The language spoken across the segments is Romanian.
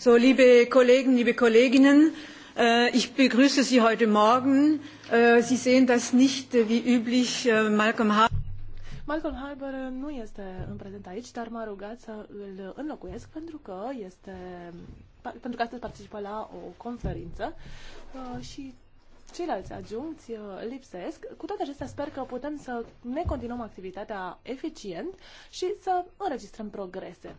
So, liebe Kollegen, liebe Kolleginnen, äh, ich begrüße Sie heute Morgen. Äh, Sie sehen, dass nicht äh, wie üblich Malcolm Harbour. Malcolm Harbour nu este în prezent aici, dar m-a rugat să îl înlocuiesc pentru că este pentru că astăzi participă la o conferință uh, și ceilalți adjuncți uh, lipsesc. Cu toate acestea, sper că putem să ne continuăm activitatea eficient și să înregistrăm progrese.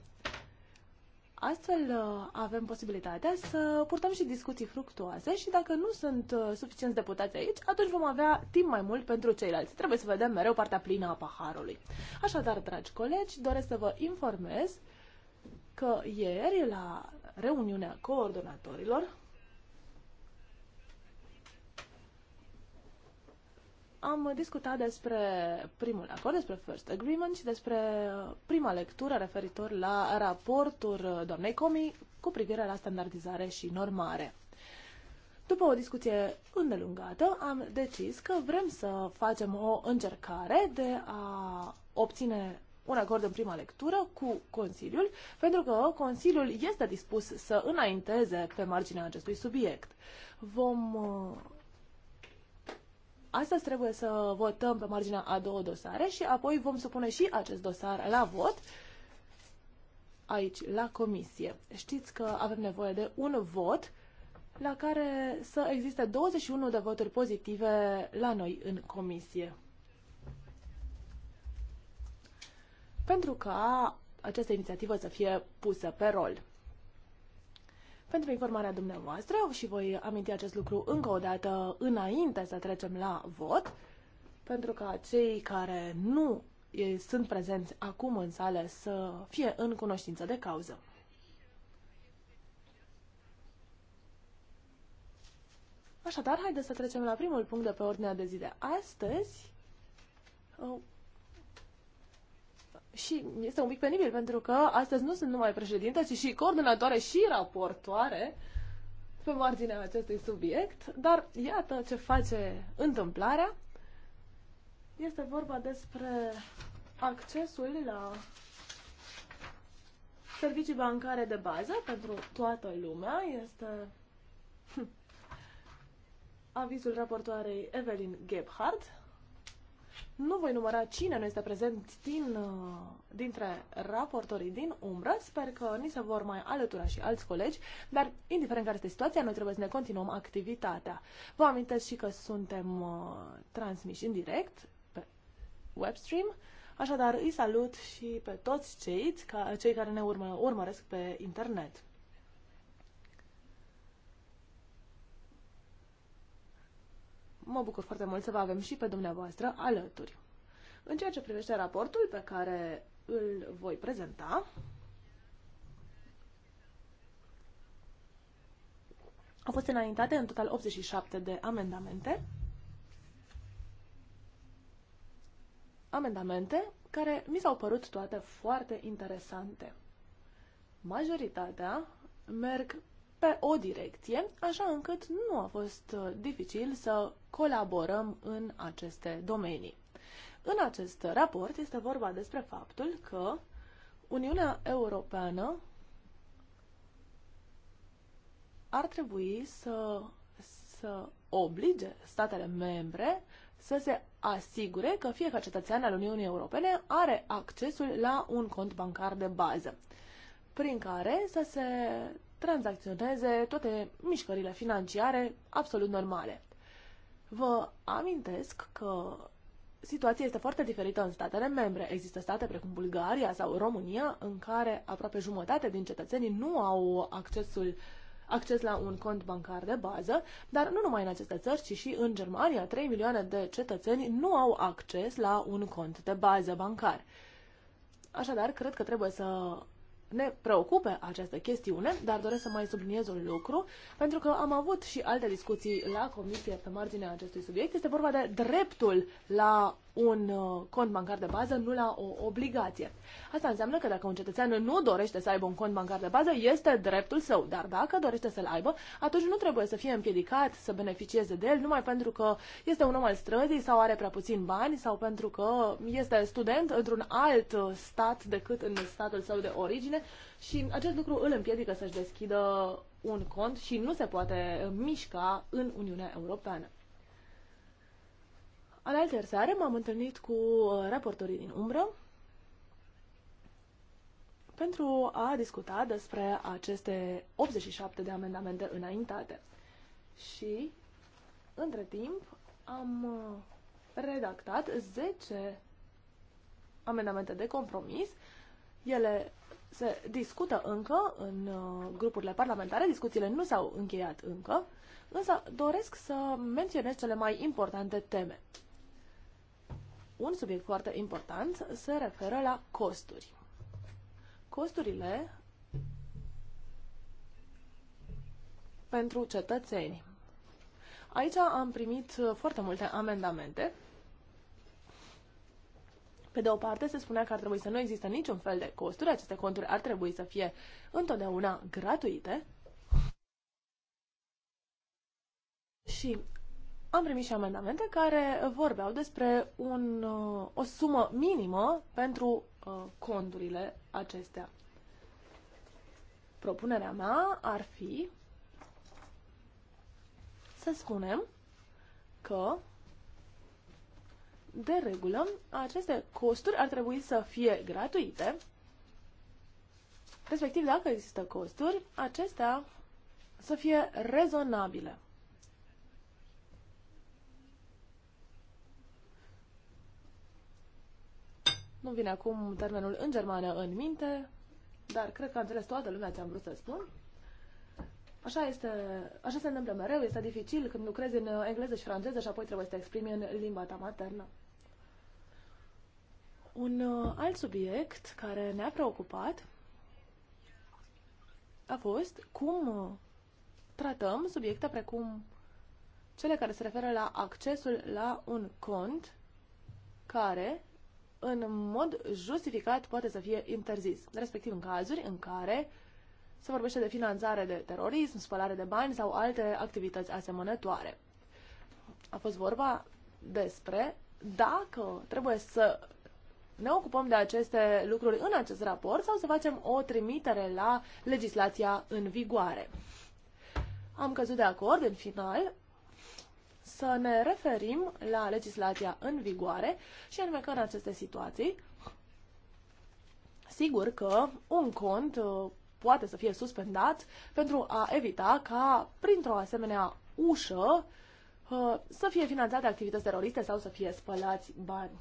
Astfel uh, avem posibilitatea să purtăm și discuții fructuoase și dacă nu sunt uh, suficienți deputați aici, atunci vom avea timp mai mult pentru ceilalți. Trebuie să vedem mereu partea plină a paharului. Așadar, dragi colegi, doresc să vă informez că ieri la reuniunea coordonatorilor am discutat despre primul acord, despre First Agreement și despre uh, prima lectură referitor la raportul uh, doamnei Comi cu privire la standardizare și normare. După o discuție îndelungată, am decis că vrem să facem o încercare de a obține un acord în prima lectură cu Consiliul, pentru că Consiliul este dispus să înainteze pe marginea acestui subiect. Vom uh, Astăzi trebuie să votăm pe marginea a două dosare și apoi vom supune și acest dosar la vot aici, la comisie. Știți că avem nevoie de un vot la care să existe 21 de voturi pozitive la noi în comisie. Pentru ca această inițiativă să fie pusă pe rol pentru informarea dumneavoastră și voi aminti acest lucru încă o dată înainte să trecem la vot, pentru ca cei care nu sunt prezenți acum în sală să fie în cunoștință de cauză. Așadar, haideți să trecem la primul punct de pe ordinea de zi de astăzi și este un pic penibil pentru că astăzi nu sunt numai președinte, ci și coordonatoare și raportoare pe marginea acestui subiect, dar iată ce face întâmplarea. Este vorba despre accesul la servicii bancare de bază pentru toată lumea. Este hm, avizul raportoarei Evelyn Gebhardt nu voi număra cine nu este prezent din, uh, dintre raportorii din umbră. Sper că ni se vor mai alătura și alți colegi, dar indiferent care este situația, noi trebuie să ne continuăm activitatea. Vă amintesc și că suntem uh, transmiși în direct pe webstream. Așadar, îi salut și pe toți cei, cei care ne urmă, urmăresc pe internet. mă bucur foarte mult să vă avem și pe dumneavoastră alături. În ceea ce privește raportul pe care îl voi prezenta, au fost înaintate în total 87 de amendamente. Amendamente care mi s-au părut toate foarte interesante. Majoritatea merg pe o direcție, așa încât nu a fost uh, dificil să colaborăm în aceste domenii. În acest raport este vorba despre faptul că Uniunea Europeană ar trebui să, să oblige statele membre să se asigure că fiecare cetățean al Uniunii Europene are accesul la un cont bancar de bază, prin care să se tranzacționeze toate mișcările financiare absolut normale. Vă amintesc că situația este foarte diferită în statele membre. Există state precum Bulgaria sau România în care aproape jumătate din cetățenii nu au accesul acces la un cont bancar de bază, dar nu numai în aceste țări, ci și în Germania, 3 milioane de cetățeni nu au acces la un cont de bază bancar. Așadar, cred că trebuie să ne preocupe această chestiune, dar doresc să mai subliniez un lucru, pentru că am avut și alte discuții la comisie pe marginea acestui subiect. Este vorba de dreptul la un uh, cont bancar de bază, nu la o obligație. Asta înseamnă că dacă un cetățean nu dorește să aibă un cont bancar de bază, este dreptul său, dar dacă dorește să-l aibă, atunci nu trebuie să fie împiedicat să beneficieze de el numai pentru că este un om al străzii sau are prea puțin bani sau pentru că este student într-un alt uh, stat decât în statul său de origine și acest lucru îl împiedică să-și deschidă un cont și nu se poate uh, mișca în Uniunea Europeană. Alaltă seară m-am întâlnit cu uh, raportorii din umbră pentru a discuta despre aceste 87 de amendamente înaintate. Și, între timp, am uh, redactat 10 amendamente de compromis. Ele se discută încă în uh, grupurile parlamentare, discuțiile nu s-au încheiat încă, însă doresc să menționez cele mai importante teme. Un subiect foarte important se referă la costuri. Costurile pentru cetățeni. Aici am primit foarte multe amendamente. Pe de o parte, se spunea că ar trebui să nu există niciun fel de costuri, aceste conturi ar trebui să fie întotdeauna gratuite. Și am primit și amendamente care vorbeau despre un, uh, o sumă minimă pentru uh, condurile acestea. Propunerea mea ar fi să spunem că de regulă, aceste costuri ar trebui să fie gratuite. Respectiv, dacă există costuri, acestea să fie rezonabile. Nu vine acum termenul în germană în minte, dar cred că a înțeles toată lumea ce am vrut să spun. Așa, este, așa se întâmplă mereu, este dificil când lucrezi în engleză și franceză și apoi trebuie să te exprimi în limba ta maternă. Un uh, alt subiect care ne-a preocupat a fost cum tratăm subiecte precum cele care se referă la accesul la un cont care în mod justificat poate să fie interzis, respectiv în cazuri în care se vorbește de finanțare de terorism, spălare de bani sau alte activități asemănătoare. A fost vorba despre dacă trebuie să ne ocupăm de aceste lucruri în acest raport sau să facem o trimitere la legislația în vigoare. Am căzut de acord în final să ne referim la legislația în vigoare și anume că în aceste situații, sigur că un cont uh, poate să fie suspendat pentru a evita ca printr-o asemenea ușă uh, să fie finanțate activități teroriste sau să fie spălați bani.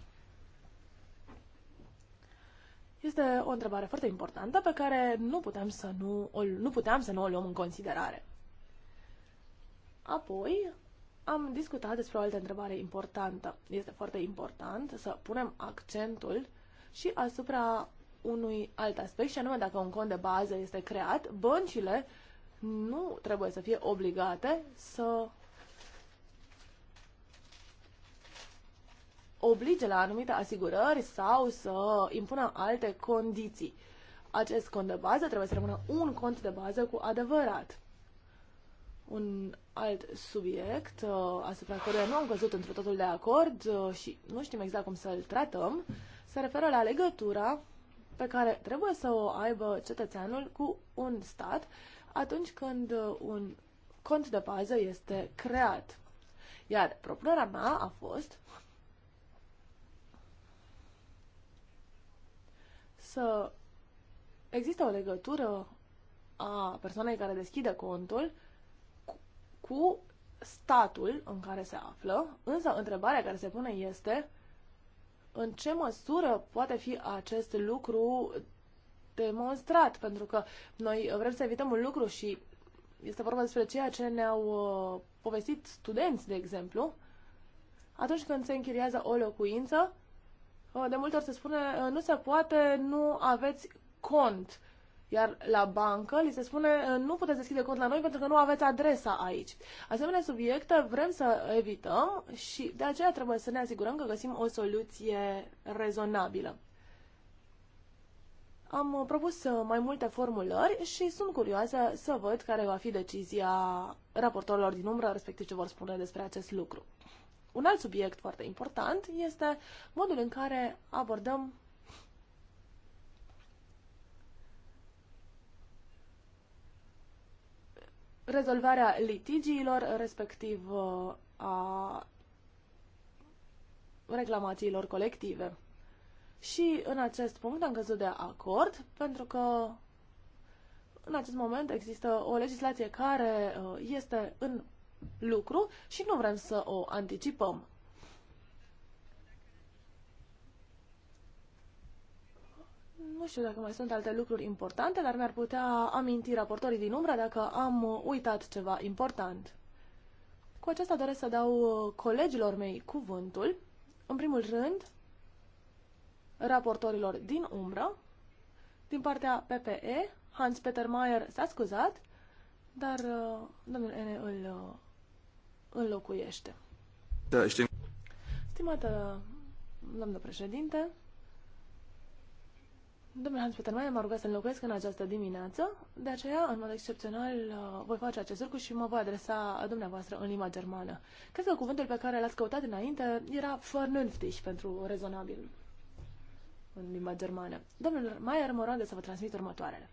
Este o întrebare foarte importantă pe care nu putem să nu o, nu puteam să nu o luăm în considerare. Apoi, am discutat despre o altă întrebare importantă. Este foarte important să punem accentul și asupra unui alt aspect, și anume dacă un cont de bază este creat, băncile nu trebuie să fie obligate să oblige la anumite asigurări sau să impună alte condiții. Acest cont de bază trebuie să rămână un cont de bază cu adevărat un alt subiect uh, asupra căruia nu am căzut într totul de acord uh, și nu știm exact cum să-l tratăm, se referă la legătura pe care trebuie să o aibă cetățeanul cu un stat atunci când uh, un cont de bază este creat. Iar propunerea mea a fost să există o legătură a persoanei care deschide contul cu statul în care se află, însă întrebarea care se pune este în ce măsură poate fi acest lucru demonstrat, pentru că noi vrem să evităm un lucru și este vorba despre ceea ce ne-au uh, povestit studenți, de exemplu, atunci când se închiriază o locuință, uh, de multe ori se spune uh, nu se poate, nu aveți cont. Iar la bancă li se spune eh, nu puteți deschide cont la noi pentru că nu aveți adresa aici. Asemenea subiecte vrem să evităm și de aceea trebuie să ne asigurăm că găsim o soluție rezonabilă. Am uh, propus uh, mai multe formulări și sunt curioasă să văd care va fi decizia raportorilor din umbră, respectiv ce vor spune despre acest lucru. Un alt subiect foarte important este modul în care abordăm rezolvarea litigiilor, respectiv uh, a reclamațiilor colective. Și în acest punct am căzut de acord, pentru că în acest moment există o legislație care uh, este în lucru și nu vrem să o anticipăm. Nu știu dacă mai sunt alte lucruri importante, dar mi-ar putea aminti raportorii din umbră dacă am uitat ceva important. Cu aceasta doresc să dau uh, colegilor mei cuvântul. În primul rând, raportorilor din umbră. Din partea PPE, Hans-Peter Mayer s-a scuzat, dar uh, domnul N. îl uh, înlocuiește. Da, știm. Stimată doamnă președinte, Domnule Hans Peter Mayer m-a rugat să înlocuiesc în această dimineață, de aceea, în mod excepțional, uh, voi face acest lucru și mă voi adresa dumneavoastră în limba germană. Cred că cuvântul pe care l-ați căutat înainte era vernünftig pentru rezonabil în limba germană. Domnul Mayer mă roagă să vă transmit următoarele.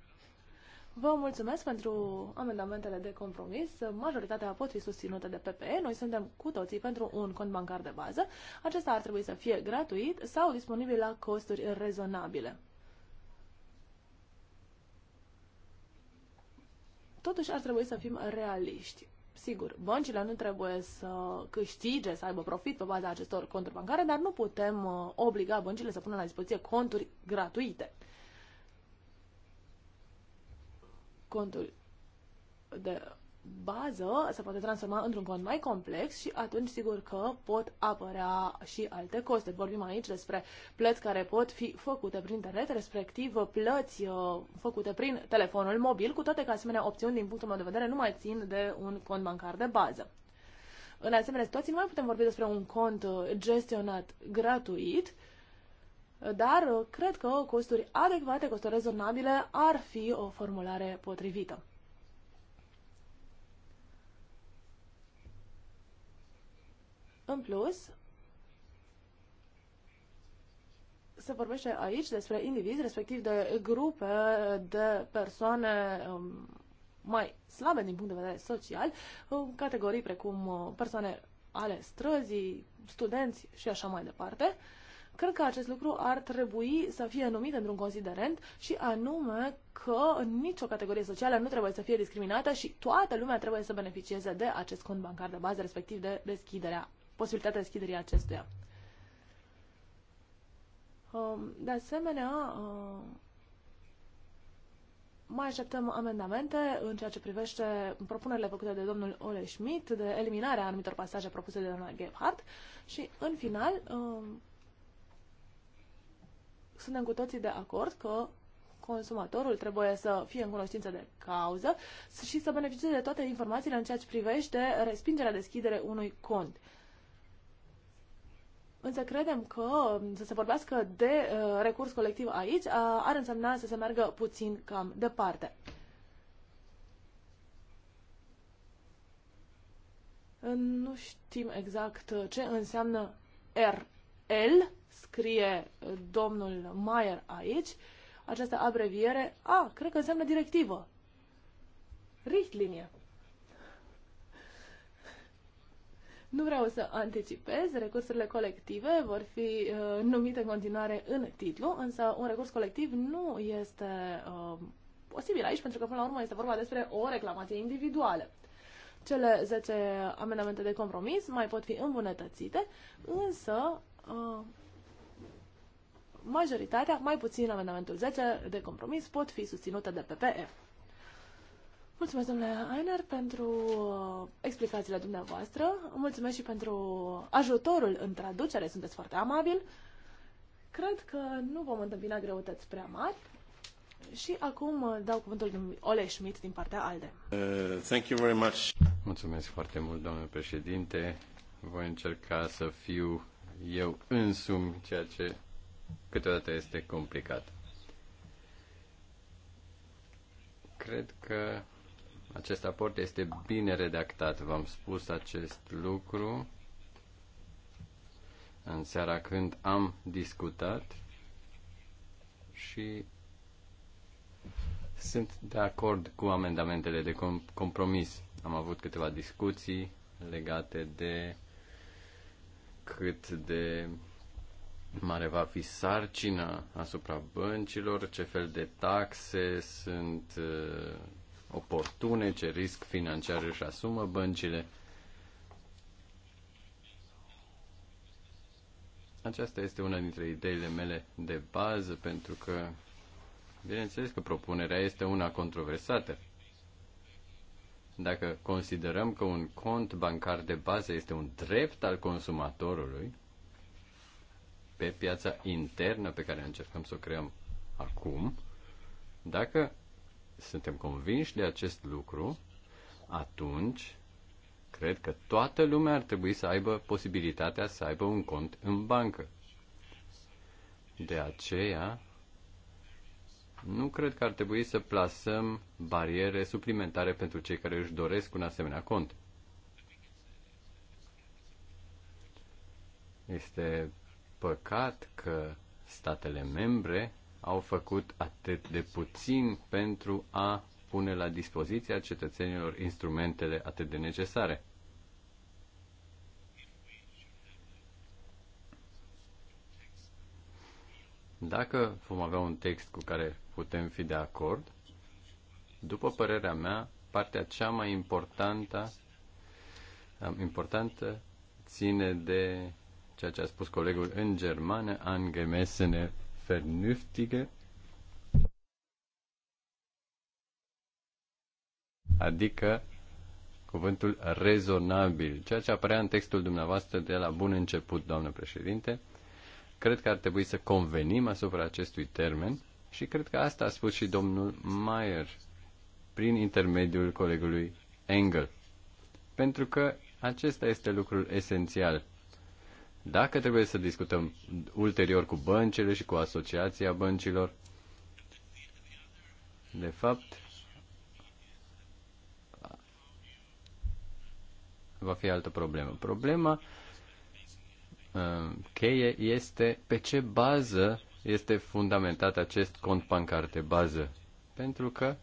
Vă mulțumesc pentru amendamentele de compromis. Majoritatea pot fi susținute de PPE. Noi suntem cu toții pentru un cont bancar de bază. Acesta ar trebui să fie gratuit sau disponibil la costuri rezonabile. totuși ar trebui să fim realiști. Sigur, băncile nu trebuie să câștige, să aibă profit pe baza acestor conturi bancare, dar nu putem uh, obliga băncile să pună la dispoziție conturi gratuite. Conturi de bază se poate transforma într-un cont mai complex și atunci sigur că pot apărea și alte coste. Vorbim aici despre plăți care pot fi făcute prin internet, respectiv plăți uh, făcute prin telefonul mobil, cu toate că asemenea opțiuni din punctul meu de vedere nu mai țin de un cont bancar de bază. În asemenea situații nu mai putem vorbi despre un cont uh, gestionat gratuit, dar uh, cred că costuri adecvate, costuri rezonabile ar fi o formulare potrivită. În plus, se vorbește aici despre indivizi, respectiv de grupe de persoane um, mai slabe din punct de vedere social, um, categorii precum uh, persoane ale străzii, studenți și așa mai departe. Cred că acest lucru ar trebui să fie numit într-un considerent și anume că nicio categorie socială nu trebuie să fie discriminată și toată lumea trebuie să beneficieze de acest cont bancar de bază, respectiv de deschiderea posibilitatea deschiderii acestuia. Um, de asemenea, um, mai așteptăm amendamente în ceea ce privește propunerile făcute de domnul Ole Schmidt de eliminarea anumitor pasaje propuse de doamna Gebhardt și, în final, um, suntem cu toții de acord că consumatorul trebuie să fie în cunoștință de cauză și să beneficieze de toate informațiile în ceea ce privește respingerea deschidere unui cont. Însă credem că să se vorbească de uh, recurs colectiv aici uh, ar însemna să se meargă puțin cam departe. Nu știm exact uh, ce înseamnă RL, scrie uh, domnul Mayer aici. Această abreviere, a, cred că înseamnă directivă. Richtlinie. Nu vreau să anticipez, recursurile colective vor fi uh, numite în continuare în titlu, însă un recurs colectiv nu este uh, posibil aici, pentru că până la urmă este vorba despre o reclamație individuală. Cele 10 amendamente de compromis mai pot fi îmbunătățite, însă uh, majoritatea, mai puțin amendamentul 10 de compromis, pot fi susținute de PPF. Mulțumesc, domnule Ainer, pentru uh, explicațiile dumneavoastră. Mulțumesc și pentru ajutorul în traducere. Sunteți foarte amabil. Cred că nu vom întâmpina greutăți prea mari. Și acum uh, dau cuvântul lui Ole Schmidt din partea ALDE. Uh, thank you very much. Mulțumesc foarte mult, domnule președinte. Voi încerca să fiu eu însumi, ceea ce câteodată este complicat. Cred că acest raport este bine redactat, v-am spus acest lucru în seara când am discutat și sunt de acord cu amendamentele de compromis. Am avut câteva discuții legate de cât de mare va fi sarcina asupra băncilor, ce fel de taxe sunt uh, oportune, ce risc financiar își asumă băncile. Aceasta este una dintre ideile mele de bază, pentru că, bineînțeles că propunerea este una controversată. Dacă considerăm că un cont bancar de bază este un drept al consumatorului, pe piața internă pe care încercăm să o creăm acum, dacă suntem convinși de acest lucru, atunci cred că toată lumea ar trebui să aibă posibilitatea să aibă un cont în bancă. De aceea, nu cred că ar trebui să plasăm bariere suplimentare pentru cei care își doresc un asemenea cont. Este păcat că statele membre au făcut atât de puțin pentru a pune la dispoziția cetățenilor instrumentele atât de necesare. Dacă vom avea un text cu care putem fi de acord, după părerea mea, partea cea mai importantă, importantă ține de ceea ce a spus colegul în germană, Angemessene vernünftige, adică cuvântul rezonabil, ceea ce apărea în textul dumneavoastră de la bun început, doamnă președinte. Cred că ar trebui să convenim asupra acestui termen și cred că asta a spus și domnul Mayer prin intermediul colegului Engel. Pentru că acesta este lucrul esențial. Dacă trebuie să discutăm ulterior cu băncile și cu asociația băncilor, de fapt, va fi altă problemă. Problema uh, cheie este pe ce bază este fundamentat acest cont bancar de bază. Pentru că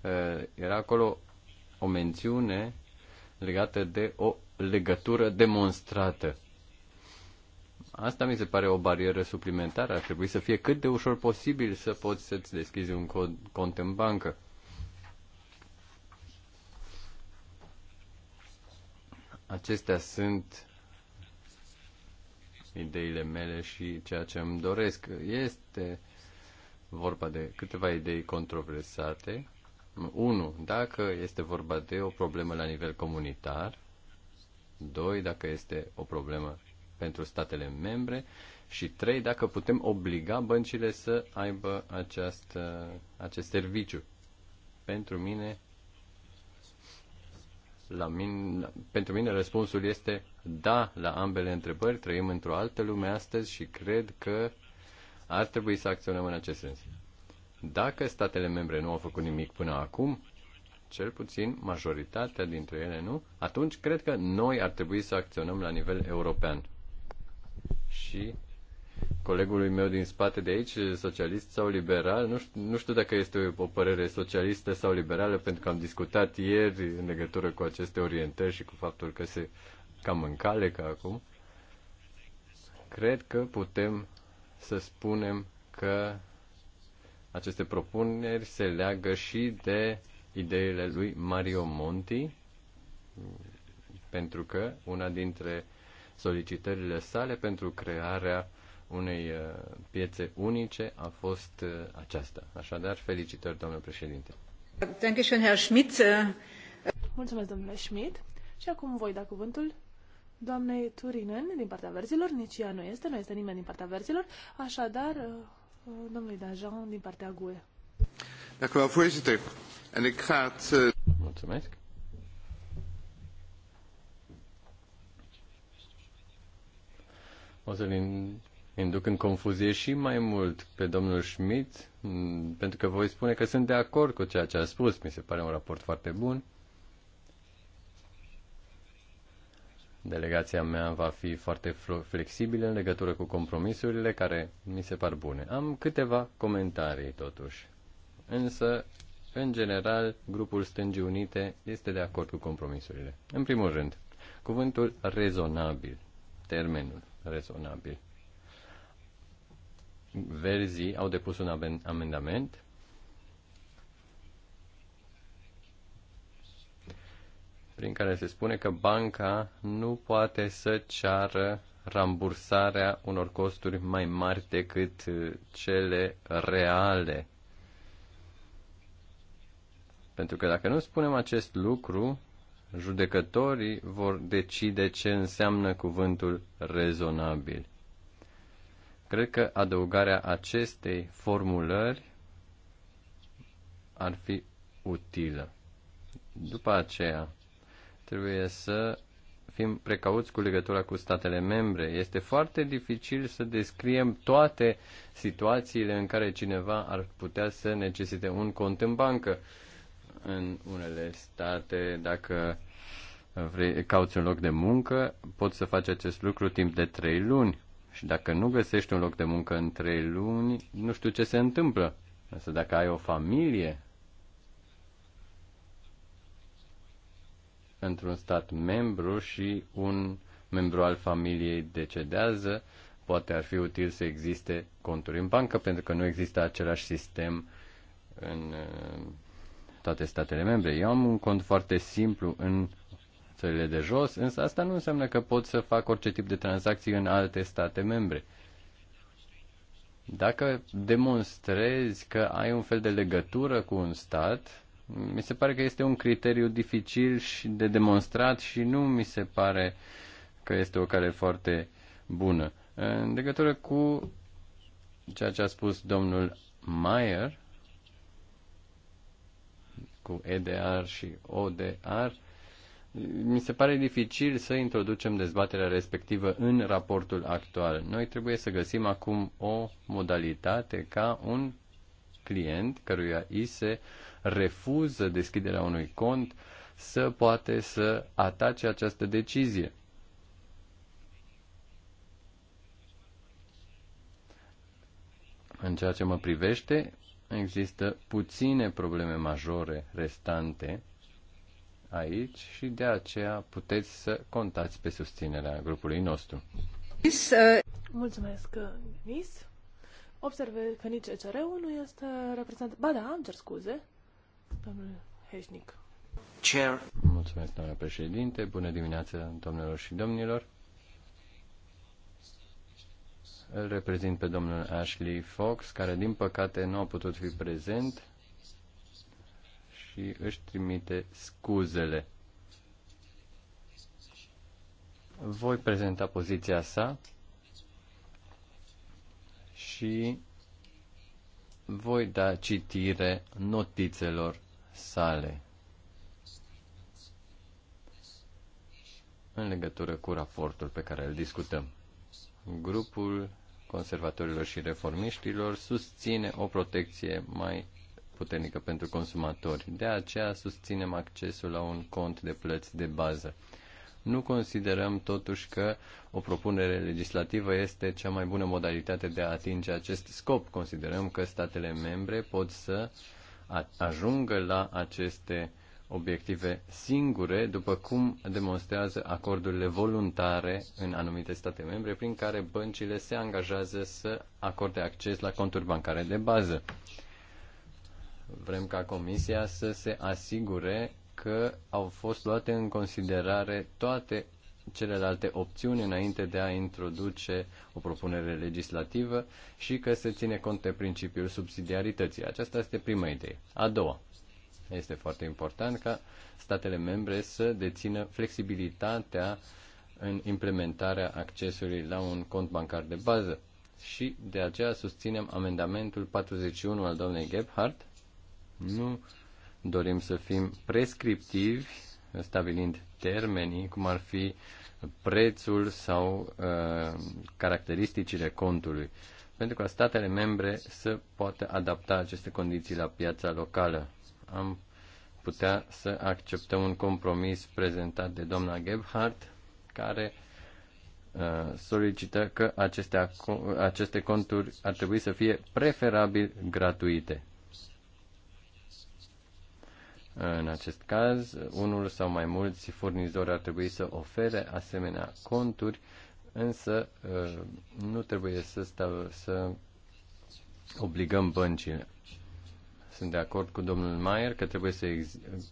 uh, era acolo o mențiune legată de o legătură demonstrată. Asta mi se pare o barieră suplimentară. Ar trebui să fie cât de ușor posibil să poți să-ți deschizi un cod, cont în bancă. Acestea sunt ideile mele și ceea ce îmi doresc. Este vorba de câteva idei controversate. 1. Dacă este vorba de o problemă la nivel comunitar. 2. Dacă este o problemă pentru statele membre și trei, dacă putem obliga băncile să aibă aceast, acest serviciu. Pentru mine, la mine, pentru mine răspunsul este da la ambele întrebări. Trăim într-o altă lume astăzi și cred că ar trebui să acționăm în acest sens. Dacă statele membre nu au făcut nimic până acum, cel puțin majoritatea dintre ele nu, atunci cred că noi ar trebui să acționăm la nivel european și colegului meu din spate de aici, socialist sau liberal, nu știu, nu știu dacă este o părere socialistă sau liberală, pentru că am discutat ieri în legătură cu aceste orientări și cu faptul că se cam încale ca acum, cred că putem să spunem că aceste propuneri se leagă și de ideile lui Mario Monti, pentru că una dintre solicitările sale pentru crearea unei uh, piețe unice a fost uh, aceasta. Așadar, felicitări, domnule președinte. Uh, Mulțumesc, domnule Schmidt. Și acum voi da cuvântul doamnei Turinen din partea verzilor. Nici ea nu este, nu este nimeni din partea verzilor. Așadar, domnului Dajan din partea GUE. Mulțumesc. o să-l induc în confuzie și mai mult pe domnul Schmidt, mm, pentru că voi spune că sunt de acord cu ceea ce a spus. Mi se pare un raport foarte bun. Delegația mea va fi foarte flexibilă în legătură cu compromisurile care mi se par bune. Am câteva comentarii totuși. Însă, în general, grupul Stângii Unite este de acord cu compromisurile. În primul rând, cuvântul rezonabil, termenul rezonabil. Verzii au depus un amendament prin care se spune că banca nu poate să ceară rambursarea unor costuri mai mari decât uh, cele reale. Pentru că dacă nu spunem acest lucru, judecătorii vor decide ce înseamnă cuvântul rezonabil. Cred că adăugarea acestei formulări ar fi utilă. După aceea, trebuie să fim precauți cu legătura cu statele membre. Este foarte dificil să descriem toate situațiile în care cineva ar putea să necesite un cont în bancă. În unele state, dacă vrei, cauți un loc de muncă, poți să faci acest lucru timp de trei luni. Și dacă nu găsești un loc de muncă în trei luni, nu știu ce se întâmplă. Însă dacă ai o familie într-un stat membru și un membru al familiei decedează, poate ar fi util să existe conturi în bancă, pentru că nu există același sistem în uh, toate statele membre. Eu am un cont foarte simplu în țările de jos, însă asta nu înseamnă că pot să fac orice tip de tranzacții în alte state membre. Dacă demonstrezi că ai un fel de legătură cu un stat, mi se pare că este un criteriu dificil și de demonstrat și nu mi se pare că este o cale foarte bună. În legătură cu ceea ce a spus domnul Mayer cu EDR și ODR, mi se pare dificil să introducem dezbaterea respectivă în raportul actual. Noi trebuie să găsim acum o modalitate ca un client căruia i se refuză deschiderea unui cont să poate să atace această decizie. În ceea ce mă privește, există puține probleme majore restante aici și de aceea puteți să contați pe susținerea grupului nostru. Uh, Mulțumesc, Nis. Observe că nici ecr nu este reprezentat. Ba da, am cer scuze, domnul Heșnic. Chair. Mulțumesc, doamna președinte. Bună dimineața, domnilor și domnilor. Îl reprezint pe domnul Ashley Fox, care din păcate nu a putut fi prezent și își trimite scuzele. Voi prezenta poziția sa și voi da citire notițelor sale în legătură cu raportul pe care îl discutăm. Grupul conservatorilor și reformiștilor susține o protecție mai puternică pentru consumatori. De aceea susținem accesul la un cont de plăți de bază. Nu considerăm totuși că o propunere legislativă este cea mai bună modalitate de a atinge acest scop. Considerăm că statele membre pot să ajungă la aceste obiective singure, după cum demonstrează acordurile voluntare în anumite state membre, prin care băncile se angajează să acorde acces la conturi bancare de bază. Vrem ca Comisia să se asigure că au fost luate în considerare toate celelalte opțiuni înainte de a introduce o propunere legislativă și că se ține cont de principiul subsidiarității. Aceasta este prima idee. A doua. Este foarte important ca statele membre să dețină flexibilitatea în implementarea accesului la un cont bancar de bază. Și de aceea susținem amendamentul 41 al doamnei Gebhardt nu dorim să fim prescriptivi, stabilind termenii, cum ar fi prețul sau uh, caracteristicile contului, pentru ca statele membre să poată adapta aceste condiții la piața locală. Am putea să acceptăm un compromis prezentat de doamna Gebhardt, care uh, solicită că aceste, aceste conturi ar trebui să fie preferabil gratuite. În acest caz, unul sau mai mulți furnizori ar trebui să ofere asemenea conturi, însă uh, nu trebuie să, sta, să obligăm băncile. Sunt de acord cu domnul Mayer că, trebuie să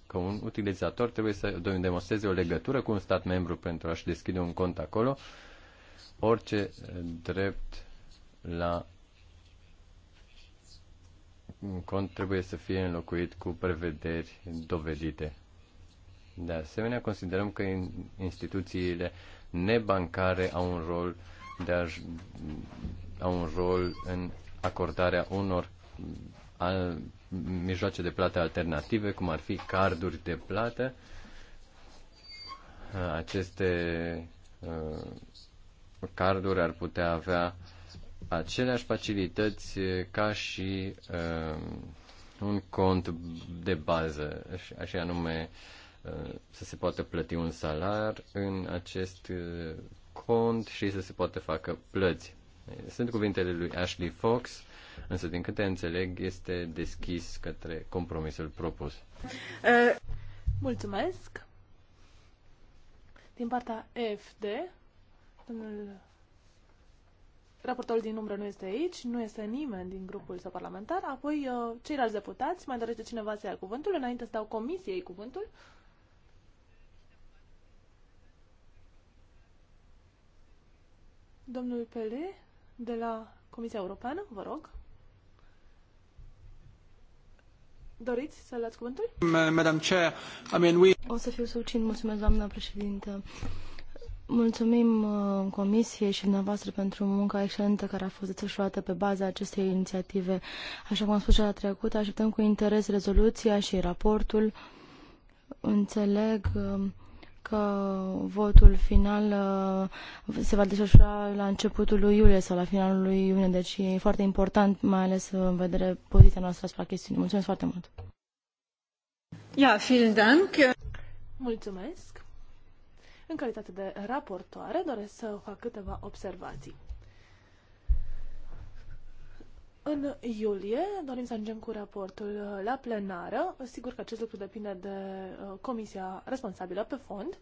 că un utilizator trebuie să demonstreze o legătură cu un stat membru pentru a-și deschide un cont acolo. Orice drept la cont trebuie să fie înlocuit cu prevederi dovedite. De asemenea, considerăm că instituțiile nebancare au un rol de a, au un rol în acordarea unor al, mijloace de plată alternative, cum ar fi carduri de plată. Aceste uh, carduri ar putea avea aceleași facilități ca și uh, un cont de bază, așa anume uh, să se poată plăti un salar în acest uh, cont și să se poată facă plăți. Sunt cuvintele lui Ashley Fox, însă din câte înțeleg este deschis către compromisul propus. Uh, mulțumesc! Din partea FD, domnul Raportorul din umbră nu este aici, nu este nimeni din grupul său parlamentar, apoi uh, ceilalți deputați, mai dorește cineva să ia cuvântul, înainte să dau comisiei cuvântul. Domnul Pele, de la Comisia Europeană, vă rog. Doriți să luați cuvântul? Madam Chair, I mean we... O să fiu succint, mulțumesc, doamnă președintă. Mulțumim uh, Comisiei și dumneavoastră pentru munca excelentă care a fost desfășurată pe baza acestei inițiative. Așa cum am spus și la trecut, așteptăm cu interes rezoluția și raportul. Înțeleg uh, că votul final uh, se va desfășura la începutul lui iulie sau la finalul lui iunie, deci e foarte important, mai ales în vedere poziția noastră asupra chestiunii. Mulțumesc foarte mult! Ja, vielen Dank! Mulțumesc! În calitate de raportoare doresc să fac câteva observații. În iulie dorim să ajungem cu raportul uh, la plenară. Sigur că acest lucru depinde de uh, comisia responsabilă pe fond.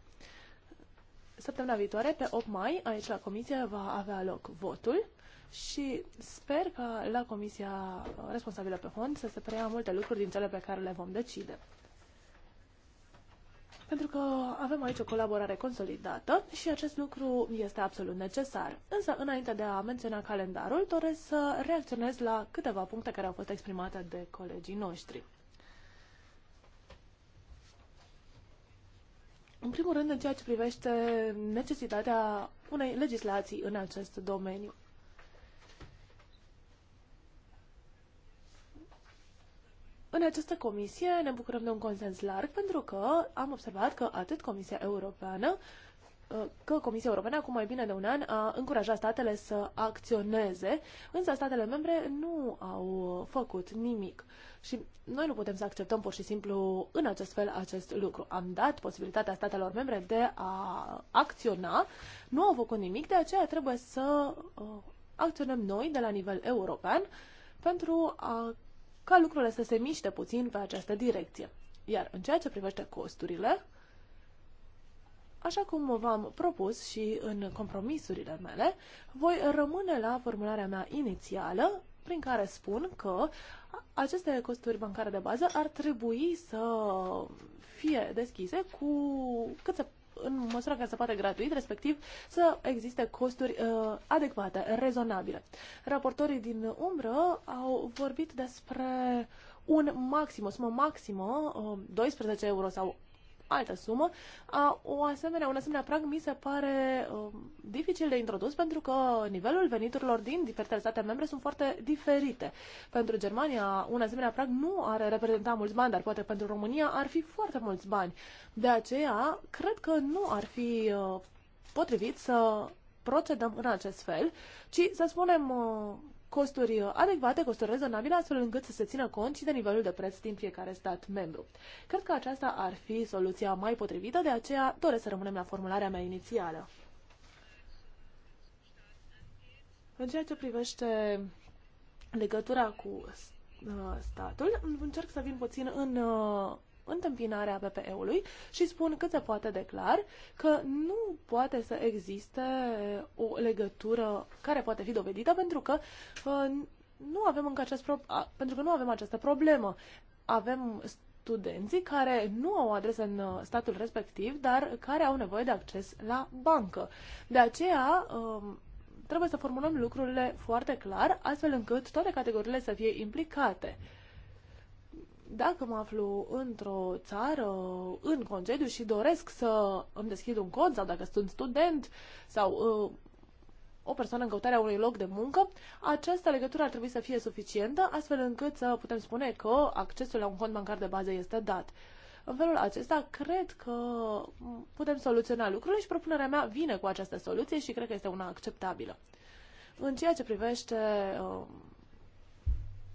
Săptămâna viitoare, pe 8 mai, aici la comisie va avea loc votul și sper că la comisia uh, responsabilă pe fond să se preia multe lucruri din cele pe care le vom decide pentru că avem aici o colaborare consolidată și acest lucru este absolut necesar. Însă, înainte de a menționa calendarul, doresc să reacționez la câteva puncte care au fost exprimate de colegii noștri. În primul rând, în ceea ce privește necesitatea unei legislații în acest domeniu. În această comisie ne bucurăm de un consens larg pentru că am observat că atât Comisia Europeană, ă, că Comisia Europeană acum mai bine de un an a încurajat statele să acționeze, însă statele membre nu au făcut nimic. Și noi nu putem să acceptăm pur și simplu în acest fel acest lucru. Am dat posibilitatea statelor membre de a acționa, nu au făcut nimic, de aceea trebuie să ă, acționăm noi de la nivel european pentru a ca lucrurile să se miște puțin pe această direcție. Iar în ceea ce privește costurile, așa cum v-am propus și în compromisurile mele, voi rămâne la formularea mea inițială, prin care spun că aceste costuri bancare de bază ar trebui să fie deschise cu cât se în măsura care se poate gratuit, respectiv să existe costuri uh, adecvate, rezonabile. Raportorii din umbră au vorbit despre un maxim, o sumă maximă, uh, 12 euro sau altă sumă. O asemenea, un asemenea prag mi se pare um, dificil de introdus pentru că nivelul veniturilor din diferitele state membre sunt foarte diferite. Pentru Germania, un asemenea prag nu ar reprezenta mulți bani, dar poate pentru România ar fi foarte mulți bani. De aceea, cred că nu ar fi uh, potrivit să procedăm în acest fel, ci să spunem uh, costuri uh, adecvate, costuri rezonabile, astfel încât să se țină cont și de nivelul de preț din fiecare stat membru. Cred că aceasta ar fi soluția mai potrivită, de aceea doresc să rămânem la formularea mea inițială. În ceea ce privește legătura cu uh, statul, încerc să vin puțin în uh, întâmpinarea PPE-ului și spun cât se poate de clar că nu poate să existe o legătură care poate fi dovedită pentru că uh, nu avem încă acest pro- pentru că nu avem această problemă. Avem studenții care nu au adresă în uh, statul respectiv, dar care au nevoie de acces la bancă. De aceea um, trebuie să formulăm lucrurile foarte clar, astfel încât toate categoriile să fie implicate dacă mă aflu într-o țară în concediu și doresc să îmi deschid un cont sau dacă sunt student sau uh, o persoană în căutarea unui loc de muncă, această legătură ar trebui să fie suficientă, astfel încât să putem spune că accesul la un cont bancar de bază este dat. În felul acesta, cred că putem soluționa lucrurile și propunerea mea vine cu această soluție și cred că este una acceptabilă. În ceea ce privește uh,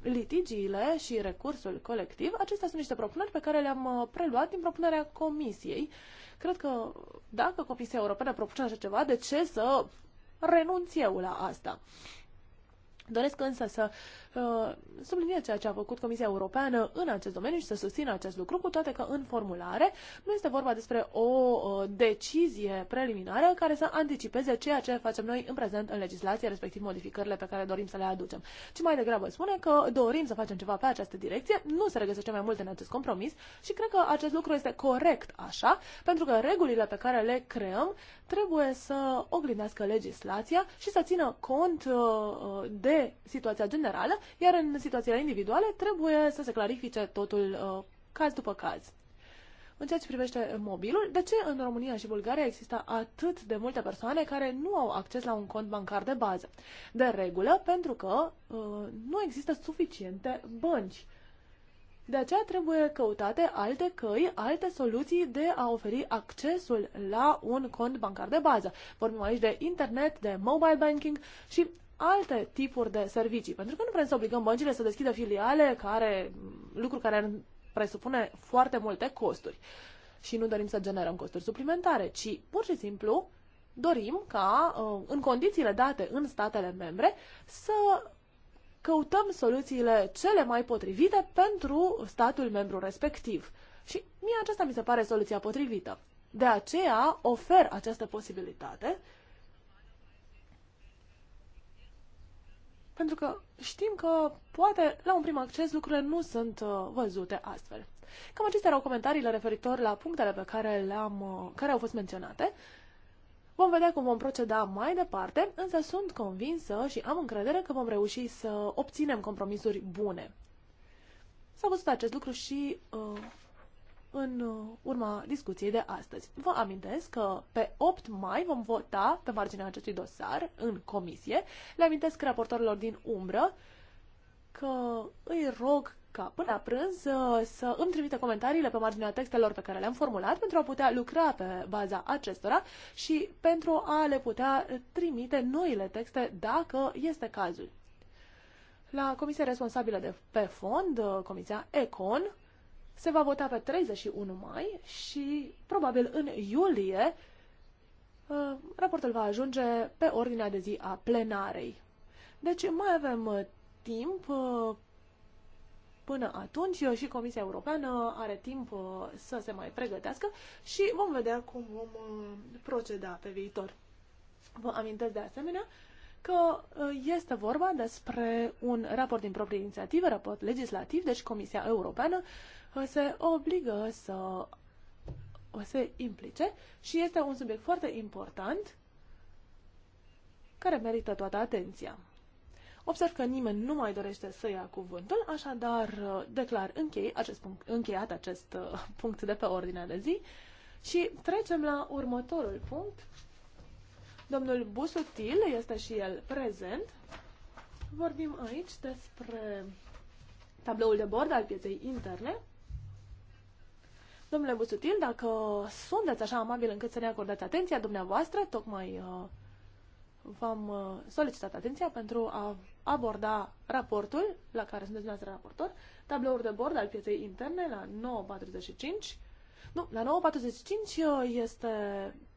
litigiile și recursul colectiv, acestea sunt niște propuneri pe care le-am uh, preluat din propunerea Comisiei. Cred că dacă Comisia Europeană propune așa ceva, de ce să renunț eu la asta? Doresc însă să uh, sublinie ceea ce a făcut Comisia Europeană în acest domeniu și să susțină acest lucru, cu toate că în formulare nu este vorba despre o uh, decizie preliminară care să anticipeze ceea ce facem noi în prezent în legislație, respectiv modificările pe care dorim să le aducem, ci mai degrabă spune că dorim să facem ceva pe această direcție, nu se regăsește mai mult în acest compromis și cred că acest lucru este corect așa, pentru că regulile pe care le creăm trebuie să oglindească legislația și să țină cont uh, uh, de situația generală iar în situațiile individuale trebuie să se clarifice totul uh, caz după caz. În ceea ce privește mobilul, de ce în România și Bulgaria există atât de multe persoane care nu au acces la un cont bancar de bază? De regulă, pentru că uh, nu există suficiente bănci. De aceea trebuie căutate alte căi, alte soluții de a oferi accesul la un cont bancar de bază. Vorbim aici de internet, de mobile banking și alte tipuri de servicii, pentru că nu vrem să obligăm băncile să deschidă filiale, care, lucru care presupune foarte multe costuri. Și nu dorim să generăm costuri suplimentare, ci pur și simplu dorim ca, uh, în condițiile date în statele membre, să căutăm soluțiile cele mai potrivite pentru statul membru respectiv. Și mie aceasta mi se pare soluția potrivită. De aceea ofer această posibilitate Pentru că știm că poate la un prim acces lucrurile nu sunt uh, văzute astfel. Cam acestea erau comentariile referitor la punctele pe care, le-am, uh, care au fost menționate. Vom vedea cum vom proceda mai departe, însă sunt convinsă și am încredere că vom reuși să obținem compromisuri bune. S-a văzut acest lucru și uh, în uh, urma discuției de astăzi. Vă amintesc că pe 8 mai vom vota pe marginea acestui dosar în comisie. Le amintesc raportorilor din umbră că îi rog ca până la prânz uh, să îmi trimite comentariile pe marginea textelor pe care le-am formulat pentru a putea lucra pe baza acestora și pentru a le putea trimite noile texte dacă este cazul. La comisia responsabilă de pe fond, uh, comisia ECON, se va vota pe 31 mai și probabil în iulie uh, raportul va ajunge pe ordinea de zi a plenarei. Deci mai avem uh, timp uh, până atunci și Comisia Europeană are timp să se mai pregătească și vom vedea cum vom proceda pe viitor. Vă amintesc de asemenea că este vorba despre un raport din proprie inițiativă, raport legislativ, deci Comisia Europeană Uh, se obligă să uh, se implice și este un subiect foarte important care merită toată atenția. Observ că nimeni nu mai dorește să ia cuvântul, așadar uh, declar închei acest punct, încheiat acest punct de pe ordinea de zi și trecem la următorul punct. Domnul Busutil este și el prezent. Vorbim aici despre tabloul de bord al pieței interne Domnule Busutil, dacă sunteți așa amabil încât să ne acordați atenția dumneavoastră, tocmai uh, v-am uh, solicitat atenția pentru a aborda raportul la care sunteți dumneavoastră raportor, tablouri de bord al pieței interne la 9.45. Nu, la 9.45 uh, este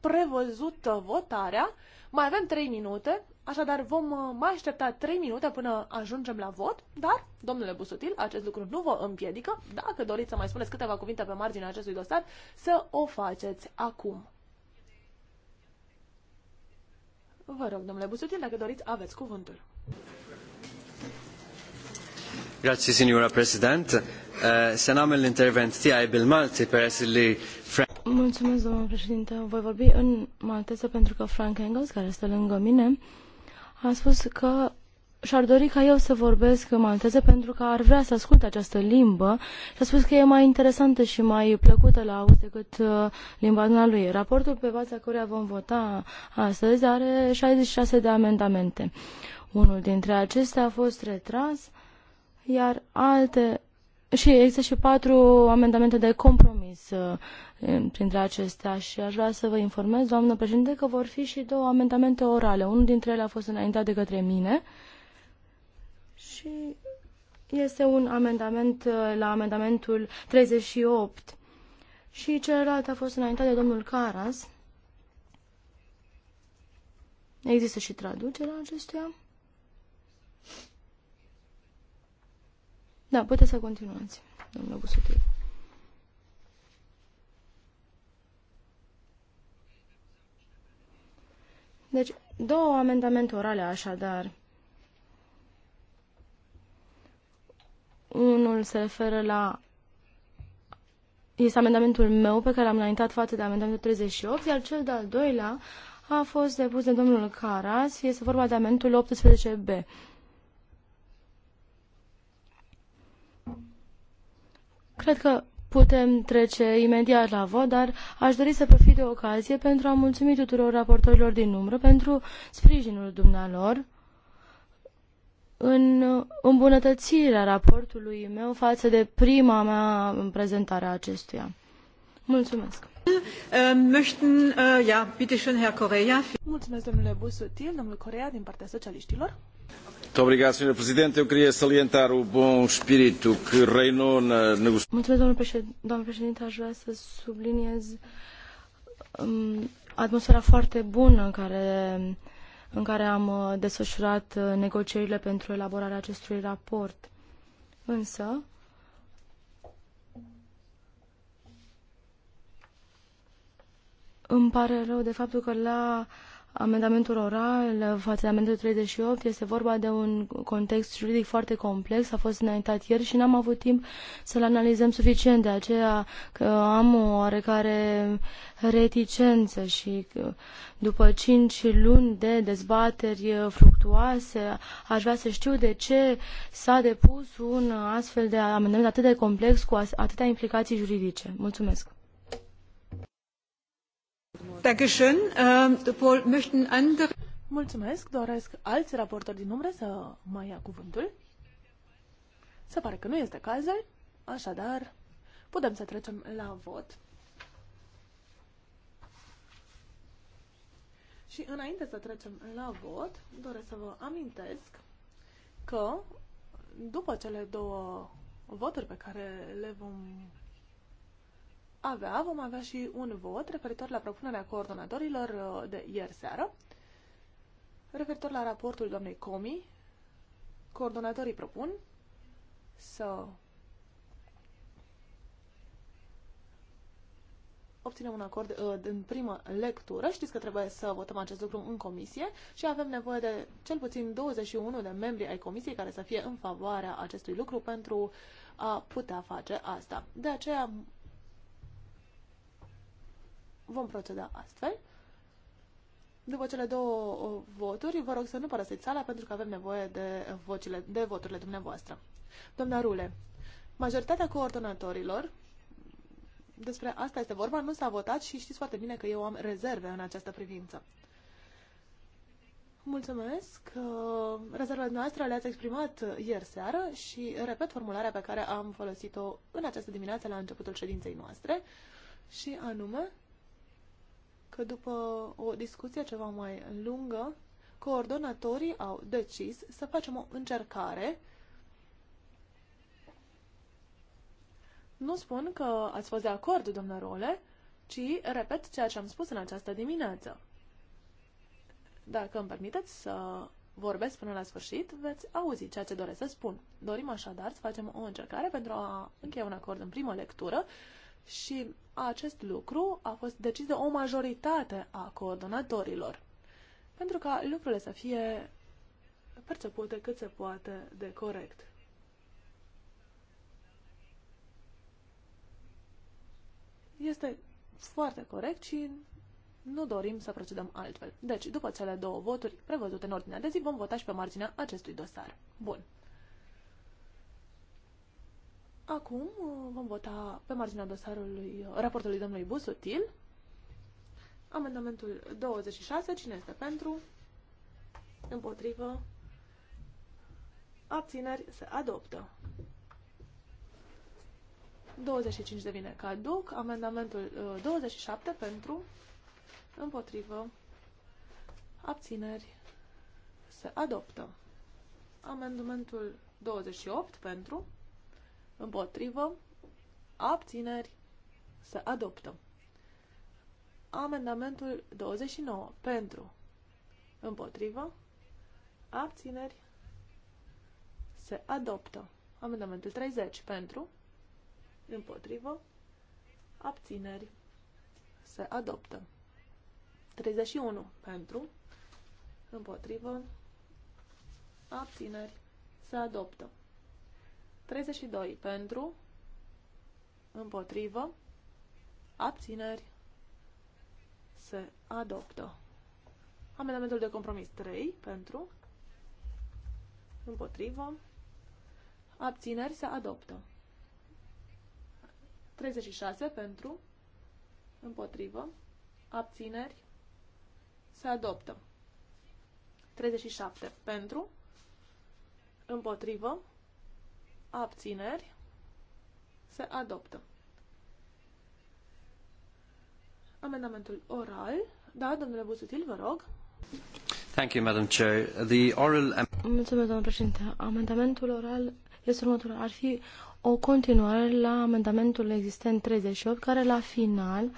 prevăzută votarea. Mai avem 3 minute, așadar vom uh, mai aștepta 3 minute până ajungem la vot, dar, domnule Busutil, acest lucru nu vă împiedică. Dacă doriți să mai spuneți câteva cuvinte pe marginea acestui dosar, să o faceți acum. Vă rog, domnule Busutil, dacă doriți, aveți cuvântul. Grazie, signora Presidente. Uh, se namel intervent tiegħi bil-Malti peress li Mulțumesc, doamnă președinte. Voi vorbi în malteză pentru că Frank Engels, care este lângă mine, a spus că și-ar dori ca eu să vorbesc în malteză pentru că ar vrea să asculte această limbă și a spus că e mai interesantă și mai plăcută la auz decât uh, limba lui. Raportul pe baza căruia vom vota astăzi are 66 de amendamente. Unul dintre acestea a fost retras, iar alte și există și patru amendamente de compromis uh, printre acestea și aș vrea să vă informez, doamnă președinte, că vor fi și două amendamente orale. Unul dintre ele a fost înaintat de către mine și este un amendament uh, la amendamentul 38 și celălalt a fost înaintat de domnul Caras. Există și traducerea acestuia. Da, puteți să continuați, domnule Busutiu. Deci, două amendamente orale așadar. Unul se referă la... Este amendamentul meu pe care l-am înaintat față de amendamentul 38, iar cel de-al doilea a fost depus de domnul Caras. Este vorba de amendamentul 18b. Cred că putem trece imediat la vot, dar aș dori să profit de ocazie pentru a mulțumi tuturor raportorilor din umbră pentru sprijinul dumnealor în îmbunătățirea raportului meu față de prima mea prezentare a acestuia. Mulțumesc! Äh, möchten, äh, ja, bitte schön, Herr Correa. Mulțumesc, domnule Busutil, domnul Corea din partea socialiștilor. Muito Presidente. Eu queria salientar o bom espírito que reinou na negociação. Mulțumesc, domnule președinte. Doamnă aș vrea să subliniez um, atmosfera foarte bună în care, în care am uh, desfășurat uh, negocierile pentru elaborarea acestui raport. Însă, îmi pare rău de faptul că la uh, Amendamentul oral uh, față de amendamentul 38 este vorba de un context juridic foarte complex, a fost înaintat ieri și n-am avut timp să-l analizăm suficient, de aceea că am o oarecare reticență și uh, după 5 luni de dezbateri uh, fructuoase, aș vrea să știu de ce s-a depus un astfel de amendament atât de complex cu atâtea implicații juridice. Mulțumesc! Ähm, Mulțumesc. Doresc alți raportori din umbră să mai ia cuvântul. Se pare că nu este cazul, așadar putem să trecem la vot. Și înainte să trecem la vot, doresc să vă amintesc că după cele două voturi pe care le vom avea, vom avea și un vot referitor la propunerea coordonatorilor uh, de ieri seară, referitor la raportul doamnei Comi. Coordonatorii propun să obținem un acord în uh, primă lectură. Știți că trebuie să votăm acest lucru în comisie și avem nevoie de cel puțin 21 de membri ai comisiei care să fie în favoarea acestui lucru pentru a putea face asta. De aceea vom proceda astfel. După cele două uh, voturi, vă rog să nu părăsiți sala pentru că avem nevoie de, uh, vocile, de voturile dumneavoastră. Doamna Rule, majoritatea coordonatorilor, despre asta este vorba, nu s-a votat și știți foarte bine că eu am rezerve în această privință. Mulțumesc. Uh, rezervele noastre le-ați exprimat ieri seară și repet formularea pe care am folosit-o în această dimineață la începutul ședinței noastre și anume că după o discuție ceva mai lungă, coordonatorii au decis să facem o încercare. Nu spun că ați fost de acord, domnă Role, ci repet ceea ce am spus în această dimineață. Dacă îmi permiteți să vorbesc până la sfârșit, veți auzi ceea ce doresc să spun. Dorim așadar să facem o încercare pentru a încheia un acord în primă lectură și acest lucru a fost decis de o majoritate a coordonatorilor, pentru ca lucrurile să fie percepute cât se poate de corect. Este foarte corect și nu dorim să procedăm altfel. Deci, după cele două voturi prevăzute în ordinea de zi, vom vota și pe marginea acestui dosar. Bun. Acum uh, vom vota pe marginea dosarului uh, raportului domnului Busutil. Amendamentul 26. Cine este pentru? Împotrivă? Abțineri? Se adoptă. 25 devine caduc. Amendamentul 27 uh, pentru? Împotrivă? Abțineri? Se adoptă. Amendamentul 28 pentru? împotrivă, abțineri, se adoptă. Amendamentul 29 pentru, împotrivă, abțineri, se adoptă. Amendamentul 30 pentru, împotrivă, abțineri, se adoptă. 31 pentru, împotrivă, abțineri, se adoptă. 32 pentru, împotrivă, abțineri, se adoptă. Amendamentul de compromis 3 pentru, împotrivă, abțineri, se adoptă. 36 pentru, împotrivă, abțineri, se adoptă. 37 pentru, împotrivă, abțineri, se adoptă. Amendamentul oral. Da, domnule Busutil, vă rog. Thank you, Madam Chair. The oral... Mulțumesc, domnule președinte. Amendamentul oral este următorul. Ar fi o continuare la amendamentul existent 38, care la final uh,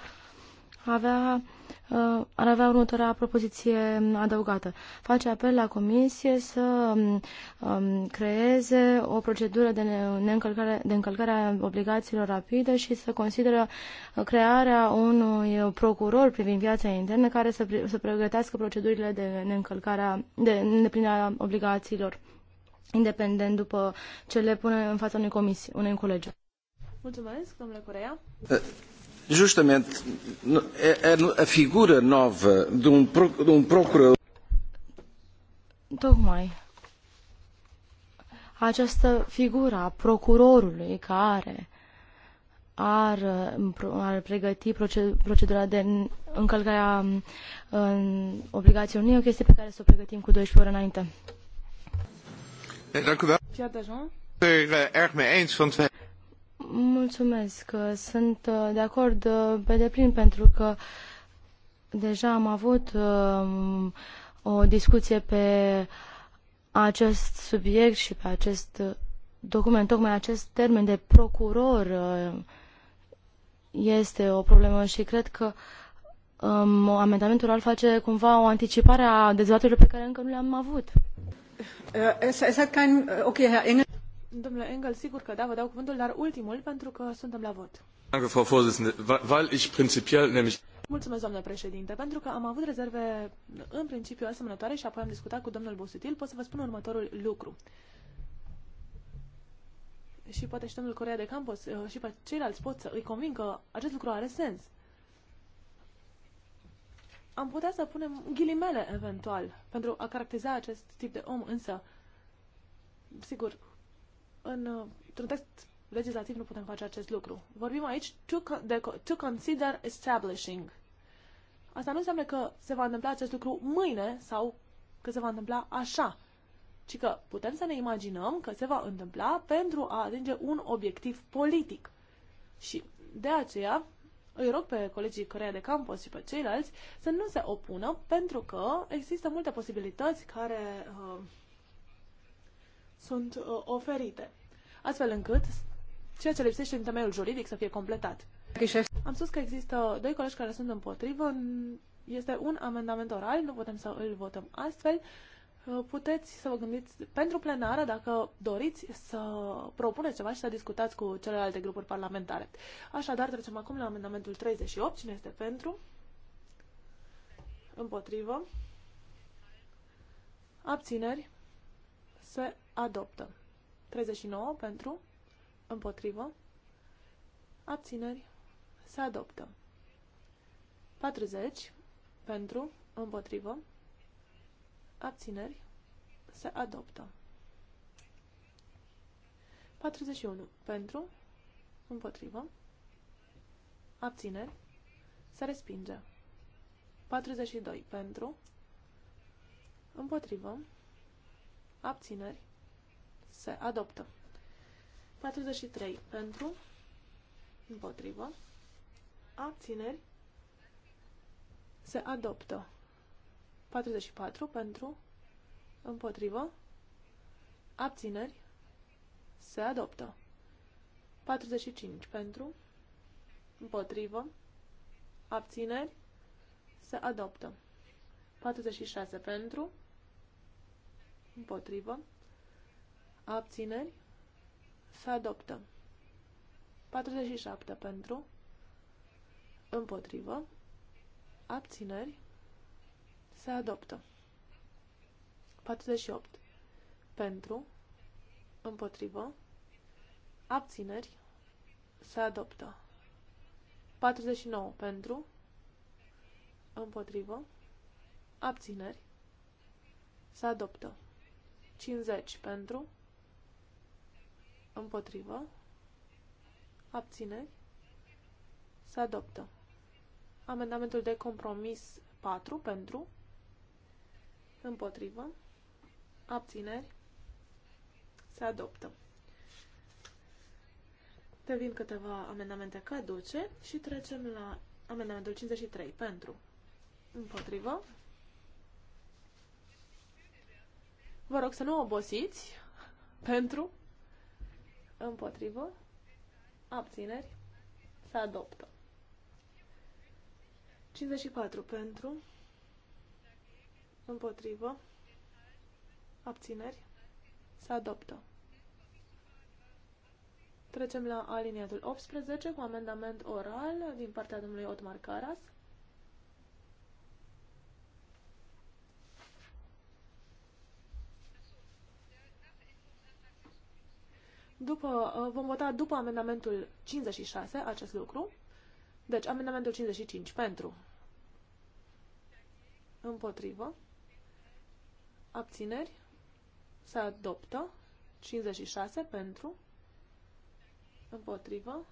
avea, uh, ar avea următoarea propoziție adăugată. Face apel la Comisie să um, um, creeze o procedură de, neîncălcare, de încălcare a obligațiilor rapide și să consideră uh, crearea unui procuror privind viața internă care să, să pregătească procedurile de neîncălcare, de îndeplinirea obligațiilor independent după ce le pune în fața unei comisii, unei colegi. Mulțumesc, domnule Corea. Eh, justamente a, a figura nova de um, de um procurador. Tocmai această figură a procurorului care ar, ar pregăti procedura de încălcare a în obligațiilor. Nu e o chestie pe care să o pregătim cu 12 ore înainte. Eh, Mulțumesc. Sunt uh, de acord uh, pe deplin pentru că deja am avut um, o discuție pe acest subiect și pe acest document. Tocmai acest termen de procuror uh, este o problemă și cred că um, amendamentul ar face cumva o anticipare a dezbaterilor pe care încă nu le-am avut. Domnule Engel, sigur că da, vă dau cuvântul, dar ultimul, pentru că suntem la vot. Mulțumesc, doamnă președinte, pentru că am avut rezerve în principiu asemănătoare și apoi am discutat cu domnul Bosutil. pot să vă spun următorul lucru. Și poate și domnul Corea de Campos uh, și pe ceilalți pot să îi convin că acest lucru are sens. Am putea să punem ghilimele eventual pentru a caracteriza acest tip de om, însă, sigur, în, uh, într-un text legislativ nu putem face acest lucru. Vorbim aici to, de, to consider establishing. Asta nu înseamnă că se va întâmpla acest lucru mâine sau că se va întâmpla așa, ci că putem să ne imaginăm că se va întâmpla pentru a atinge un obiectiv politic. Și de aceea îi rog pe colegii Corea de Campus și pe ceilalți să nu se opună pentru că există multe posibilități care uh, sunt uh, oferite, astfel încât ceea ce lipsește din temeiul juridic să fie completat. Am spus că există doi colegi care sunt împotrivă. Este un amendament oral, nu putem să îl votăm astfel. Uh, puteți să vă gândiți pentru plenară dacă doriți să propuneți ceva și să discutați cu celelalte grupuri parlamentare. Așadar, trecem acum la amendamentul 38. Cine este pentru? Împotrivă. Abțineri. Se adoptă. 39 pentru, împotrivă, abțineri, se adoptă. 40 pentru, împotrivă, abțineri, se adoptă. 41 pentru, împotrivă, abțineri, se respinge. 42 pentru, împotrivă, abțineri, se adoptă. 43 pentru, împotrivă, abțineri, se adoptă. 44 pentru, împotrivă, abțineri, se adoptă. 45 pentru, împotrivă, abțineri, se adoptă. 46 pentru, împotrivă, Abțineri. Se adoptă. 47 pentru. Împotrivă. Abțineri. Se adoptă. 48. Pentru. Împotrivă. Abțineri. Se adoptă. 49. Pentru. Împotrivă. Abțineri. Se adoptă. 50. Pentru. Împotrivă. Abțineri. Se adoptă. Amendamentul de compromis 4 pentru. Împotrivă. Abțineri. Se adoptă. Devin câteva amendamente caduce și trecem la amendamentul 53 pentru. Împotrivă. Vă rog să nu obosiți pentru Împotrivă. Abțineri. Se adoptă. 54 pentru. Împotrivă. Abțineri. Se adoptă. Trecem la aliniatul 18 cu amendament oral din partea domnului Otmar Caras. După, uh, vom vota după amendamentul 56 acest lucru. Deci, amendamentul 55 pentru. Împotrivă. Abțineri. Se adoptă. 56 pentru. Împotrivă.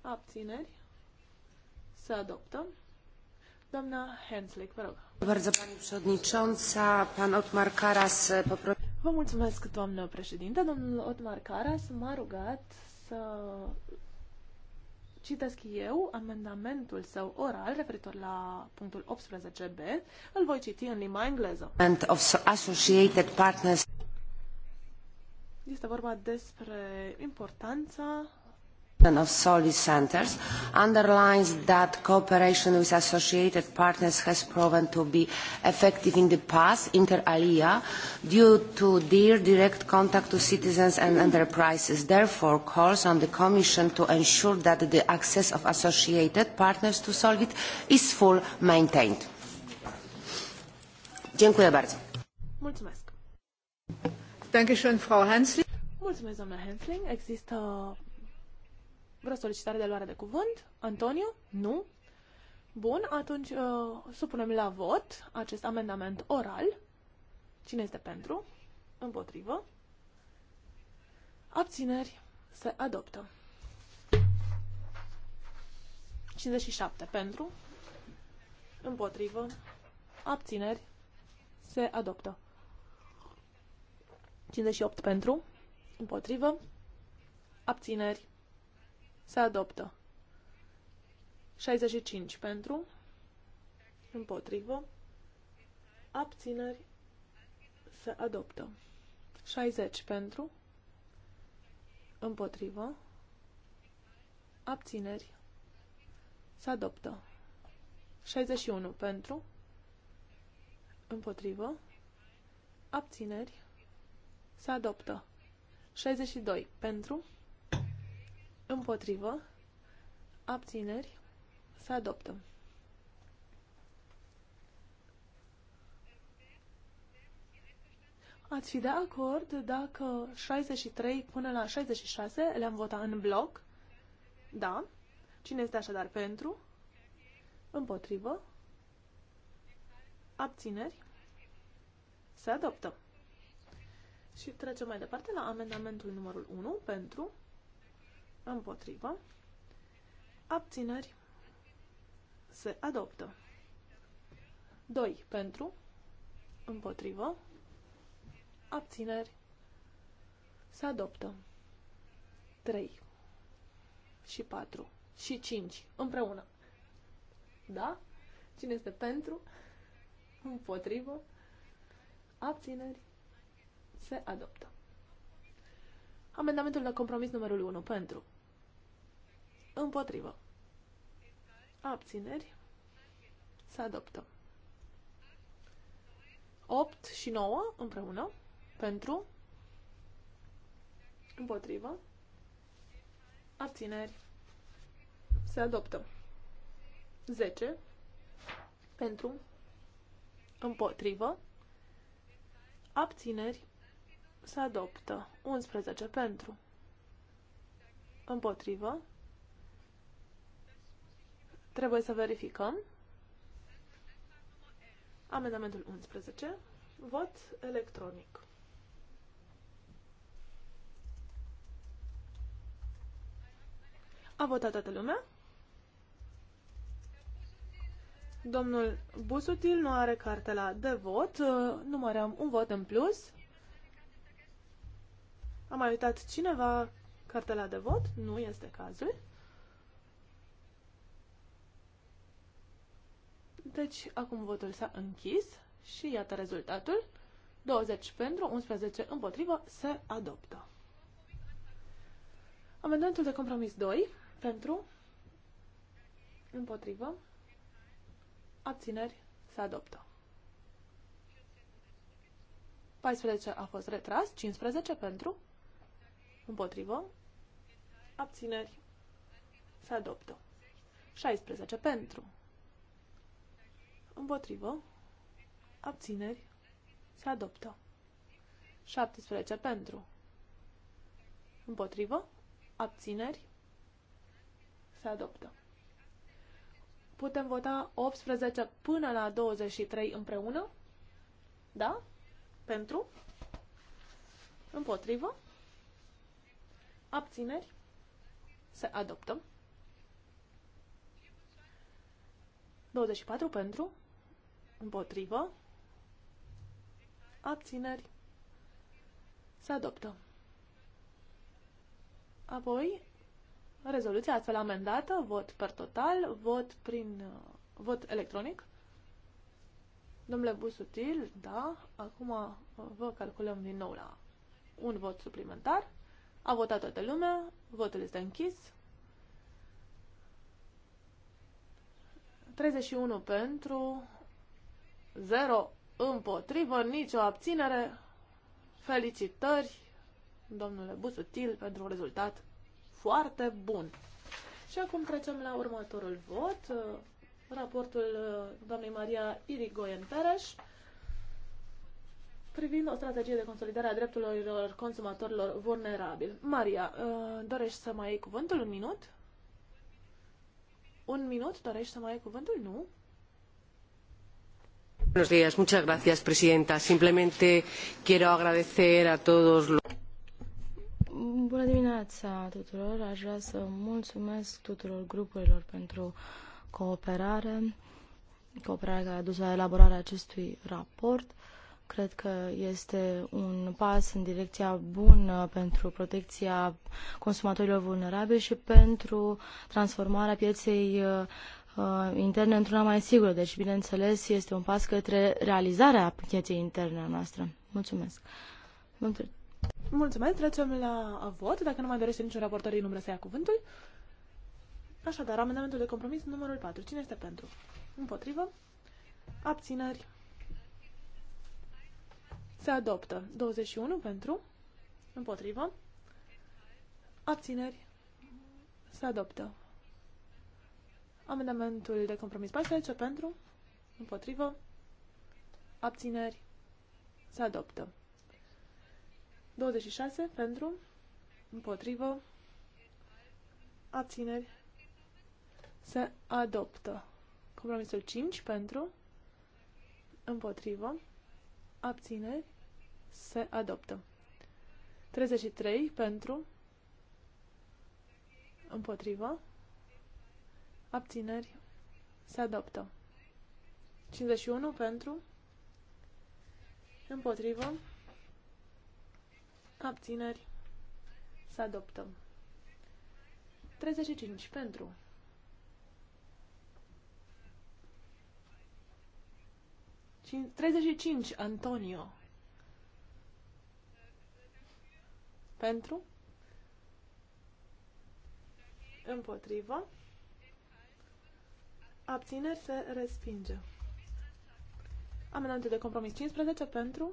Abțineri. Se adoptă. Doamna Henslick, vă rog. Bardzo Pani Przewodnicząca, Pan Otmar Karas Vă mulțumesc, doamnă președinte. Domnul Otmar Caras m-a rugat să citesc eu amendamentul său oral referitor la punctul 18b. Îl voi citi în limba engleză. And of associated partners. Este vorba despre importanța of solid centers underlines that cooperation with associated partners has proven to be effective in the past, inter alia, due to their direct contact to citizens and enterprises. Therefore, calls on the Commission to ensure that the access of associated partners to solid is full maintained. Dziękuję bardzo. Mulțumesc. Dankeschön, Frau Hensling. Mulțumesc, doamna Hensling. Există vreo solicitare de luare de cuvânt? Antonio? Nu? Bun, atunci uh, supunem la vot acest amendament oral. Cine este pentru? Împotrivă? Abțineri? Se adoptă. 57 pentru, împotrivă, abțineri, se adoptă. 58 pentru, împotrivă, abțineri, se adoptă. 65 pentru, împotrivă, abțineri, se adoptă. 60 pentru, împotrivă, abțineri, se adoptă. 61 pentru, împotrivă, abțineri, se adoptă. 62 pentru, Împotrivă. Abțineri. Se adoptă. Ați fi de acord dacă 63 până la 66 le-am votat în bloc? Da. Cine este așadar pentru? Împotrivă. Abțineri. Se adoptă. Și trecem mai departe la amendamentul numărul 1 pentru Împotrivă. Abțineri. Se adoptă. 2 pentru. Împotrivă. Abțineri. Se adoptă. 3 și 4 și 5 împreună. Da? Cine este pentru? Împotrivă. Abțineri. Se adoptă. Amendamentul de compromis numărul 1 pentru. Împotrivă. Abțineri. Se adoptă. 8 și 9 împreună. Pentru. Împotrivă. Abțineri. Se adoptă. 10. Pentru. Împotrivă. Abțineri. Se adoptă. 11. Pentru. Împotrivă. Trebuie să verificăm. Amendamentul 11. Vot electronic. A votat toată lumea? Domnul Busutil nu are cartela de vot. Numărăm un vot în plus. A mai uitat cineva cartela de vot? Nu este cazul. Deci, acum votul s-a închis și iată rezultatul. 20 pentru, 11 împotrivă, se adoptă. Amendamentul de compromis 2 pentru, împotrivă, abțineri, se adoptă. 14 a fost retras, 15 pentru, împotrivă, abțineri, se adoptă. 16 pentru, Împotrivă. Abțineri. Se adoptă. 17 pentru. Împotrivă. Abțineri. Se adoptă. Putem vota 18 până la 23 împreună? Da? Pentru? Împotrivă? Abțineri? Se adoptă. 24 pentru? Împotrivă. Abțineri. Se adoptă. Apoi, rezoluția astfel amendată, vot per total, vot prin uh, vot electronic. Domnule Busutil, da, acum uh, vă calculăm din nou la un vot suplimentar. A votat toată lumea, votul este închis. 31 pentru, 0 împotrivă, nicio abținere. Felicitări, domnule Busutil, pentru un rezultat foarte bun. Și acum trecem la următorul vot, uh, raportul uh, doamnei Maria Irigoyen Pereș privind o strategie de consolidare a drepturilor consumatorilor vulnerabili. Maria, uh, dorești să mai ai cuvântul un minut? Un minut dorești să mai ai cuvântul? Nu? Buenos días, muchas gracias, presidenta. Simplemente quiero agradecer a todos los. Bună dimineața tuturor! Aș vrea să mulțumesc tuturor grupurilor pentru cooperare, cooperarea care a dus la elaborarea acestui raport. Cred că este un pas în direcția bună pentru protecția consumatorilor vulnerabili și pentru transformarea pieței Uh, interne într-una mai sigură. Deci, bineînțeles, este un pas către realizarea pieței interne a noastră. Mulțumesc. Mulțumesc. Trecem la vot. Dacă nu mai dorește niciun raportor din umbră să ia cuvântul. Așadar, amendamentul de compromis numărul 4. Cine este pentru? Împotrivă? Abțineri? Se adoptă. 21 pentru? Împotrivă? Abțineri? Se adoptă. Amendamentul de compromis 14 pentru, împotrivă, abțineri, se adoptă. 26 pentru, împotrivă, abțineri, se adoptă. Compromisul 5 pentru, împotrivă, abțineri, se adoptă. 33 pentru, împotrivă, Abțineri. Se adoptă. 51 pentru. Împotrivă. Abțineri. Se adoptă. 35 pentru. Cin 35 Antonio. Pentru. Împotrivă. Abțineri se respinge. Amendamente de compromis 15 pentru.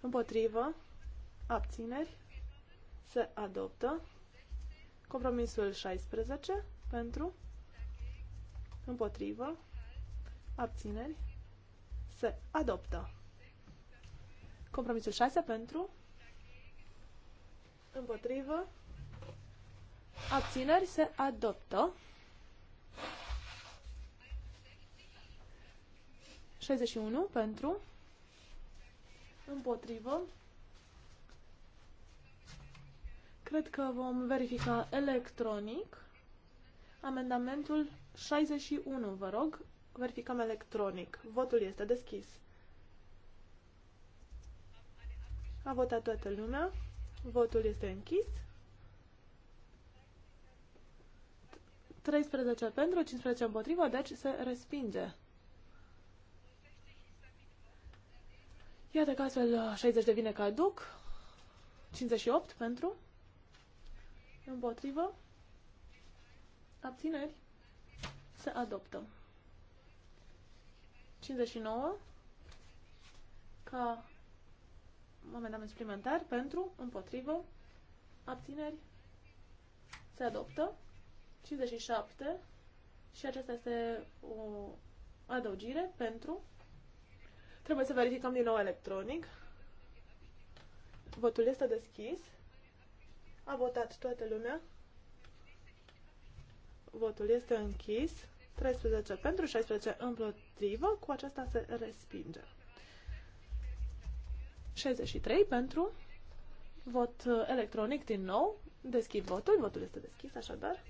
Împotrivă. Abțineri. Se adoptă. Compromisul 16 pentru. Împotrivă. Abțineri. Se adoptă. Compromisul 6 pentru. Împotrivă abțineri se adoptă. 61 pentru, împotrivă. Cred că vom verifica electronic. Amendamentul 61, vă rog, verificăm electronic. Votul este deschis. A votat toată lumea. Votul este închis. 13 pentru, 15 împotrivă, deci se respinge. Iată că astfel 60 uh, devine caduc. 58 pentru. Împotrivă. Abțineri. Se adoptă. 59. Ca amendament suplimentar pentru, împotrivă, abțineri, se adoptă. 57 și aceasta este o adăugire pentru. Trebuie să verificăm din nou electronic. Votul este deschis. A votat toată lumea. Votul este închis. 13 pentru, 16 împotrivă. Cu aceasta se respinge. 63 pentru. Vot uh, electronic din nou. Deschid votul. Votul este deschis, așadar.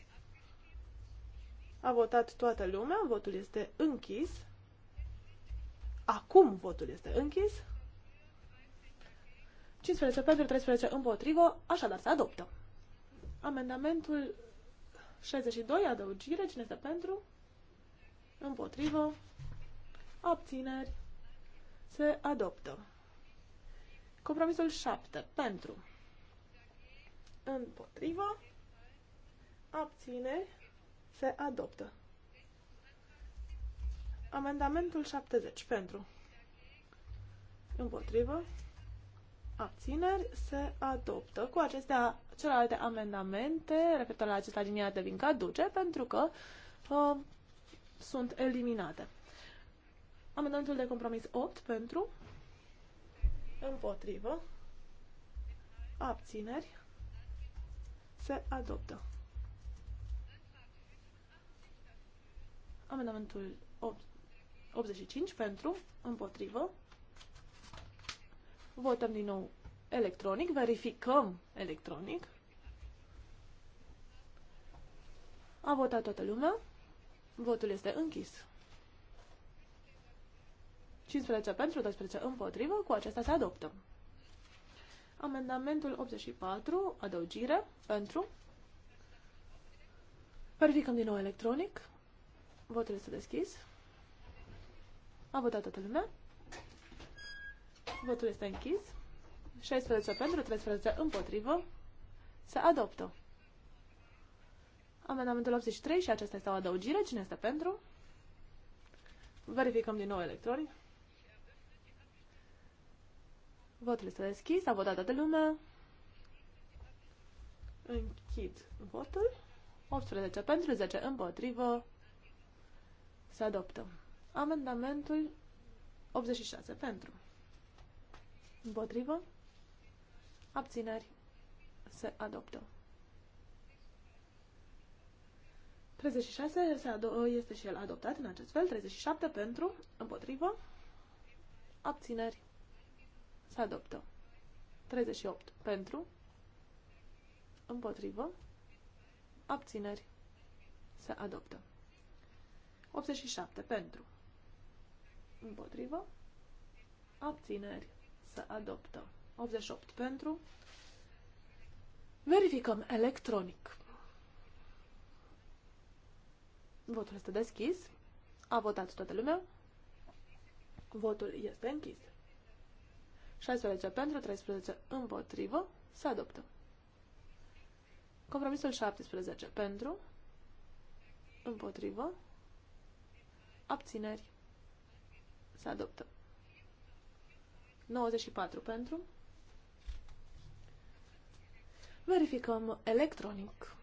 A votat toată lumea, votul este închis. Acum votul este închis. 15 pentru, 13 împotrivă, așadar se adoptă. Amendamentul 62, adăugire, cine este pentru? Împotrivă, abțineri, se adoptă. Compromisul 7, pentru, împotrivă, abțineri, se adoptă. Amendamentul 70. Pentru. Împotrivă. Abțineri. Se adoptă. Cu acestea, celelalte amendamente referitor la acest aliniat devin caduce pentru că uh, sunt eliminate. Amendamentul de compromis 8 pentru. Împotrivă. Abțineri. Se adoptă. Amendamentul 85 pentru, împotrivă. Votăm din nou electronic, verificăm electronic. A votat toată lumea. Votul este închis. 15 pentru, 12 împotrivă, cu acesta se adoptă. Amendamentul 84, adăugire, pentru. Verificăm din nou electronic. Votul este deschis. A votat toată lumea. Votul este închis. 16 pentru, 13 împotrivă. Se adoptă. Amendamentul 83 și acesta este o adăugire. Cine este pentru? Verificăm din nou electorii. Votul este deschis. A votat toată lumea. Închid votul. 18 pentru, 10 împotrivă. Se adoptă. Amendamentul 86 pentru. Împotrivă. Abțineri. Se adoptă. 36 se este și el adoptat în acest fel. 37 pentru. Împotrivă. Abțineri. Se adoptă. 38 pentru. Împotrivă. Abțineri. Se adoptă. 87 pentru. Împotrivă. Abțineri. să adoptă. 88 pentru. Verificăm electronic. Votul este deschis. A votat toată lumea. Votul este închis. 16 pentru, 13 împotrivă. Se adoptă. Compromisul 17 pentru, împotrivă, Abțineri. Se adoptă. 94 pentru. Verificăm electronic.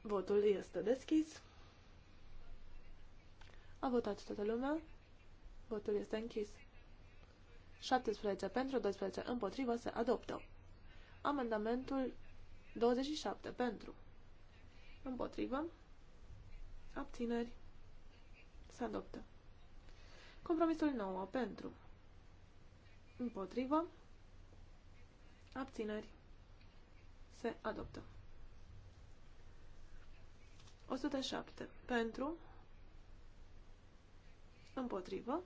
Votul este deschis. A votat toată lumea. Votul este închis. 17 pentru, 12 împotrivă se adoptă. Amendamentul 27 pentru. Împotrivă. Abțineri. Se adoptă. Compromisul 9. Pentru. Împotrivă. Abțineri. Se adoptă. 107. Pentru. Împotrivă.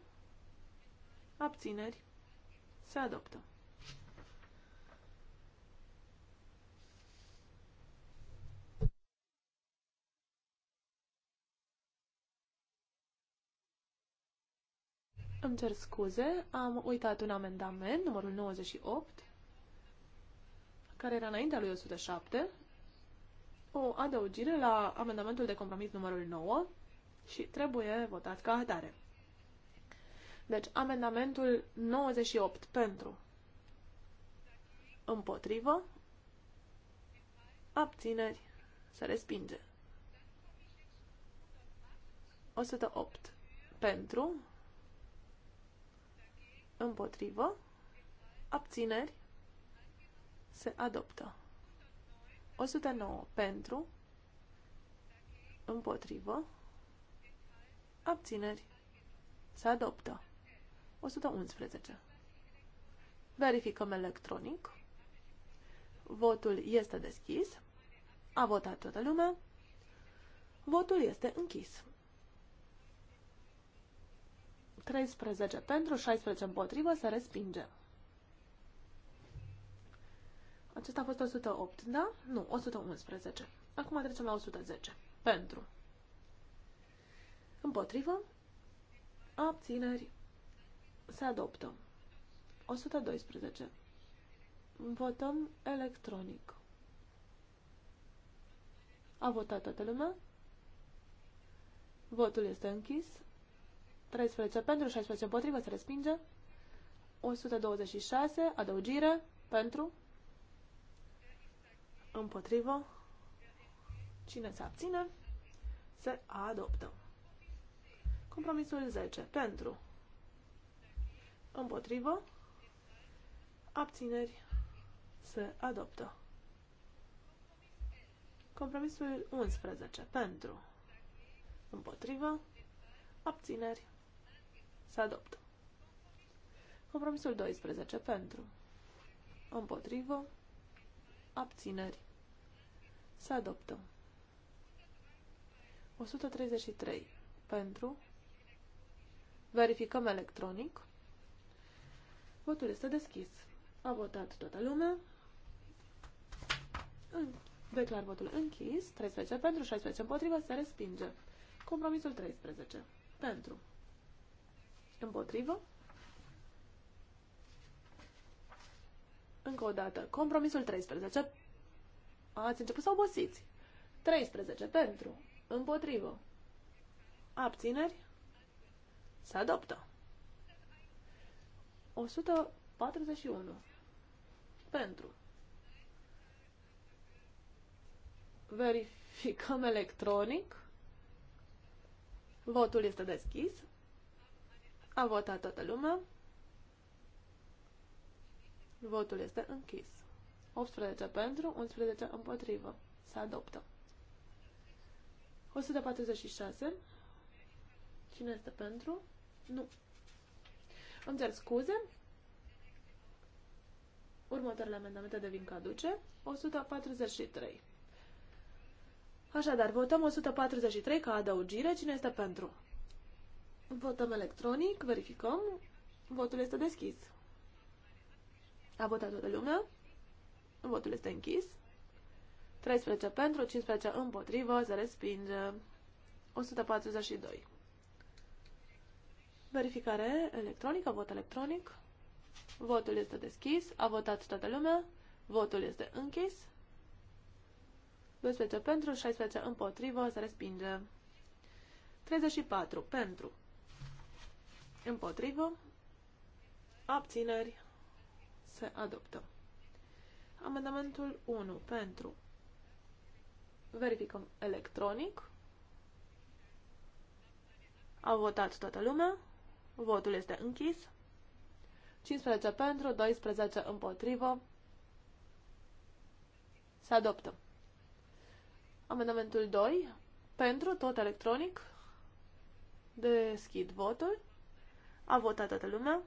Abțineri. Se adoptă. Îmi cer scuze, am uitat un amendament, numărul 98, care era înaintea lui 107, o adăugire la amendamentul de compromis numărul 9 și trebuie votat ca atare. Deci, amendamentul 98 pentru, împotrivă, abțineri, se respinge. 108 pentru, Împotrivă. Abțineri. Se adoptă. 109 pentru. Împotrivă. Abțineri. Se adoptă. 111. Verificăm electronic. Votul este deschis. A votat toată lumea. Votul este închis. 13 pentru, 16 împotrivă, se respinge. Acesta a fost 108, da? Nu, 111. Acum trecem la 110. Pentru. Împotrivă. Abțineri. Se adoptă. 112. Votăm electronic. A votat toată lumea? Votul este închis. 13 pentru, 16 împotrivă, se respinge. 126, adăugire, pentru, împotrivă, cine se abține, se adoptă. Compromisul 10, pentru, împotrivă, abțineri, se adoptă. Compromisul 11, pentru, împotrivă, abțineri, se adoptă. Compromisul 12 pentru. Împotrivă. Abțineri. Se adoptă. 133 pentru. Verificăm electronic. Votul este deschis. A votat toată lumea. Declar votul închis. 13 pentru, 16 împotrivă, se respinge. Compromisul 13. Pentru. Împotrivă. Încă o dată. Compromisul 13. Ați început să obosiți. 13. Pentru. Împotrivă. Abțineri. Se adoptă. 141. Pentru. Verificăm electronic. Votul este deschis. A votat toată lumea. Votul este închis. 18 pentru, 11 împotrivă. Se adoptă. 146. Cine este pentru? Nu. Îmi cer scuze. Următoarele amendamente devin caduce. 143. Așadar, votăm 143 ca adăugire. Cine este pentru? Votăm electronic, verificăm. Votul este deschis. A votat toată lumea. Votul este închis. 13 pentru, 15 împotrivă, se respinge. 142. Verificare electronică, vot electronic. Votul este deschis, a votat toată lumea. Votul este închis. 12 pentru, 16 împotrivă, se respinge. 34 pentru, Împotrivă. Abțineri. Se adoptă. Amendamentul 1 pentru. Verificăm electronic. A votat toată lumea. Votul este închis. 15 pentru, 12 împotrivă. Se adoptă. Amendamentul 2. Pentru, tot electronic. Deschid votul. A votat toată lumea.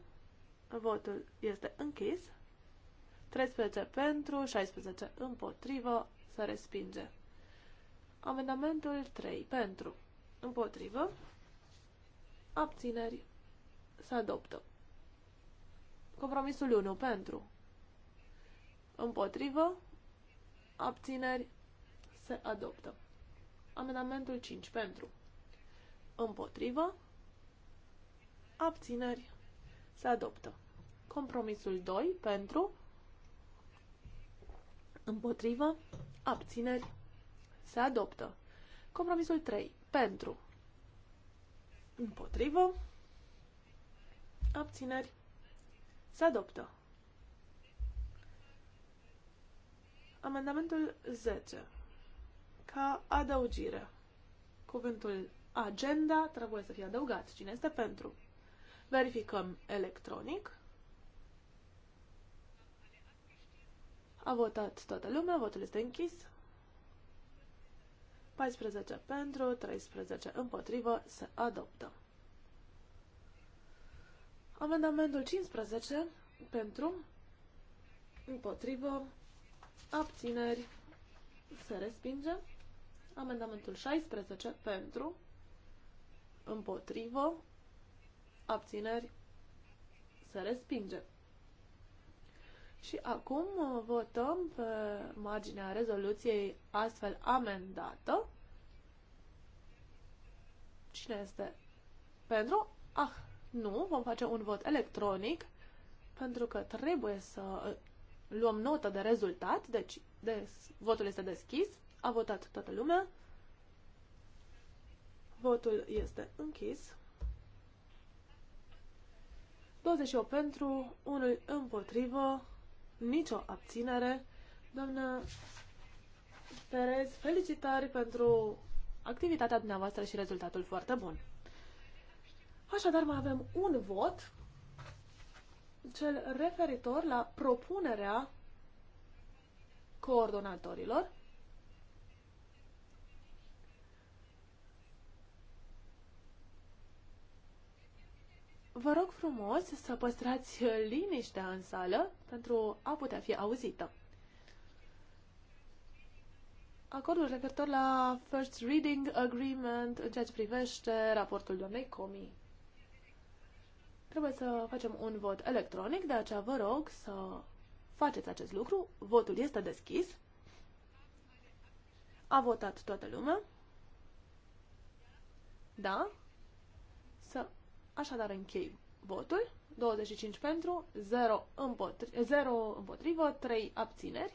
Votul este închis. 13 pentru, 16 împotrivă, se respinge. Amendamentul 3 pentru, împotrivă, abțineri, se adoptă. Compromisul 1 pentru, împotrivă, abțineri, se adoptă. Amendamentul 5 pentru, împotrivă, abțineri, se adoptă. Compromisul 2 pentru, împotrivă, abțineri, se adoptă. Compromisul 3 pentru, împotrivă, abțineri, se adoptă. Amendamentul 10. Ca adăugire. Cuvântul agenda trebuie să fie adăugat. Cine este pentru? Verificăm electronic. A votat toată lumea, votul este închis. 14 pentru, 13 împotrivă, se adoptă. Amendamentul 15 pentru, împotrivă, abțineri, se respinge. Amendamentul 16 pentru, împotrivă, abțineri, se respinge. Și acum uh, votăm pe marginea rezoluției astfel amendată. Cine este pentru? Ah, nu, vom face un vot electronic pentru că trebuie să uh, luăm notă de rezultat, deci des, votul este deschis, a votat toată lumea, votul este închis. 28 pentru, 1 împotrivă, nicio abținere. Doamnă Perez, felicitări pentru activitatea dumneavoastră și rezultatul foarte bun. Așadar, mai avem un vot, cel referitor la propunerea coordonatorilor Vă rog frumos să păstrați liniștea în sală pentru a putea fi auzită. Acordul referitor la First Reading Agreement în ceea ce privește raportul doamnei Comi. Trebuie să facem un vot electronic, de aceea vă rog să faceți acest lucru. Votul este deschis. A votat toată lumea. Da? Să Așadar închei votul. 25 pentru, 0 împotri 0 împotrivă 3 abțineri.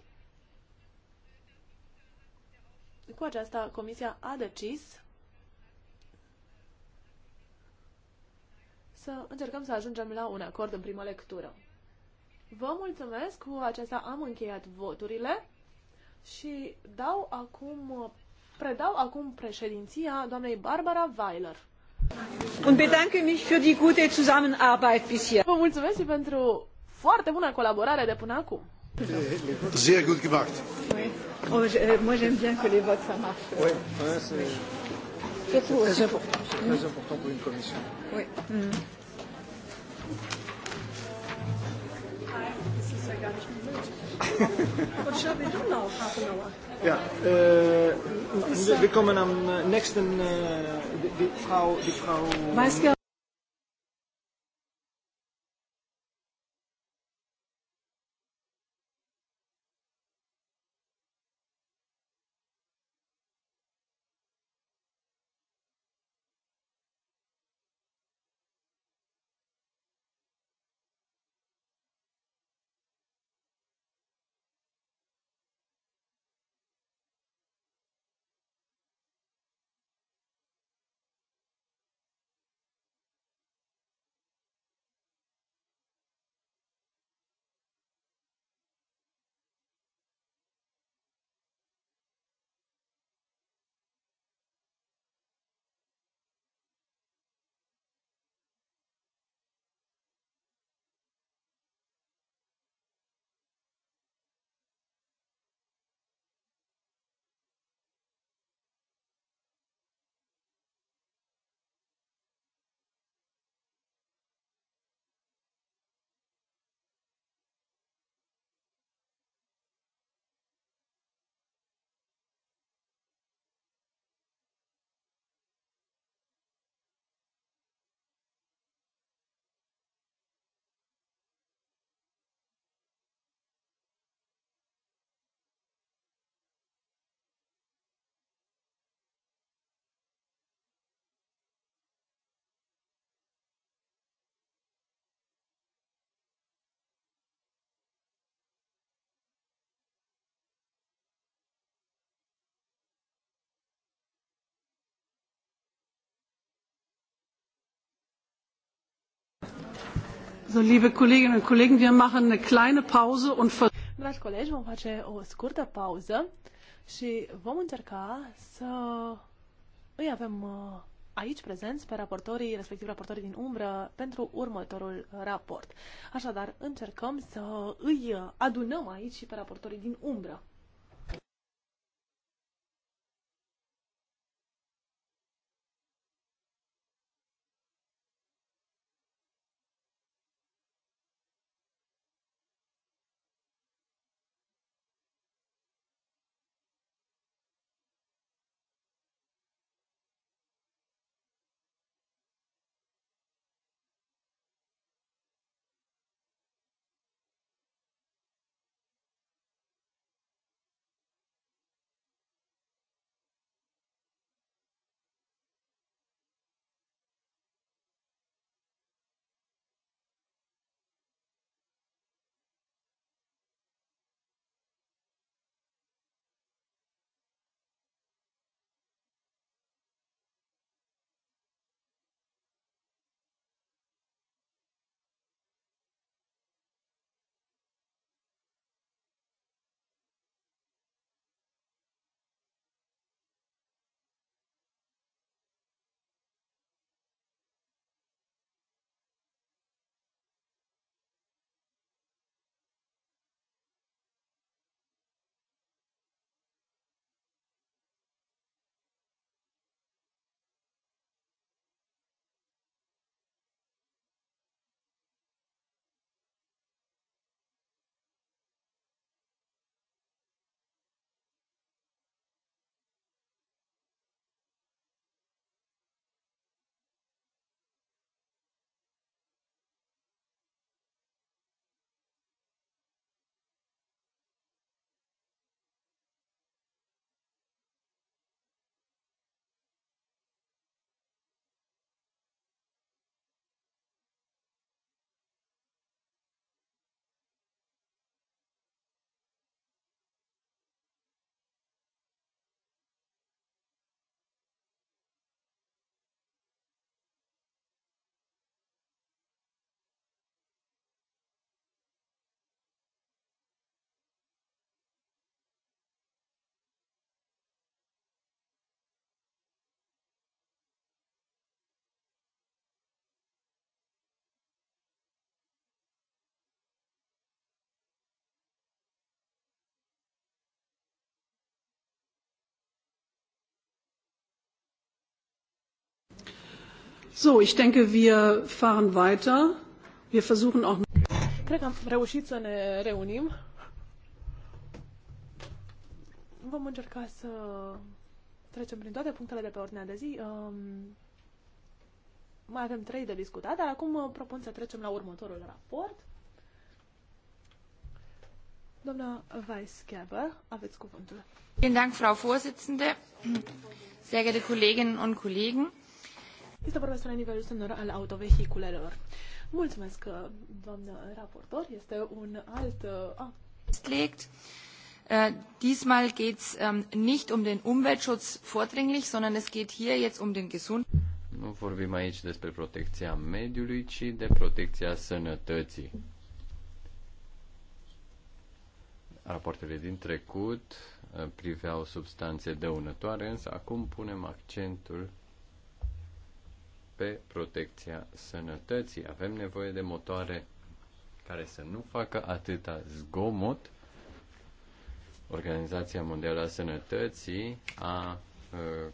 Cu aceasta, Comisia a decis să încercăm să ajungem la un acord în prima lectură. Vă mulțumesc, cu aceasta am încheiat voturile și dau acum, predau acum președinția doamnei Barbara Weiler. Und bedanke mich für die gute Zusammenarbeit bisher. Vă mulțumesc pentru foarte bună colaborare de până acum. Sehr gut gemacht. Oh, euh, moi j'aime bien que les votes ça marche. c'est très important. pour une commission. Oui. Mm. What shall we do now? Half an hour. Ja, uh, wir kommen am äh, nächsten uh, die, die Frau die Frau. Dragi colegi, vom face o scurtă pauză și vom încerca să îi avem uh, aici prezenți pe raportorii, respectiv raportorii din umbră, pentru următorul raport. Așadar, încercăm să îi adunăm aici și pe raportorii din umbră. So, ich denke, wir fahren weiter. Wir versuchen auch. Cred că am reușit să ne reunim. Vom încerca să trecem prin toate punctele de pe ordinea de zi. Um, mai avem trei de discutat, dar acum uh, propun să trecem la următorul raport. Doamna Weisgerber, aveți cuvântul. Vielen Dank, Frau Vorsitzende, sehr geehrte Kolleginnen und Kollegen. Este vorba despre nivelul sonor al autovehiculelor. Mulțumesc, uh, doamnă raportor. Este un alt... Ah. diesmal geht es um, ähm, nicht um den Umweltschutz vordringlich, sondern es geht hier jetzt um den Gesund. Nu vorbim aici despre protecția mediului, ci de protecția sănătății. Raportele din trecut äh, priveau substanțe dăunătoare, însă acum punem accentul pe protecția sănătății. Avem nevoie de motoare care să nu facă atâta zgomot. Organizația Mondială a Sănătății a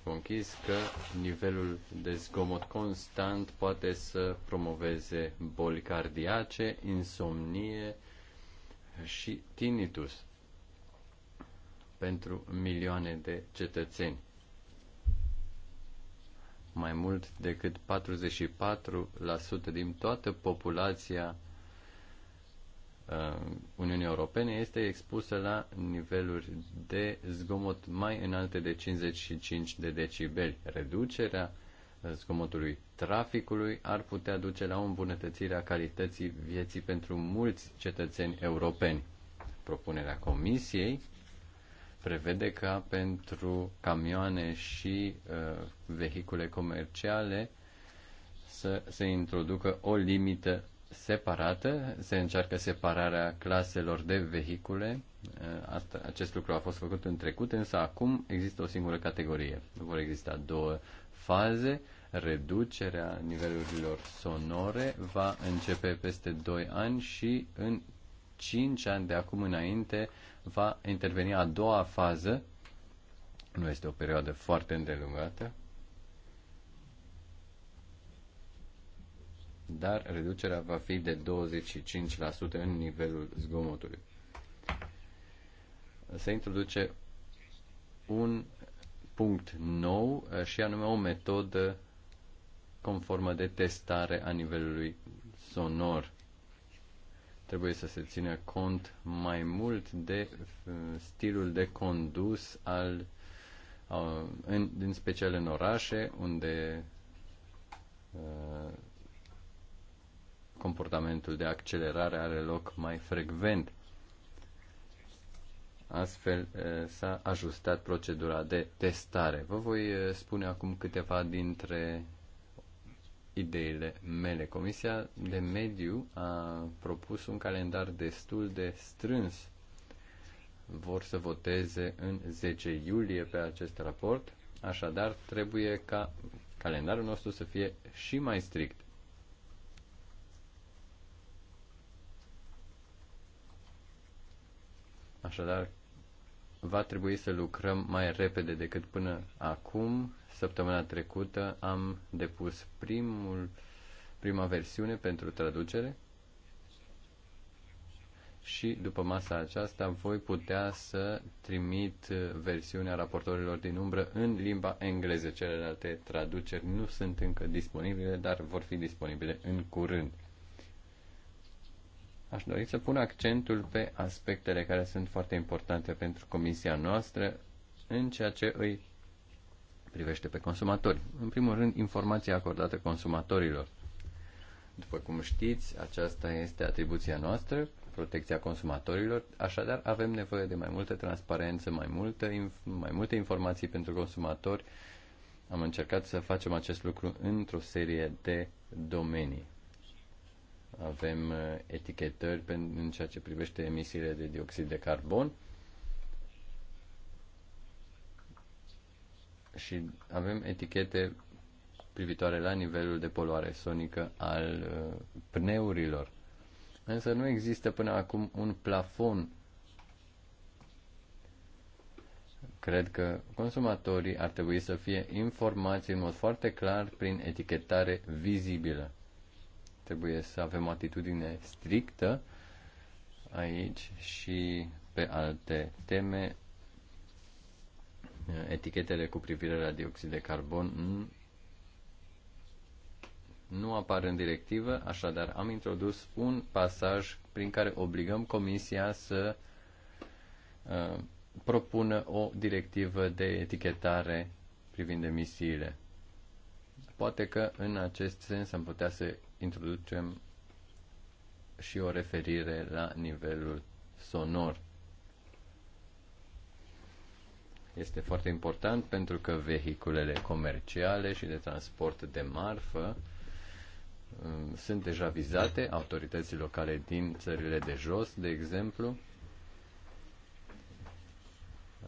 conchis că nivelul de zgomot constant poate să promoveze boli cardiace, insomnie și tinnitus pentru milioane de cetățeni mai mult decât 44% din toată populația uh, Uniunii Europene este expusă la niveluri de zgomot mai înalte de 55 de decibeli. Reducerea uh, zgomotului traficului ar putea duce la o îmbunătățire a calității vieții pentru mulți cetățeni europeni. Propunerea Comisiei prevede ca pentru camioane și uh, vehicule comerciale să se introducă o limită separată, se încearcă separarea claselor de vehicule. Uh, asta, acest lucru a fost făcut în trecut, însă acum există o singură categorie. Vor exista două faze. Reducerea nivelurilor sonore va începe peste 2 ani și în 5 ani de acum înainte va interveni a doua fază. Nu este o perioadă foarte îndelungată, dar reducerea va fi de 25% în nivelul zgomotului. Se introduce un punct nou și anume o metodă conformă de testare a nivelului sonor. Trebuie să se țină cont mai mult de uh, stilul de condus al, uh, în, în special în orașe, unde uh, comportamentul de accelerare are loc mai frecvent. Astfel s-a ajustat procedura de testare. Vă voi spune acum câteva dintre ideile mele. Comisia de Mediu a propus un calendar destul de strâns. Vor să voteze în 10 iulie pe acest raport, așadar trebuie ca calendarul nostru să fie și mai strict. Așadar, va trebui să lucrăm mai repede decât până acum Săptămâna trecută am depus primul, prima versiune pentru traducere și după masa aceasta voi putea să trimit versiunea raportorilor din umbră în limba engleză. Celelalte traduceri nu sunt încă disponibile, dar vor fi disponibile în curând. Aș dori să pun accentul pe aspectele care sunt foarte importante pentru comisia noastră în ceea ce îi privește pe consumatori. În primul rând, informația acordată consumatorilor. După cum știți, aceasta este atribuția noastră, protecția consumatorilor, așadar avem nevoie de mai multă transparență, mai, multă, mai multe informații pentru consumatori. Am încercat să facem acest lucru într-o serie de domenii. Avem uh, etichetări în ceea ce privește emisiile de dioxid de carbon, și avem etichete privitoare la nivelul de poluare sonică al uh, pneurilor. Însă nu există până acum un plafon. Cred că consumatorii ar trebui să fie informați în mod foarte clar prin etichetare vizibilă. Trebuie să avem o atitudine strictă aici și pe alte teme etichetele cu privire la dioxid de carbon nu apar în directivă, așadar am introdus un pasaj prin care obligăm Comisia să uh, propună o directivă de etichetare privind emisiile. Poate că în acest sens am putea să introducem și o referire la nivelul sonor este foarte important pentru că vehiculele comerciale și de transport de marfă um, sunt deja vizate, autorității locale din țările de jos, de exemplu,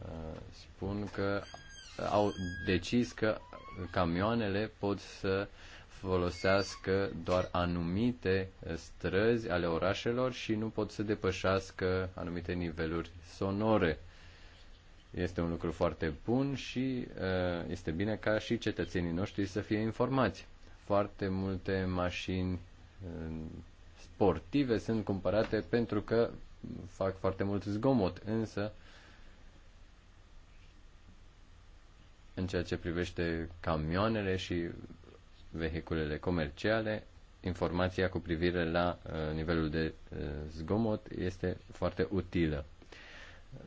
uh, spun că au decis că camioanele pot să folosească doar anumite străzi ale orașelor și nu pot să depășească anumite niveluri sonore este un lucru foarte bun și uh, este bine ca și cetățenii noștri să fie informați. Foarte multe mașini uh, sportive sunt cumpărate pentru că fac foarte mult zgomot, însă în ceea ce privește camioanele și vehiculele comerciale, informația cu privire la uh, nivelul de zgomot este foarte utilă.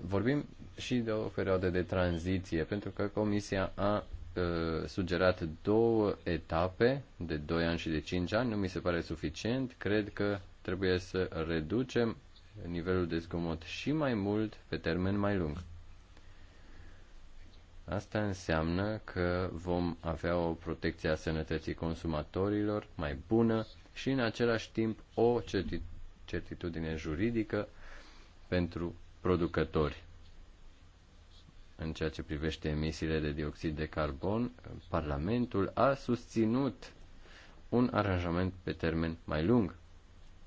Vorbim și de o perioadă de tranziție, pentru că Comisia a uh, sugerat două etape de 2 ani și de 5 ani, nu mi se pare suficient. Cred că trebuie să reducem nivelul de zgomot și mai mult pe termen mai lung. Asta înseamnă că vom avea o protecție a sănătății consumatorilor mai bună și în același timp o certitudine juridică pentru producători. În ceea ce privește emisiile de dioxid de carbon, Parlamentul a susținut un aranjament pe termen mai lung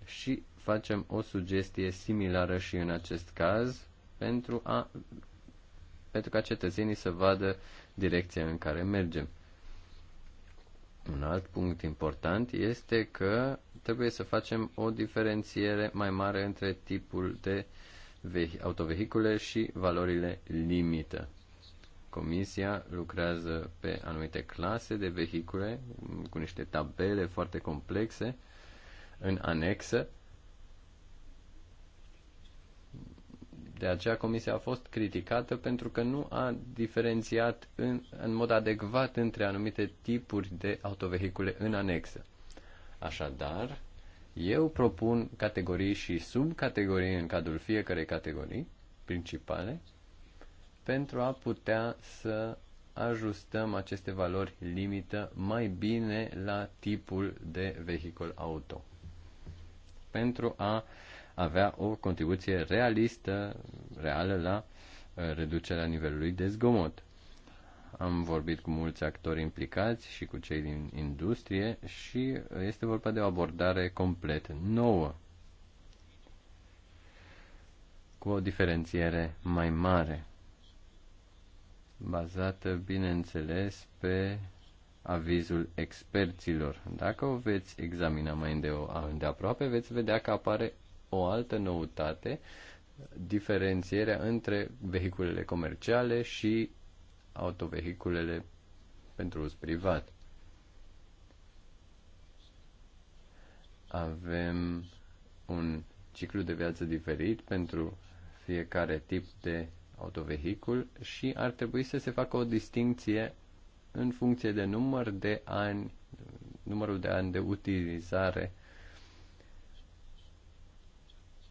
și facem o sugestie similară și în acest caz pentru, a, pentru ca cetățenii să vadă direcția în care mergem. Un alt punct important este că trebuie să facem o diferențiere mai mare între tipul de uh, autovehicule și valorile limită. Comisia lucrează pe anumite clase de vehicule cu niște tabele foarte complexe în anexă. De aceea comisia a fost criticată pentru că nu a diferențiat în, în mod adecvat între anumite tipuri de autovehicule în anexă. Așadar, eu propun categorii și subcategorii în cadrul fiecarei categorii principale pentru a putea să ajustăm aceste valori limită mai bine la tipul de vehicul auto. Pentru a avea o contribuție realistă, reală la uh, reducerea nivelului de zgomot. Am vorbit cu mulți actori implicați și cu cei din industrie și este vorba de o abordare complet nouă, cu o diferențiere mai mare, bazată, bineînțeles, pe avizul experților. Dacă o veți examina mai îndeaproape, veți vedea că apare o altă noutate, diferențierea între vehiculele comerciale și autovehiculele pentru uz privat. Avem un ciclu de viață diferit pentru fiecare tip de autovehicul și ar trebui să se facă o distinție în funcție de număr de ani, numărul de ani de utilizare,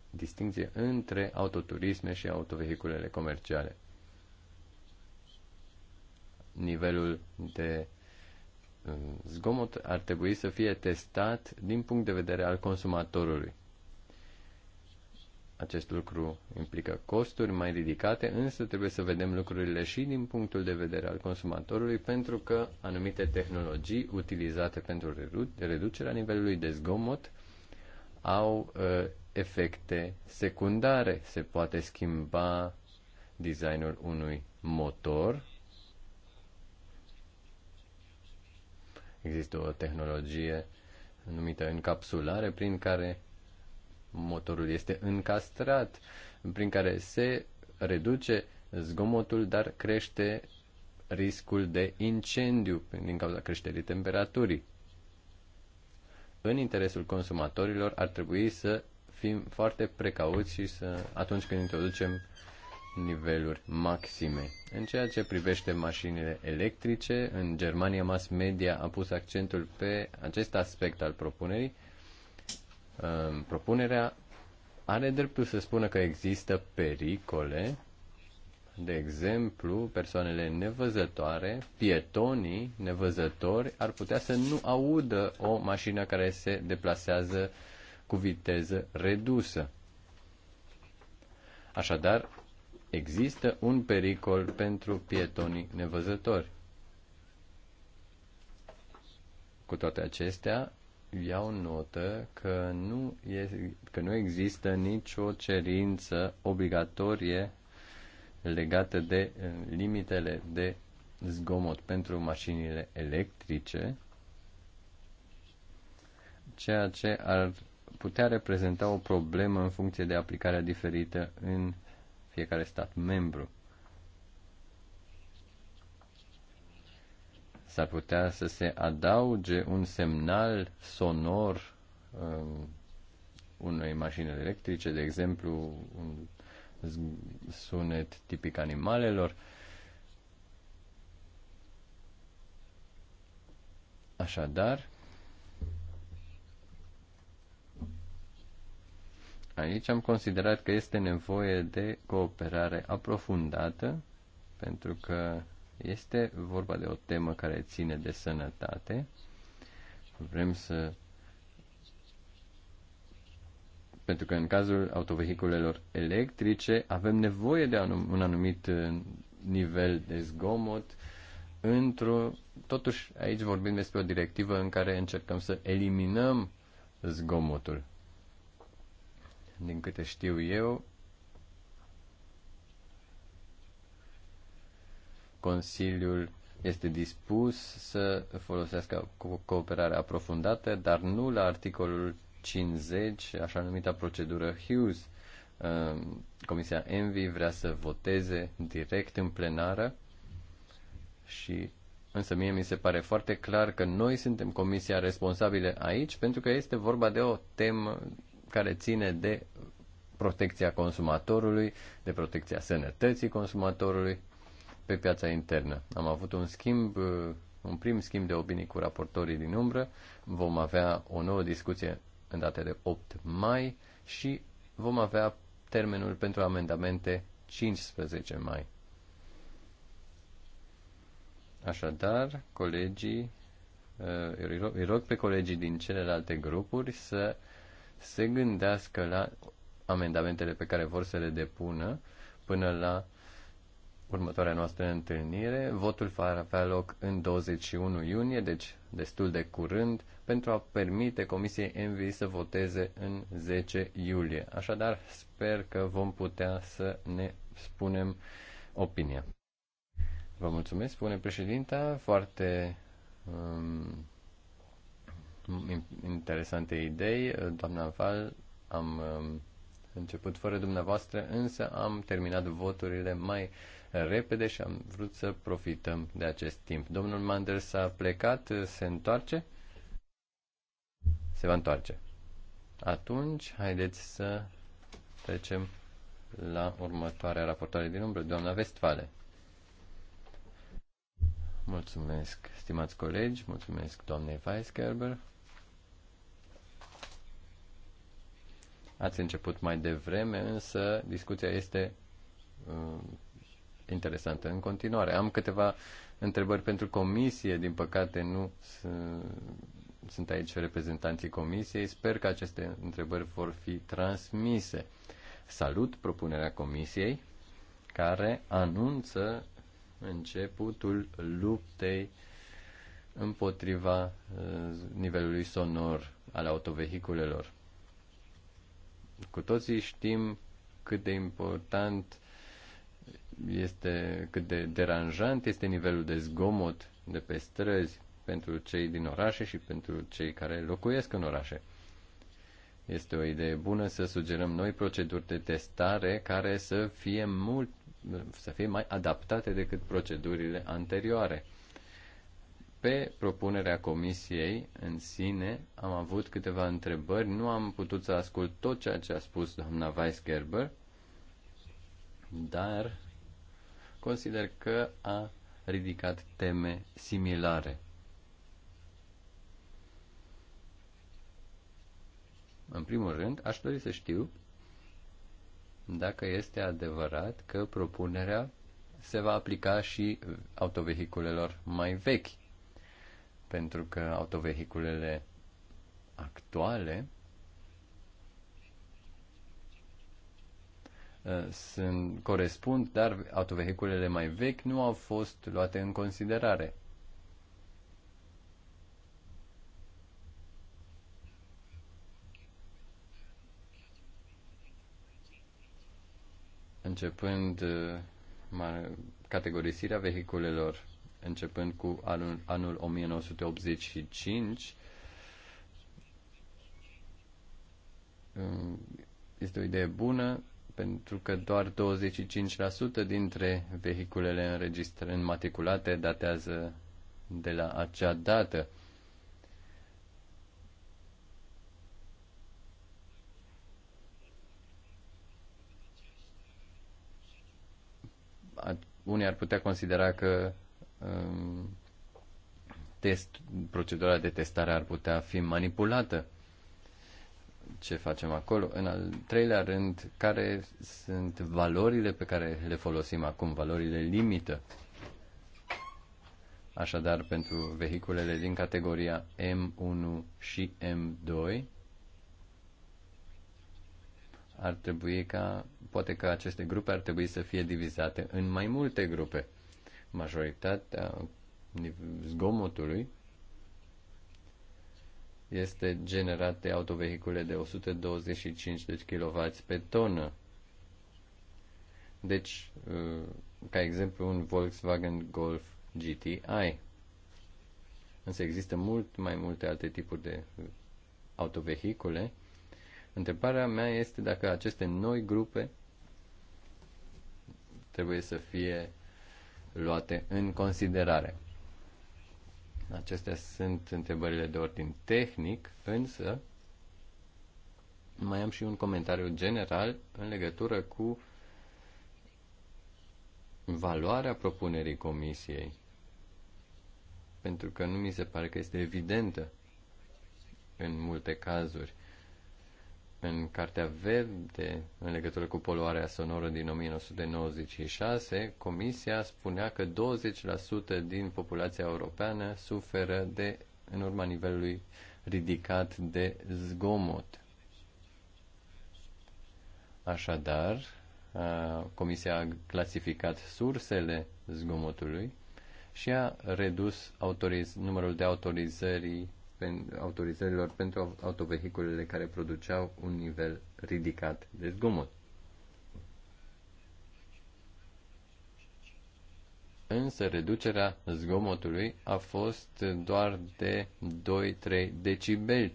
distinție între autoturisme și autovehiculele comerciale nivelul de uh, zgomot ar trebui să fie testat din punct de vedere al consumatorului. Acest lucru implică costuri mai ridicate, însă trebuie să vedem lucrurile și din punctul de vedere al consumatorului, pentru că anumite tehnologii utilizate pentru reducerea nivelului de zgomot au uh, efecte secundare. Se poate schimba designul unui motor Există o tehnologie numită încapsulare prin care motorul este încastrat, prin care se reduce zgomotul, dar crește riscul de incendiu din cauza creșterii temperaturii. În interesul consumatorilor ar trebui să fim foarte precauți și să, atunci când introducem niveluri maxime. În ceea ce privește mașinile electrice, în Germania mass media a pus accentul pe acest aspect al propunerii. Ehm, propunerea are dreptul să spună că există pericole, de exemplu, persoanele nevăzătoare, pietonii nevăzători ar putea să nu audă o mașină care se deplasează cu viteză redusă. Așadar, există un pericol pentru pietonii nevăzători. Cu toate acestea, iau notă că nu, e, că nu există nicio cerință obligatorie legată de eh, limitele de zgomot pentru mașinile electrice, ceea ce ar putea reprezenta o problemă în funcție de aplicarea diferită în fiecare stat membru. S-ar putea să se adauge un semnal sonor um, unei mașini electrice, de exemplu, un sunet tipic animalelor. Așadar, Aici am considerat că este nevoie de cooperare aprofundată, pentru că este vorba de o temă care ține de sănătate. Vrem să. Pentru că în cazul autovehiculelor electrice avem nevoie de un anumit uh, nivel de zgomot, într-o... Totuși, aici vorbim despre o directivă în care încercăm să eliminăm zgomotul din câte știu eu, Consiliul este dispus să folosească co- cooperare aprofundată, dar nu la articolul 50, așa numita procedură Hughes. Ehm, comisia Envy vrea să voteze direct în plenară și însă mie mi se pare foarte clar că noi suntem comisia responsabilă aici pentru că este vorba de o temă care ține de protecția consumatorului, de protecția sănătății consumatorului pe piața internă. Am avut un schimb, un prim schimb de opinii cu raportorii din umbră. Vom avea o nouă discuție în data de 8 mai și vom avea termenul pentru amendamente 15 mai. Așadar, colegii, eh, îi rog pe colegii din celelalte grupuri să se gândească la amendamentele pe care vor să le depună până la următoarea noastră întâlnire. Votul va avea loc în 21 iunie, deci destul de curând, pentru a permite Comisiei Envi să voteze în 10 iulie. Așadar, sper că vom putea să ne spunem opinia. Vă mulțumesc, spune președinta, foarte um, interesante idei. Doamna Val, am um, început fără dumneavoastră, însă am terminat voturile mai repede și am vrut să profităm de acest timp. Domnul Manders a plecat, se întoarce? Se va întoarce. Atunci, haideți să trecem la următoarea raportare din umbră, doamna Vestfale. Mulțumesc, stimați colegi, mulțumesc doamnei Weisgerber Ați început mai devreme, însă discuția este uh, interesantă în continuare. Am câteva întrebări pentru comisie, din păcate nu sunt aici reprezentanții comisiei. Sper că aceste întrebări vor fi transmise. Salut propunerea comisiei care anunță începutul luptei împotriva uh, nivelului sonor al autovehiculelor. Cu toții știm cât de important este, cât de deranjant este nivelul de zgomot de pe străzi pentru cei din orașe și pentru cei care locuiesc în orașe. Este o idee bună să sugerăm noi proceduri de testare care să fie mult să fie mai adaptate decât procedurile anterioare pe propunerea comisiei în sine am avut câteva întrebări. Nu am putut să ascult tot ceea ce a spus doamna Weisgerber, dar consider că a ridicat teme similare. În primul rând, aș dori să știu dacă este adevărat că propunerea se va aplica și autovehiculelor mai vechi pentru că autovehiculele actuale uh, sunt, corespund, dar autovehiculele mai vechi nu au fost luate în considerare. Începând uh, categorisirea vehiculelor începând cu anul, anul 1985. Uh, este o idee bună pentru că doar 25% dintre vehiculele înregistrate, înmatriculate datează de la acea dată. unii ar putea considera că Ehm, test, procedura de testare ar putea fi manipulată. Ce facem acolo? În al treilea rând, care sunt valorile pe care le folosim acum, valorile limită? Așadar, pentru vehiculele din categoria M1 și M2, ar trebui ca, poate că aceste grupe ar trebui să fie divizate în mai multe grupe majoritatea zgomotului este generat de autovehicule de 125 de kW pe tonă. Deci, uh, ca exemplu, un Volkswagen Golf GTI. Însă există mult mai multe alte tipuri de autovehicule. Întrebarea mea este dacă aceste noi grupe trebuie să fie luate în considerare. Acestea sunt întrebările de ordin tehnic, însă mai am și un comentariu general în legătură cu valoarea propunerii comisiei. Pentru că nu mi se pare că este evidentă în multe cazuri în Cartea Verde în legătură cu poluarea sonoră din 1996, Comisia spunea că 20% din populația europeană suferă de, în urma nivelului ridicat de zgomot. Așadar, Comisia a clasificat sursele zgomotului și a redus autoriz- numărul de autorizări autorizărilor pentru autovehiculele care produceau un nivel ridicat de zgomot. Însă reducerea zgomotului a fost doar de 2-3 decibeli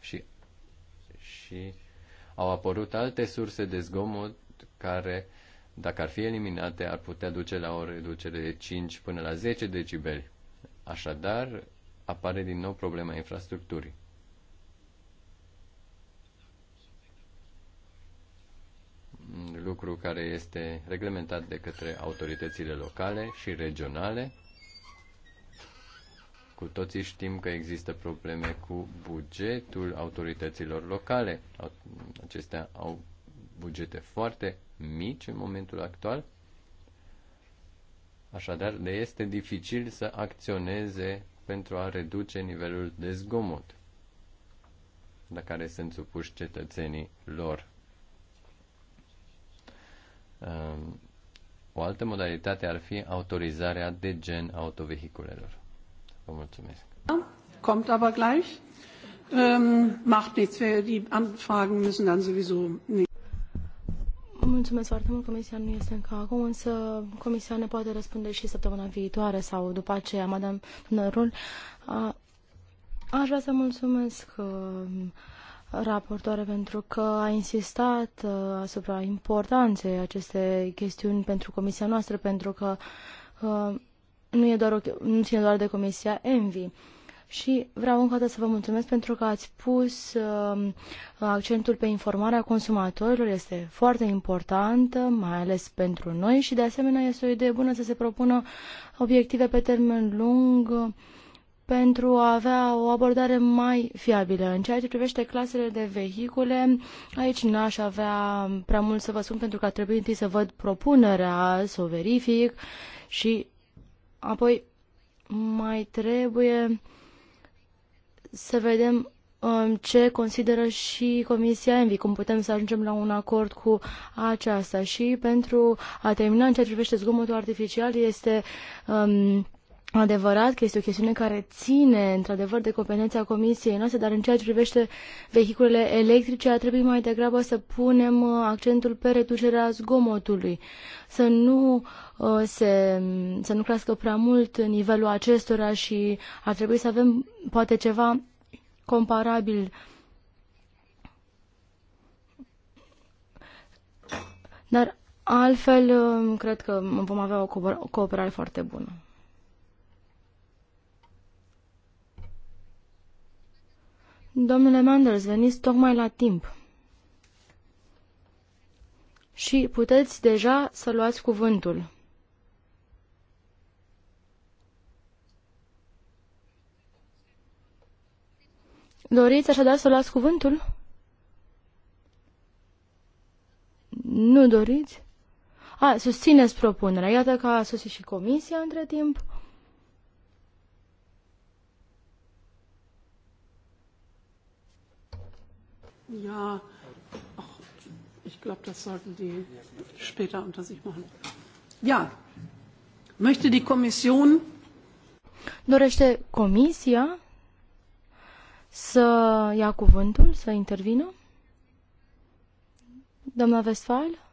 și, și au apărut alte surse de zgomot care, dacă ar fi eliminate, ar putea duce la o reducere de 5 până la 10 decibeli. Așadar, apare din nou problema infrastructurii. lucru care este reglementat de către autoritățile locale și regionale. Cu toții știm că există probleme cu bugetul autorităților locale. Acestea au bugete foarte mici în momentul actual. Așadar, le este dificil să acționeze pentru a reduce nivelul de zgomot la care sunt supuși cetățenii lor. Um, o altă modalitate ar fi autorizarea de gen autovehiculelor. Vă mulțumesc. Da, kommt aber gleich. Ähm, macht nichts. die Anfragen müssen dann sowieso nicht. Mulțumesc foarte mult. Comisia nu este încă acum, însă comisia ne poate răspunde și săptămâna viitoare sau după aceea, madame Nărul. Aș vrea să mulțumesc uh, raportoare pentru că a insistat uh, asupra importanței acestei chestiuni pentru comisia noastră, pentru că uh, nu, e doar o, nu ține doar de comisia ENVI. Și vreau încă dată să vă mulțumesc pentru că ați pus uh, accentul pe informarea consumatorilor. Este foarte importantă, mai ales pentru noi și de asemenea este o idee bună să se propună obiective pe termen lung pentru a avea o abordare mai fiabilă. În ceea ce privește clasele de vehicule, aici n-aș avea prea mult să vă spun pentru că ar trebui întâi să văd propunerea, să o verific și apoi mai trebuie să vedem um, ce consideră și Comisia Envi, cum putem să ajungem la un acord cu aceasta. Și pentru a termina în ceea ce privește zgomotul artificial este um, adevărat că este o chestiune care ține, într-adevăr, de competența comisiei noastre, dar în ceea ce privește vehiculele electrice, ar trebui mai degrabă să punem uh, accentul pe reducerea zgomotului, să nu, uh, se, să nu crească prea mult nivelul acestora și ar trebui să avem poate ceva comparabil Dar altfel, uh, cred că vom avea o cooperare foarte bună. Domnule Manders, veniți tocmai la timp. Și puteți deja să luați cuvântul. Doriți așadar să luați cuvântul? Nu doriți? A, susțineți propunerea. Iată că a sosit și comisia între timp. Ja, ach, ich glaube, das sollten die später unter sich machen. Ja, möchte die Kommission. Dorește Comisia să ia cuvântul, să intervină? Doamna Westphal?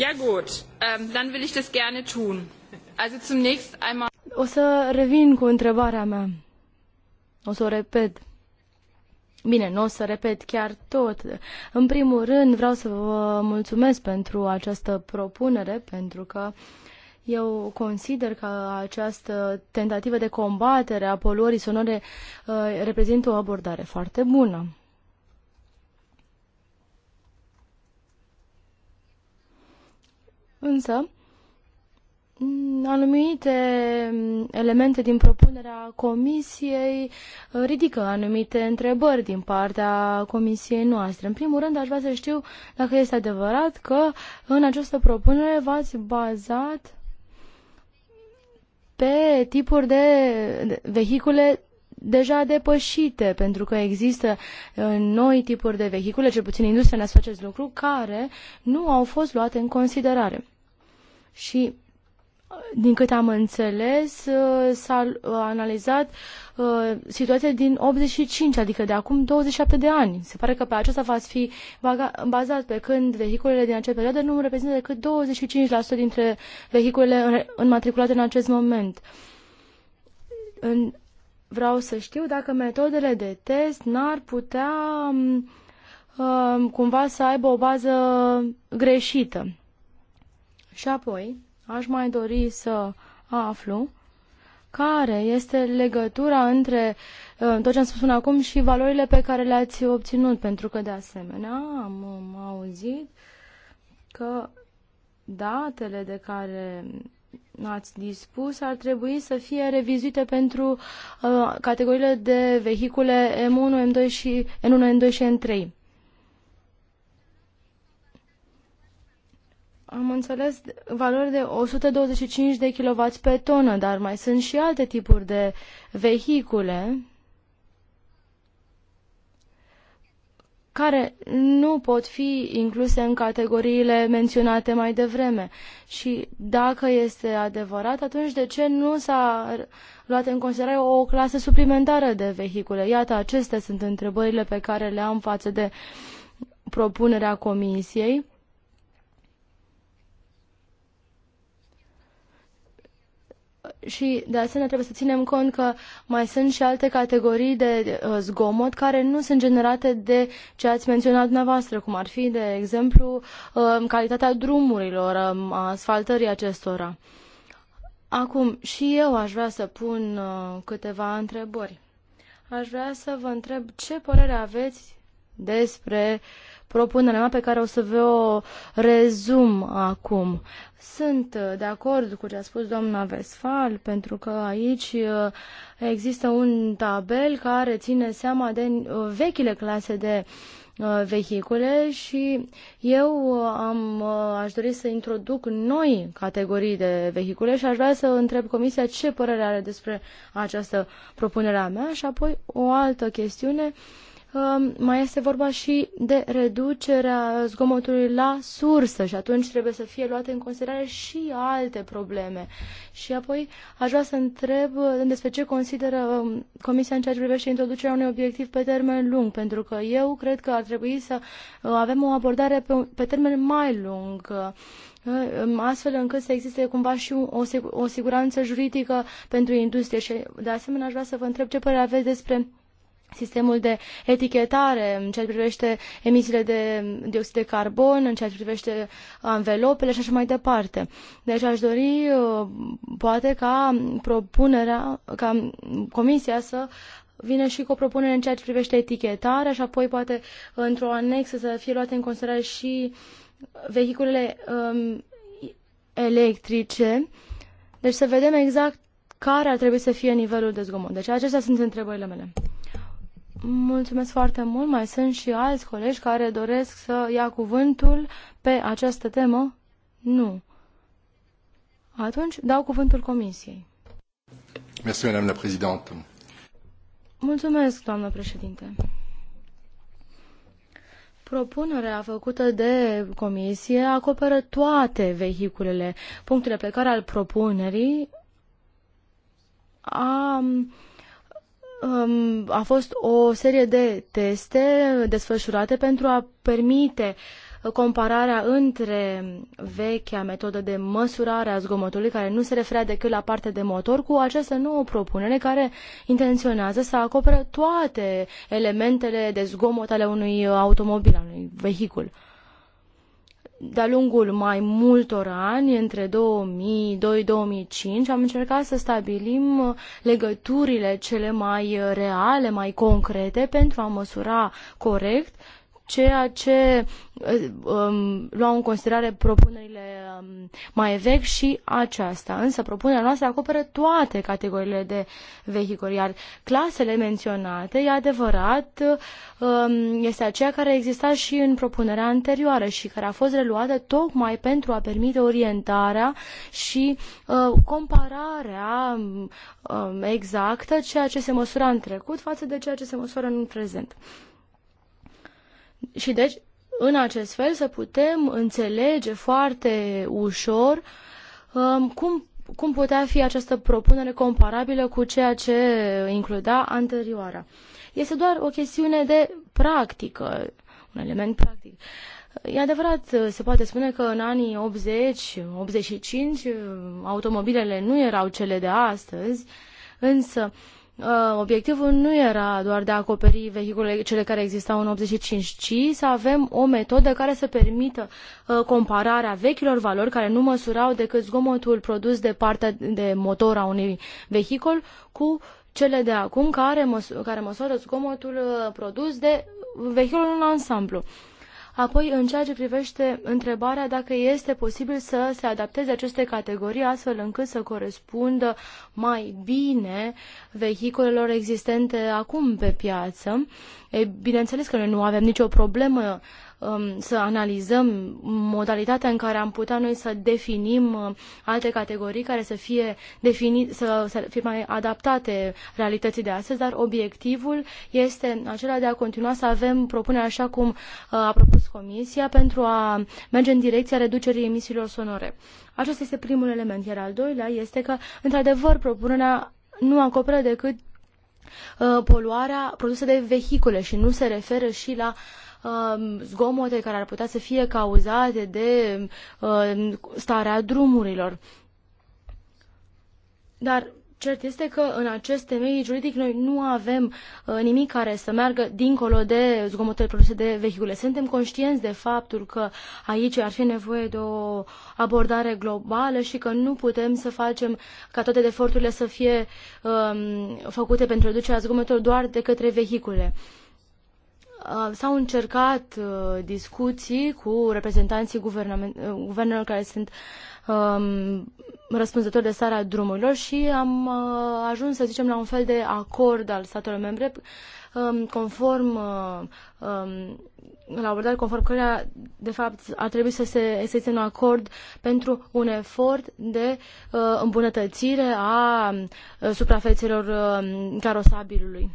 Ja gut, ähm, dann will ich das gerne tun. Also zunächst einmal... O să revin cu întrebarea mea. O să o repet. Bine, nu o să repet chiar tot. În primul rând vreau să vă mulțumesc pentru această propunere, pentru că eu consider că această tentativă de combatere a poluării sonore uh, reprezintă o abordare foarte bună. Însă, anumite elemente din propunerea comisiei ridică anumite întrebări din partea comisiei noastre. În primul rând, aș vrea să știu dacă este adevărat că în această propunere v-ați bazat pe tipuri de vehicule deja depășite, pentru că există uh, noi tipuri de vehicule, cel puțin industria ne face acest lucru, care nu au fost luate în considerare. Și uh, din câte am înțeles, uh, s-a analizat situația din 85, adică de acum 27 de ani. Se pare că pe aceasta va fi bazat, pe când vehiculele din acea perioadă nu reprezintă decât 25% dintre vehiculele înmatriculate în acest moment. În vreau să știu dacă metodele de test n-ar putea um, cumva să aibă o bază greșită. Și apoi aș mai dori să aflu care este legătura între uh, tot ce am spus până acum și valorile pe care le-ați obținut, pentru că de asemenea am, am auzit că datele de care ați dispus ar trebui să fie revizuite pentru uh, categoriile de vehicule M1, M2 și N1, M2 și N3. Am înțeles valori de 125 de kW pe tonă, dar mai sunt și alte tipuri de vehicule care nu pot fi incluse în categoriile menționate mai devreme. Și dacă este adevărat, atunci de ce nu s-a luat în considerare o clasă suplimentară de vehicule? Iată, acestea sunt întrebările pe care le am față de propunerea Comisiei și de asemenea trebuie să ținem cont că mai sunt și alte categorii de uh, zgomot care nu sunt generate de ce ați menționat dumneavoastră, cum ar fi, de exemplu, um, calitatea drumurilor, um, a asfaltării acestora. Acum, și eu aș vrea să pun uh, câteva întrebări. Aș vrea să vă întreb ce părere aveți despre uh, propunerea mea pe care o să vă o rezum acum. Sunt uh, de acord cu ce a spus doamna Vesfal, pentru că aici uh, există un tabel care ține seama de uh, vechile clase de vehicule și eu am, aș dori să introduc noi categorii de vehicule și aș vrea să întreb Comisia ce părere are despre această propunere a mea și apoi o altă chestiune uh, mai este vorba și de reducerea zgomotului la sursă și atunci trebuie să fie luate în considerare și alte probleme. Și apoi aș vrea să întreb uh, despre ce consideră um, Comisia în ceea ce privește introducerea unui obiectiv pe termen lung, pentru că eu cred că ar trebui să uh, avem o abordare pe, pe termen mai lung uh, um, astfel încât să existe cumva și o, o siguranță juridică pentru industrie. Și de asemenea aș vrea să vă întreb ce părere aveți despre sistemul de etichetare în ceea ce privește emisiile de dioxid de carbon, în ceea ce privește anvelopele și așa mai departe. Deci aș dori uh, poate ca propunerea, ca comisia să vine și cu o propunere în ceea ce privește etichetarea și apoi poate într-o anexă să fie luate în considerare și vehiculele um, electrice. Deci să vedem exact care ar trebui să fie nivelul de zgomot. Deci acestea sunt întrebările mele. Mulțumesc foarte mult. Mai sunt și alți colegi care doresc să ia cuvântul pe această temă? Nu. Atunci dau cuvântul Comisiei. Mersi, Mulțumesc, doamnă președinte. Propunerea făcută de comisie acoperă toate vehiculele. Punctul de plecare al propunerii a Um, a fost o serie de teste desfășurate pentru a permite compararea între vechea metodă de măsurare a zgomotului, care nu se referea decât la partea de motor, cu această nouă propunere care intenționează să acopere toate elementele de zgomot ale unui automobil, al unui vehicul de-a lungul mai multor ani, între 2002-2005, am încercat să stabilim uh, legăturile cele mai uh, reale, mai concrete, pentru a măsura corect ceea ce uh, um, în considerare propunerile um, mai vechi și aceasta. Însă propunerea noastră acoperă toate categoriile de vehicule, iar clasele menționate, e adevărat, um, este aceea care exista și în propunerea anterioară și care a fost reluată tocmai pentru a permite orientarea și uh, compararea um, exactă ceea ce se măsura în trecut față de ceea ce se măsoară în prezent. Și deci, în acest fel, să putem înțelege foarte ușor um, cum, cum putea fi această propunere comparabilă cu ceea ce includa anterioara. Este doar o chestiune de practică, un element practic. E adevărat, se poate spune că în anii 80-85 automobilele nu erau cele de astăzi, însă uh, Uh, obiectivul nu era doar de a acoperi vehiculele cele care existau în 85, ci să avem o metodă care să permită uh, compararea vechilor valori care nu măsurau decât zgomotul produs de partea de motor a unui vehicul cu cele de acum care, măs- care măsoară zgomotul uh, produs de vehiculul în ansamblu. Apoi, în ceea ce privește întrebarea dacă este posibil să se adapteze aceste categorii astfel încât să corespundă mai bine vehiculelor existente acum pe piață, e, bineînțeles că noi nu avem nicio problemă uh, Um, să analizăm modalitatea în care am putea noi să definim uh, alte categorii care să fie, defini, să, să fie mai adaptate realității de astăzi, dar obiectivul este acela de a continua să avem propunerea, așa cum uh, a propus Comisia pentru a merge în direcția reducerii emisiilor sonore. Acesta este primul element, iar al doilea este că, într-adevăr, propunerea nu acoperă decât uh, poluarea produsă de vehicule și nu se referă și la Um, zgomote care ar putea să fie cauzate de um, starea drumurilor. Dar cert este că în acest temei juridic noi nu avem uh, nimic care să meargă dincolo de zgomotele produse de vehicule. Suntem conștienți de faptul că aici ar fi nevoie de o abordare globală și că nu putem să facem ca toate eforturile să fie um, făcute pentru reducerea zgomotelor doar de către vehicule. Uh, Uh, s-au încercat uh, discuții cu reprezentanții uh, guvernelor care sunt um, răspunzători de starea drumurilor și am ajuns, să zicem, la un fel de acord al statelor membre um, conform um, la abordare conform căreia, de fapt, ar trebui să se existe un acord pentru un efort de uh, îmbunătățire a uh, suprafețelor uh, carosabilului.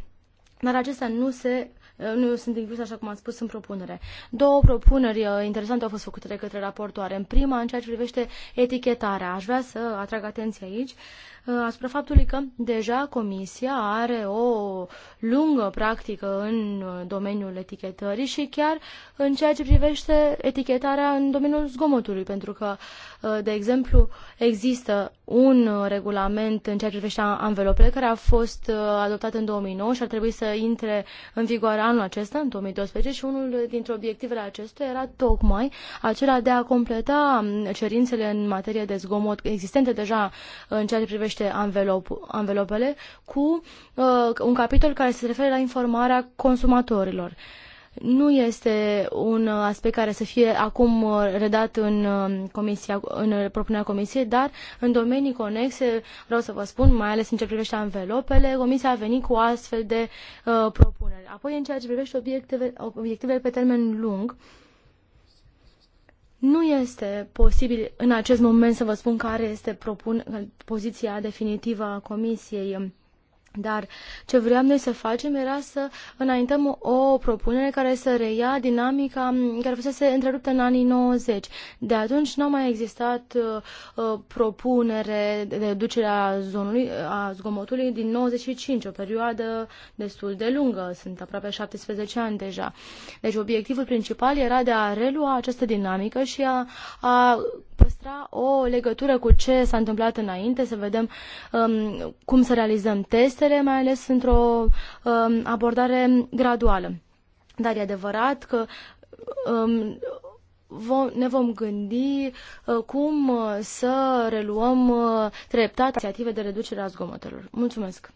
Dar acestea nu se Eh, nu sunt incluse, așa cum am spus, în propunere. Două propuneri eh, interesante au fost făcute de către raportoare. În prima, în ceea ce privește etichetarea, aș vrea să atrag atenția aici asupra faptului că deja Comisia are o lungă practică în domeniul etichetării și chiar în ceea ce privește etichetarea în domeniul zgomotului, pentru că, uh, de exemplu, există un regulament în ceea ce privește anvelopele care a fost uh, adoptat în 2009 și ar trebui să intre în vigoare anul acesta, în 2012, și unul dintre obiectivele acestuia era tocmai acela de a completa um, cerințele în materie de zgomot existente deja în ceea ce privește numește anvelop, anvelopele cu uh, un capitol care se referă la informarea consumatorilor. Nu este un aspect care să fie acum uh, redat în, uh, comisia, în propunerea comisiei, dar în domenii conexe, vreau să vă spun, mai ales în ce privește anvelopele, comisia a venit cu astfel de uh, propuneri. Apoi, în ceea ce privește obiectivele, obiectivele pe termen lung, uh, nu este posibil în acest moment să vă spun care este propun, poziția definitivă a Comisiei dar ce vreau noi să facem era să înaintăm o propunere care să reia dinamica care fusese întreruptă în anii 90. De atunci nu a mai existat uh, uh propunere de reducerea zonului, a zgomotului din 95, o perioadă destul de lungă, sunt aproape 17 ani deja. Deci obiectivul principal era de a relua această dinamică și a, a păstra o legătură cu ce s-a întâmplat înainte, să vedem um, cum să realizăm testele, mai ales într-o um, abordare graduală. Dar e adevărat că um, vom, ne vom gândi uh, cum uh, să reluăm uh, treptat inițiative de reducere a zgomotelor. Mulțumesc!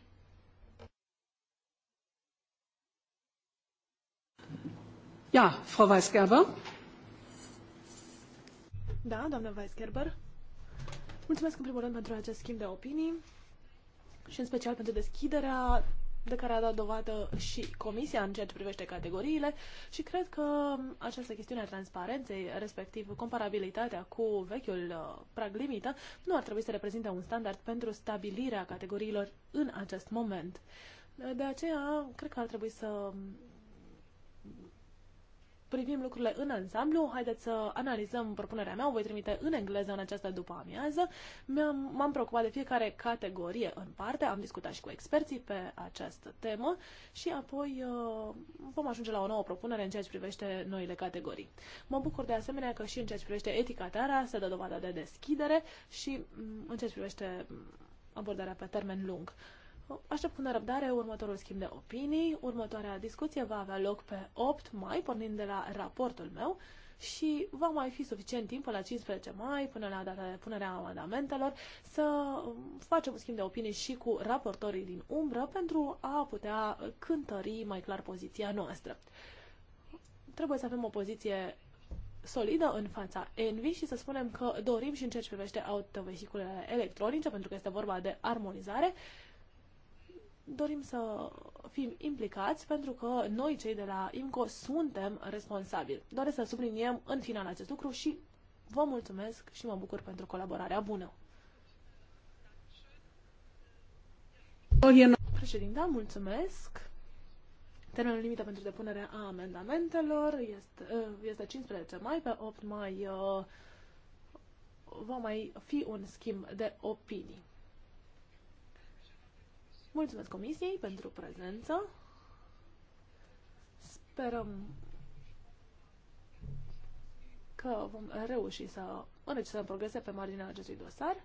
Ja, Frau Weisgerber. Da, doamna Weisgerber. Mulțumesc în primul rând pentru acest schimb de opinii și în special pentru deschiderea de care a dat dovadă și Comisia în ceea ce privește categoriile și cred că această chestiune a transparenței, respectiv comparabilitatea cu vechiul uh, prag limită, nu ar trebui să reprezinte un standard pentru stabilirea categoriilor în acest moment. De aceea, cred că ar trebui să privim lucrurile în ansamblu. Haideți să analizăm propunerea mea, o voi trimite în engleză în această după amiază. M-am preocupat de fiecare categorie în parte, am discutat și cu experții pe această temă și apoi uh, vom ajunge la o nouă propunere în ceea ce privește noile categorii. Mă bucur de asemenea că și în ceea ce privește eticatarea se dă dovada de deschidere și mm, în ceea ce privește mm, abordarea pe termen lung. Aștept cu nerăbdare următorul schimb de opinii. Următoarea discuție va avea loc pe 8 mai, pornind de la raportul meu și va mai fi suficient timp până la 15 mai, până la data de a amendamentelor, să facem un schimb de opinii și cu raportorii din umbră pentru a putea cântări mai clar poziția noastră. Trebuie să avem o poziție solidă în fața Envy și să spunem că dorim și în ceea ce privește autovehiculele electronice, pentru că este vorba de armonizare, dorim să fim implicați pentru că noi, cei de la IMCO, suntem responsabili. Doresc să subliniem în final acest lucru și vă mulțumesc și mă bucur pentru colaborarea bună. Președinte, mulțumesc. Termenul limită pentru depunerea a amendamentelor este, este 15 mai, pe 8 mai uh, va mai fi un schimb de opinii. Mulțumesc Comisiei pentru prezență. Sperăm că vom reuși să înregistrăm progrese pe marginea acestui dosar.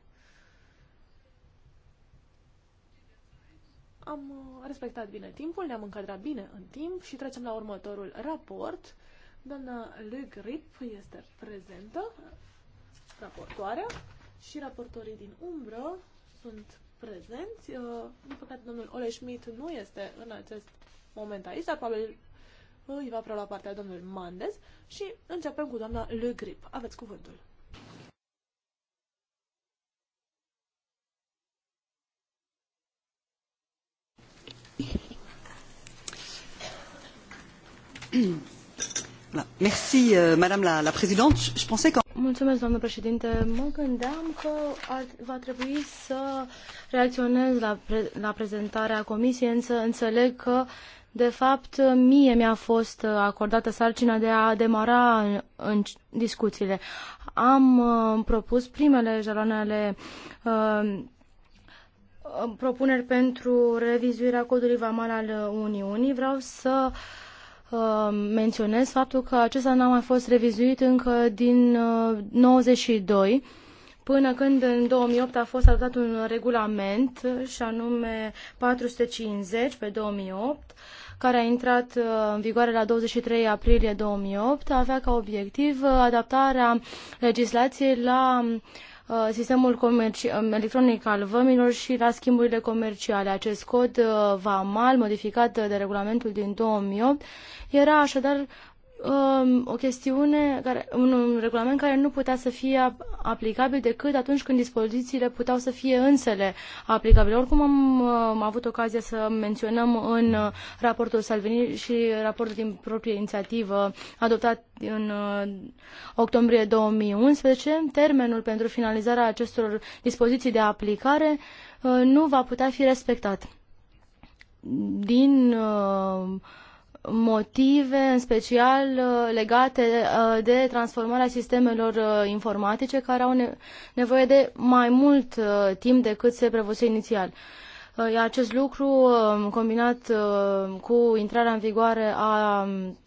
Am respectat bine timpul, ne-am încadrat bine în timp și trecem la următorul raport. Doamna Le Grip este prezentă, raportoarea, și raportorii din umbră sunt prezenți. Uh, din păcate, domnul Ole Schmidt nu este în acest moment aici, dar probabil îi va prelua partea domnului Mandez și începem cu doamna Le Grip. Aveți cuvântul. Merci, euh, Madame la, la Présidente. Je pensais Mulțumesc, doamnă președinte. Mă gândeam că ar, va trebui să reacționez la, pre, la prezentarea comisiei, însă înțeleg că, de fapt, mie mi-a fost acordată sarcina de a demara în, în discuțiile. Am uh, propus primele jaloanele uh, propuneri pentru revizuirea codului vamal al Uniunii. Vreau să uh, Uh, menționez faptul că acesta n-a mai fost revizuit încă din 92 uh, până când în 2008 a fost adoptat un regulament uh, și anume 450 pe 2008 care a intrat în vigoare la 23 aprilie 2008 avea ca obiectiv adaptarea legislației la uh, Uh, sistemul comerci- um, electronic al vămilor și la schimburile comerciale. Acest cod uh, vamal, modificat de regulamentul din 2008, era așadar um, o chestiune, care, un, un regulament care nu putea să fie aplicabil decât atunci când dispozițiile puteau să fie însele aplicabile. Oricum am, am avut ocazia să menționăm în uh, raportul Salvini și raportul din proprie inițiativă adoptat în uh, octombrie 2011, termenul pentru finalizarea acestor dispoziții de aplicare uh, nu va putea fi respectat. Din uh, motive, în special uh, legate uh, de transformarea sistemelor uh, informatice care au nevoie de mai mult timp decât se prevăzuse inițial. Iar Acest lucru, um, combinat cu intrarea în vigoare a um,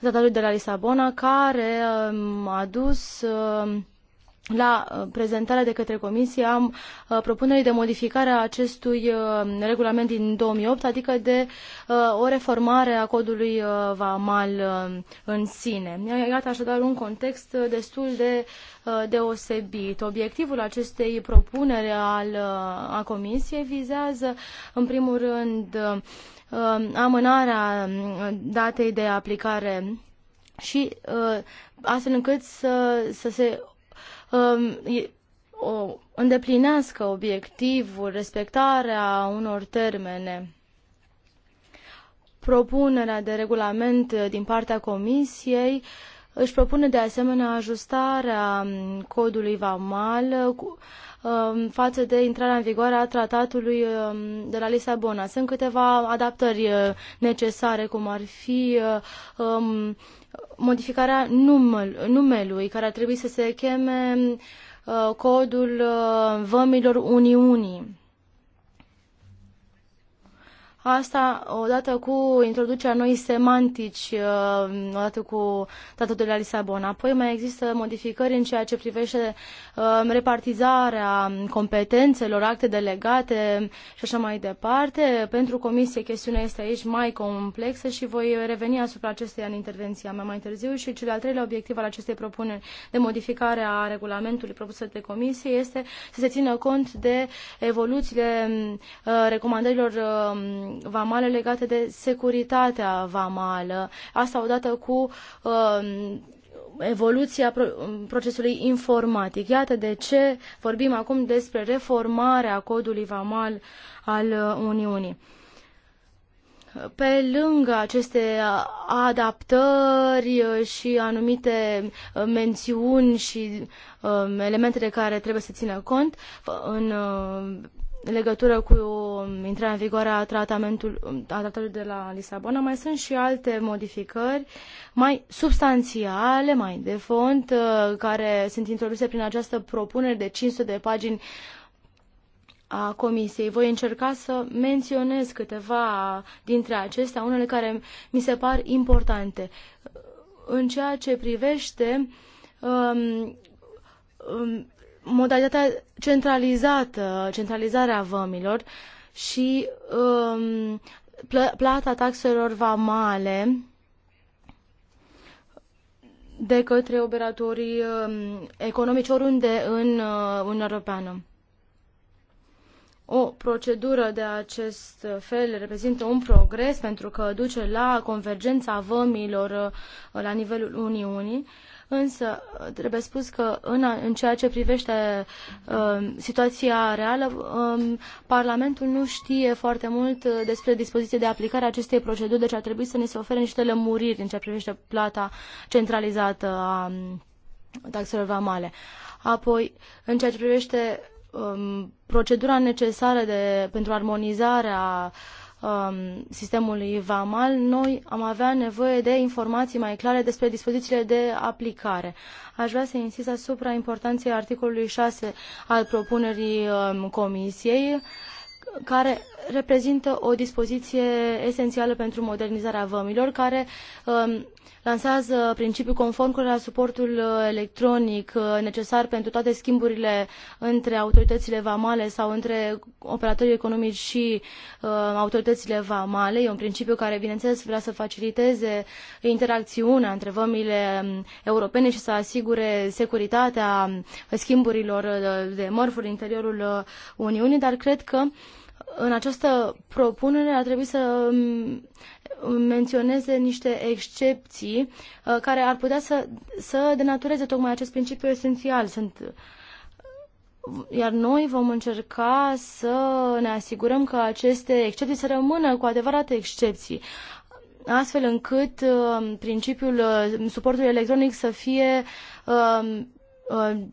tratatului de la Lisabona, care um, a dus la uh, prezentarea de către Comisie am uh, propunerii de modificare a acestui uh, regulament din 2008, adică de o reformare a codului VAMAL în sine. Iată așadar un context destul de deosebit. Obiectivul acestei propuneri al, a Comisiei vizează, în primul rând, amânarea datei de aplicare și astfel încât să, să se Um, o îndeplinească obiectivul, respectarea unor termene. Propunerea de regulament din partea Comisiei își propune de asemenea ajustarea codului VAMAL cu, Um, față de intrarea în vigoare a tratatului um, de la Lisabona. Sunt câteva adaptări uh, necesare, cum ar fi uh, um, modificarea numelui, care ar trebui să se cheme uh, codul vămilor Uniunii Asta odată cu introducerea noii semantici, uh, odată cu tratatul de la Lisabona. Apoi mai există modificări în ceea ce privește uh, repartizarea competențelor, acte delegate și așa mai departe. Pentru comisie chestiunea este aici mai complexă și voi reveni asupra acesteia în intervenția mea mai târziu și cel al treilea obiectiv al acestei propuneri de modificare a regulamentului propusă de comisie este să se țină cont de evoluțiile uh, recomandărilor vamale legate de securitatea vamală. Asta odată cu uh, evoluția um, procesului informatic. Iată de ce vorbim acum despre reformarea codului vamal al uh, Uniunii. Pe lângă aceste uh, adaptări uh, și anumite mențiuni și um, elemente elementele care trebuie să țină cont în legătură cu intrarea în vigoare a tratamentului a tratatului de la Lisabona, mai sunt și alte modificări mai substanțiale, mai de fond, uh, care sunt introduse prin această propunere de 500 de pagini a Comisiei. Voi încerca să menționez câteva dintre acestea, unele care mi se par importante. În ceea ce privește um, um, modalitatea centralizată, centralizarea vămilor și um, plata taxelor vamale de către operatorii um, economici oriunde în uh, Uniunea Europeană. O procedură de acest fel reprezintă un progres pentru că duce la convergența vămilor uh, la nivelul Uniunii Însă, trebuie spus că în, în ceea ce privește uh, situația reală, ă, Parlamentul nu știe foarte mult ă, despre dispoziție de aplicare a acestei proceduri, deci ar trebui să ne se ofere niște lămuriri în ceea ce privește plata centralizată a taxelor vamale. Apoi, în ceea ce privește um, procedura necesară de, pentru armonizarea uh, Um, sistemului VAMAL, noi am avea nevoie de informații mai clare despre dispozițiile de aplicare. Aș vrea să insist asupra importanței articolului 6 al propunerii um, Comisiei, care reprezintă o dispoziție esențială pentru modernizarea vămilor, care um, lansează principiul conform căruia suportul uh, electronic uh, necesar pentru toate schimburile între autoritățile vamale sau între operatorii economici și uh, autoritățile vamale. E un principiu care, bineînțeles, vrea să faciliteze interacțiunea între vămile um, europene și să asigure securitatea schimburilor uh, de mărfuri în interiorul Uniunii, dar cred că în această propunere ar trebui să um, menționeze niște excepții uh, care ar putea să, să denatureze tocmai acest principiu esențial. Sunt, uh, iar noi vom încerca să ne asigurăm că aceste excepții să rămână cu adevărat excepții astfel încât uh, principiul suportului electronic să fie um,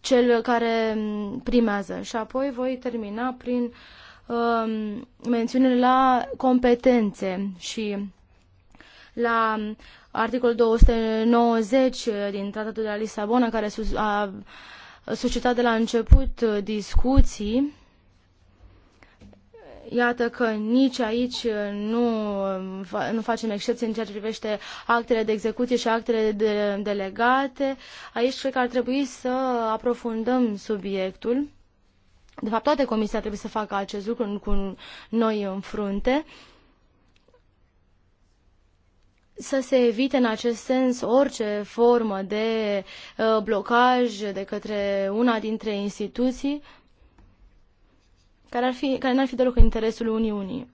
cel care mm, primează. Și apoi voi termina prin uh, Um, mențiune la competențe și la articolul 290 din Tratatul de la Lisabona, care a suscitat de la început discuții. Iată că nici aici nu, nu facem excepție în ceea ce privește actele de execuție și actele de delegate. Aici cred că ar trebui să aprofundăm subiectul de fapt, toate comisia trebuie să facă acest lucru cu noi în frunte. Să se evite în acest sens orice formă de uh, blocaj de către una dintre instituții care, ar fi, care n-ar fi deloc în interesul Uniunii.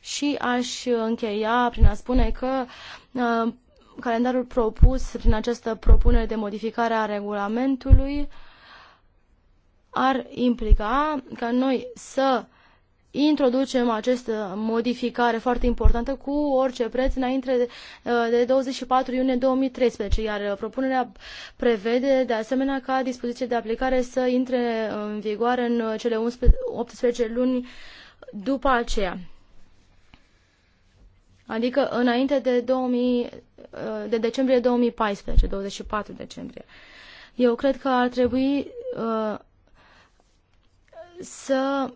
Și aș încheia prin a spune că uh, calendarul propus prin această propunere de modificare a regulamentului uh, ar implica ca noi să introducem această modificare foarte importantă cu orice preț înainte de 24 iunie 2013, iar propunerea prevede de asemenea ca dispoziția de aplicare să intre în vigoare în cele 18 luni după aceea. Adică înainte de, 2000, de decembrie 2014, 24 decembrie. Eu cred că ar trebui uh, să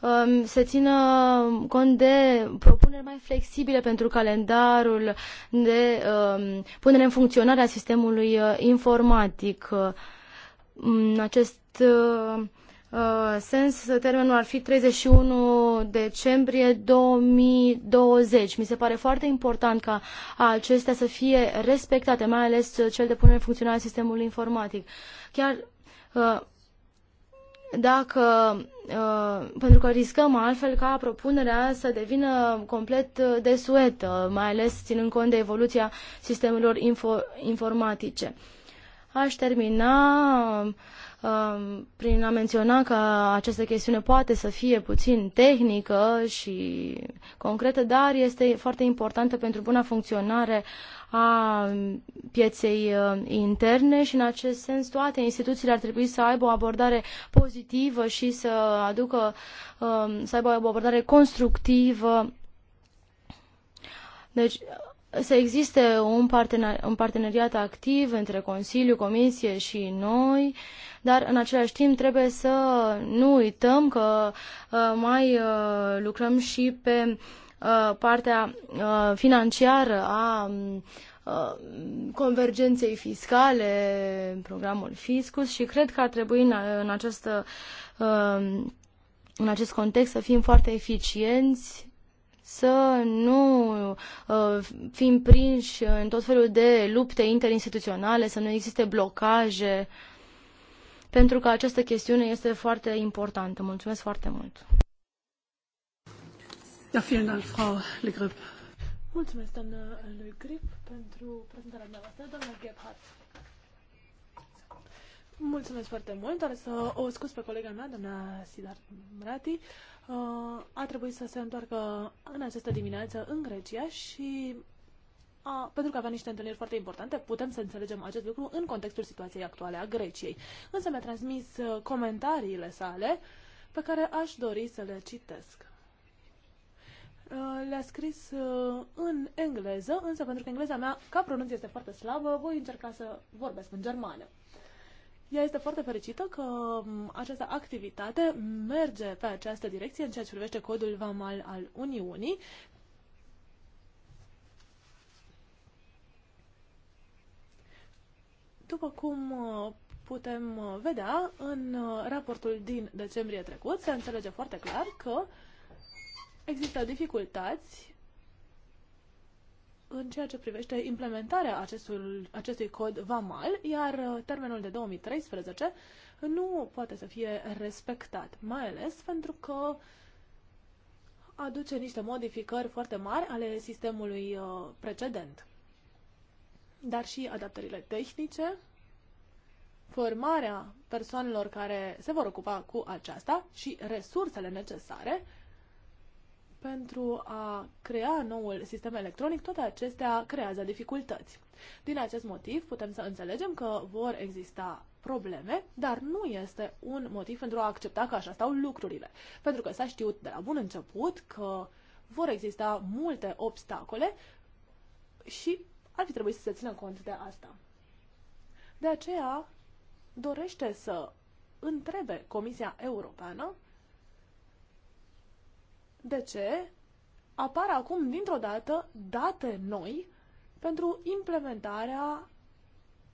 um, se țină cont de propuneri mai flexibile pentru calendarul de um, punere în funcționare a sistemului uh, informatic. În mm, acest uh, uh, sens, termenul ar fi 31 decembrie 2020. Mi se pare foarte important ca acestea să fie respectate, mai ales cel de punere în funcționare a sistemului informatic. Chiar dacă, uh, pentru că riscăm altfel ca propunerea să devină complet uh, desuetă, mai ales ținând cont de evoluția sistemelor info, informatice. Aș termina uh, Um, prin a menționa că această chestiune poate să fie puțin tehnică și concretă, dar este foarte importantă pentru buna funcționare a pieței uh, interne și în acest sens toate instituțiile ar trebui să aibă o abordare pozitivă și să aducă um, să aibă o abordare constructivă. Deci să existe un, partener, un parteneriat activ între Consiliu, Comisie și noi uh, dar în același timp trebuie să nu uităm că uh, mai uh, lucrăm și pe uh, partea financiară a mm, convergenței fiscale, programul Fiscus și cred că ar trebui în, în, această, în acest context să fim foarte eficienți să nu uh, fim prinși în tot felul de lupte interinstituționale, să nu existe blocaje uh, pentru că această chestiune este foarte importantă. Mulțumesc foarte mult! Ja, vielen Dank, Frau Le Grip. Mulțumesc, doamnă Le Grip, pentru prezentarea dumneavoastră, doamnă Gebhardt. Mulțumesc foarte mult, dar să o scuz pe colega mea, doamna Sidar Mrati. Uh, a trebuit să se întoarcă în această dimineață în Grecia și a, pentru că avea niște întâlniri foarte importante, putem să înțelegem acest lucru în contextul situației actuale a Greciei. Însă mi-a transmis uh, comentariile sale pe care aș dori să le citesc. Uh, le-a scris uh, în engleză, însă pentru că engleza mea, ca pronunție este foarte slabă, voi încerca să vorbesc în germană. Ea este foarte fericită că um, această activitate merge pe această direcție în ceea ce privește codul VAMAL al Uniunii, După cum uh, putem uh, vedea în uh, raportul din decembrie trecut, se înțelege foarte clar că există dificultăți în ceea ce privește implementarea acestul, acestui cod VAMAL, iar termenul de 2013 nu poate să fie respectat, mai ales pentru că aduce niște modificări foarte mari ale sistemului precedent dar și adaptările tehnice, formarea persoanelor care se vor ocupa cu aceasta și resursele necesare pentru a crea noul sistem electronic, toate acestea creează dificultăți. Din acest motiv putem să înțelegem că vor exista probleme, dar nu este un motiv pentru a accepta că așa stau lucrurile. Pentru că s-a știut de la bun început că vor exista multe obstacole și ar fi trebuit să se țină cont de asta. De aceea dorește să întrebe Comisia Europeană de ce apar acum dintr-o dată date noi pentru implementarea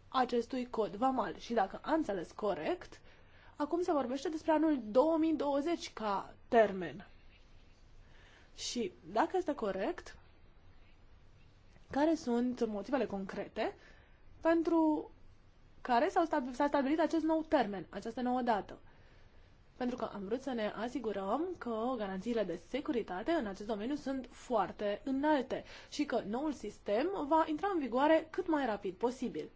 acestui cod VAMAL. Și dacă am înțeles corect, acum se vorbește despre anul 2020 ca termen. Și dacă este corect, care sunt motivele concrete pentru care s-a stabilit, stabilit acest nou termen, această nouă dată. Pentru că am vrut să ne asigurăm că garanțiile de securitate în acest domeniu sunt foarte înalte și că noul sistem va intra în vigoare cât mai rapid posibil.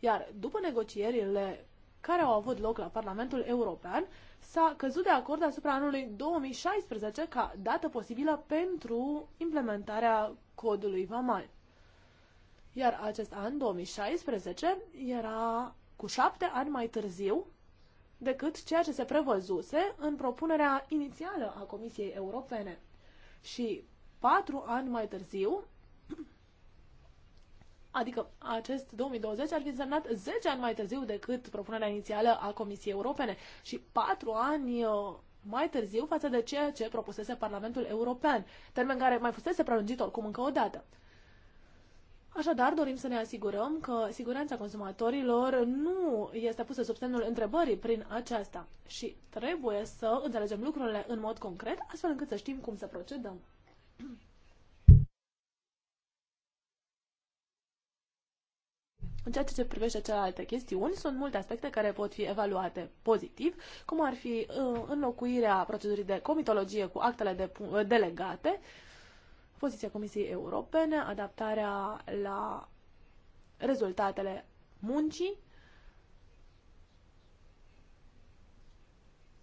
Iar după negocierile care au avut loc la Parlamentul European, s-a căzut de acord asupra anului 2016 ca dată posibilă pentru implementarea codului VAMAL. Iar acest an, 2016, era cu șapte ani mai târziu decât ceea ce se prevăzuse în propunerea inițială a Comisiei Europene. Și patru ani mai târziu, adică acest 2020 ar fi însemnat 10 ani mai târziu decât propunerea inițială a Comisiei Europene și 4 ani uh, mai târziu față de ceea ce propusese Parlamentul European, termen care mai fusese prelungit oricum încă o dată. Așadar, dorim să ne asigurăm că siguranța consumatorilor nu este pusă sub semnul întrebării prin aceasta și trebuie să înțelegem lucrurile în mod concret, astfel încât să știm cum să procedăm. În ceea ce privește celelalte chestiuni, sunt multe aspecte care pot fi evaluate pozitiv, cum ar fi uh, înlocuirea procedurii de comitologie cu actele de delegate, poziția Comisiei Europene, adaptarea la rezultatele muncii,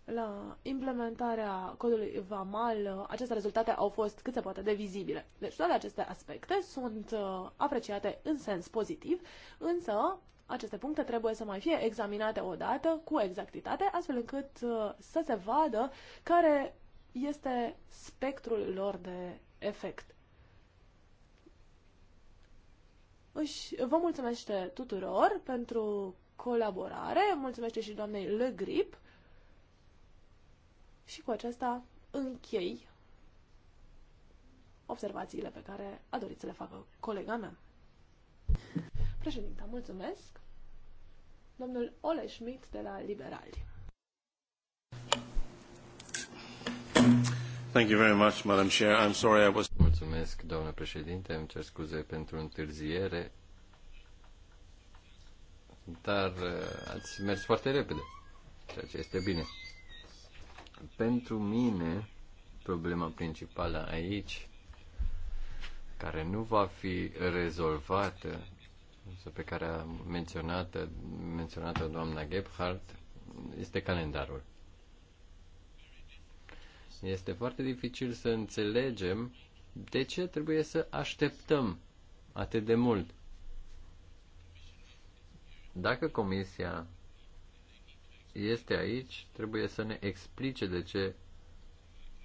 la implementarea codului VAMAL, aceste rezultate au fost cât se poate de vizibile. Deci toate aceste aspecte sunt uh, apreciate în sens pozitiv, însă aceste puncte trebuie să mai fie examinate odată cu exactitate, astfel încât uh, să se vadă care este spectrul lor de efect. Își, vă mulțumesc tuturor pentru colaborare, Mulțumesc și doamnei Le Grip și cu aceasta închei observațiile pe care a dorit să le facă colega mea. Președinta, mulțumesc. Domnul Ole Schmidt de la Liberali. Thank you very much, Madam Chair. I'm sorry I was... Mulțumesc, doamnă președinte. Îmi cer scuze pentru întârziere. Dar uh, ați mers foarte repede, ceea ce este bine. Pentru mine, problema principală aici, care nu va fi rezolvată, pe care a menționat-o menționat doamna Gebhardt, este calendarul. Este foarte dificil să înțelegem de ce trebuie să așteptăm atât de mult. Dacă comisia este aici, trebuie să ne explice de ce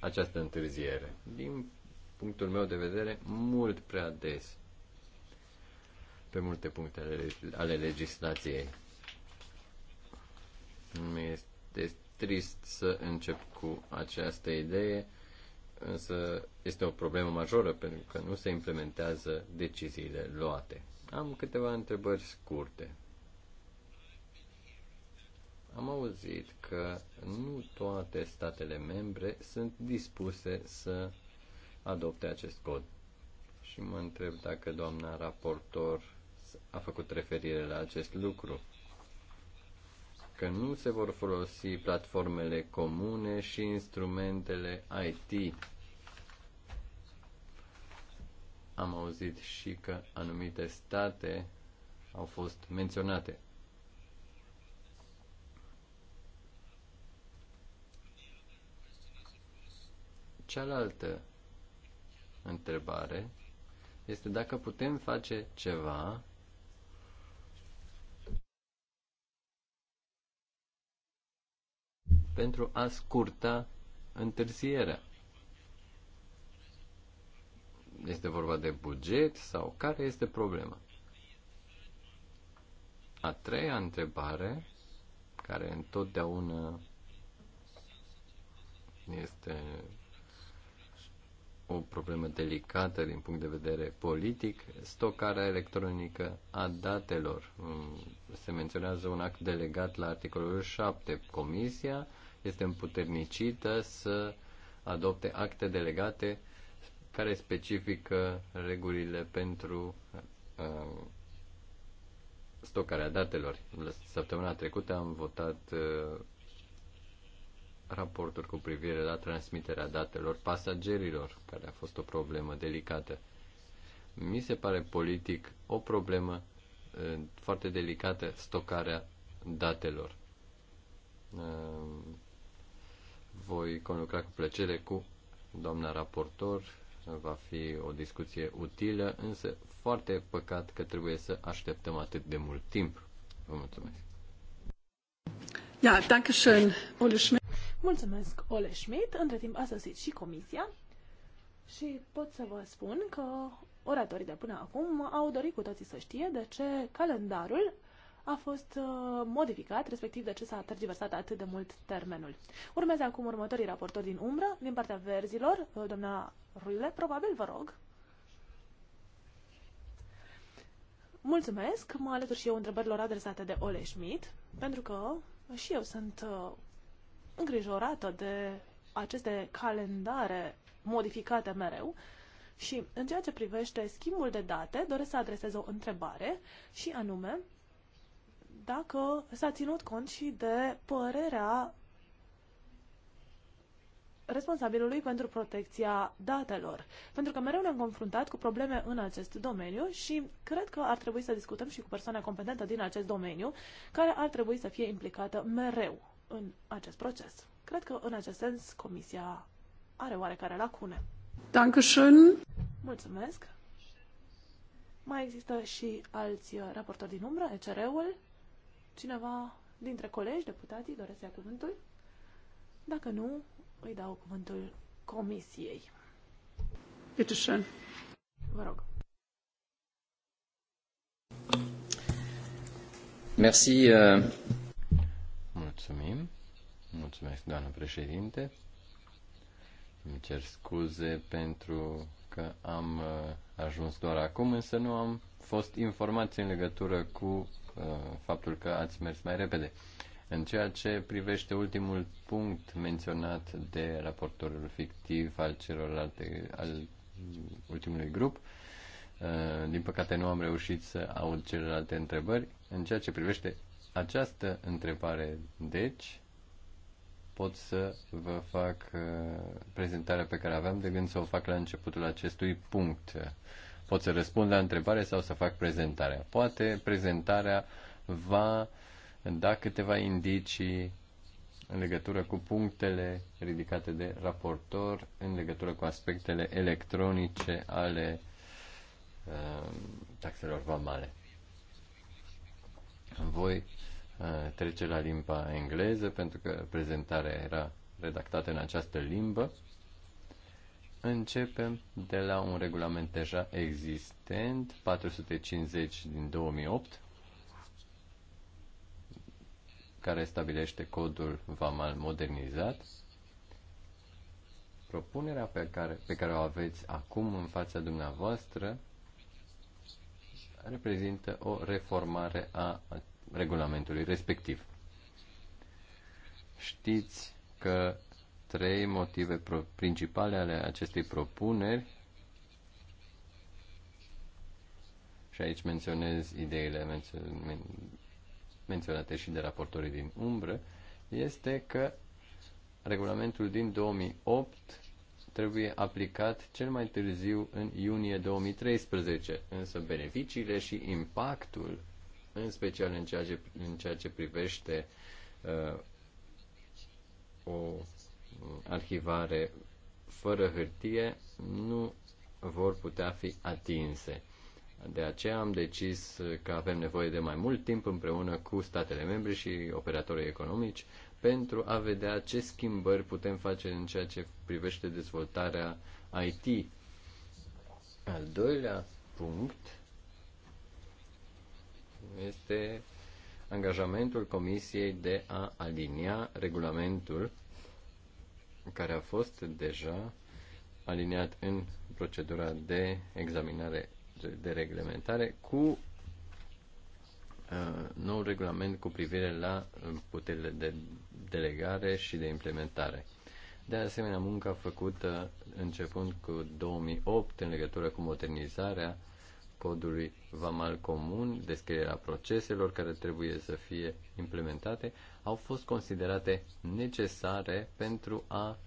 această întârziere. Din punctul meu de vedere, mult prea des pe multe puncte ale, ale legislației. este, trist să încep cu această idee, însă este o problemă majoră pentru că nu se implementează deciziile luate. Am câteva întrebări scurte. Am auzit că nu toate statele membre sunt dispuse să adopte acest cod. Și mă întreb dacă doamna raportor a făcut referire la acest lucru că nu se vor folosi platformele comune și instrumentele IT. Am auzit și că anumite state au fost menționate. Cealaltă întrebare este dacă putem face ceva pentru a scurta întârzierea. Este vorba de buget sau care este problema? A treia întrebare, care întotdeauna este o problemă delicată din punct de vedere politic, stocarea electronică a datelor. Mm, Se menționează un act delegat la articolul 7. Comisia este împuternicită să adopte acte delegate care specifică regulile pentru uh, stocarea datelor. Săptămâna trecută am votat uh, raportul cu privire la transmiterea datelor pasagerilor, care a fost o problemă delicată. Mi se pare politic o problemă uh, foarte delicată stocarea datelor. Uh, voi conlucra cu plăcere cu doamna raportor. Va fi o discuție utilă, însă foarte păcat că trebuie să așteptăm atât de mult timp. Vă mulțumesc. Ja, danke schön, Ole Schmidt. Mulțumesc, Ole Schmidt. Între timp a sosit și comisia și pot să vă spun că oratorii de până acum au dorit cu toții să știe de ce calendarul a fost uh, modificat, respectiv de ce s-a tergiversat atât de mult termenul. Urmează acum următorii raportori din umbră, din partea verzilor, uh, doamna Ruile, probabil, vă rog. Mulțumesc, mă alătur și eu întrebărilor adresate de Ole Schmidt, pentru că și eu sunt uh, îngrijorată de aceste calendare modificate mereu și în ceea ce privește schimbul de date, doresc să adresez o întrebare și anume, dacă s-a ținut cont și de părerea responsabilului pentru protecția datelor. Pentru că mereu ne-am confruntat cu probleme în acest domeniu și cred că ar trebui să discutăm și cu persoana competentă din acest domeniu, care ar trebui să fie implicată mereu în acest proces. Cred că în acest sens Comisia are oarecare lacune. Dankeschön. Mulțumesc. Mai există și alți raportori din umbră, ECR-ul. Cineva dintre colegi, deputații, doresc să ia cuvântul? Dacă nu, îi dau cuvântul comisiei. Peterson. Vă rog. Merci. Uh... Mulțumim. Mulțumesc, doamnă președinte. Îmi cer scuze pentru că am uh, ajuns doar acum, însă nu am fost informați în legătură cu Uh, faptul că ați mers mai repede. În ceea ce privește ultimul punct menționat de raportorul fictiv al celorlalte, al ultimului grup, uh, din păcate nu am reușit să aud celelalte întrebări. În ceea ce privește această întrebare, deci, pot să vă fac uh, prezentarea pe care aveam de gând să o fac la începutul acestui punct Pot să răspund la întrebare sau să fac prezentarea. Poate prezentarea va da câteva indicii în legătură cu punctele ridicate de raportor, în legătură cu aspectele electronice ale uh, taxelor vamale. Voi uh, trece la limba engleză pentru că prezentarea era redactată în această limbă. Începem de la un regulament deja existent, 450 din 2008, care stabilește codul VAMAL modernizat. Propunerea pe care, pe care o aveți acum în fața dumneavoastră reprezintă o reformare a regulamentului respectiv. Știți că trei motive principale ale acestei propuneri și aici menționez ideile menț- men- menționate și de raportorii din umbră, este că regulamentul din 2008 trebuie aplicat cel mai târziu în iunie 2013, însă beneficiile și impactul, în special în ceea ce, în ceea ce privește uh, o Uh, arhivare fără hârtie nu vor putea fi atinse. De aceea am decis că avem nevoie de mai mult timp împreună cu statele membre și operatorii economici pentru a vedea ce schimbări putem face în ceea ce privește dezvoltarea IT. Al doilea punct este angajamentul Comisiei de a alinia regulamentul care a fost deja aliniat în procedura de examinare de reglementare cu uh, nou regulament cu privire la uh, puterile de delegare și de implementare. De asemenea, munca făcută începând cu 2008 în legătură cu modernizarea codului vamal comun, descrierea proceselor care trebuie să fie implementate, au fost considerate necesare pentru a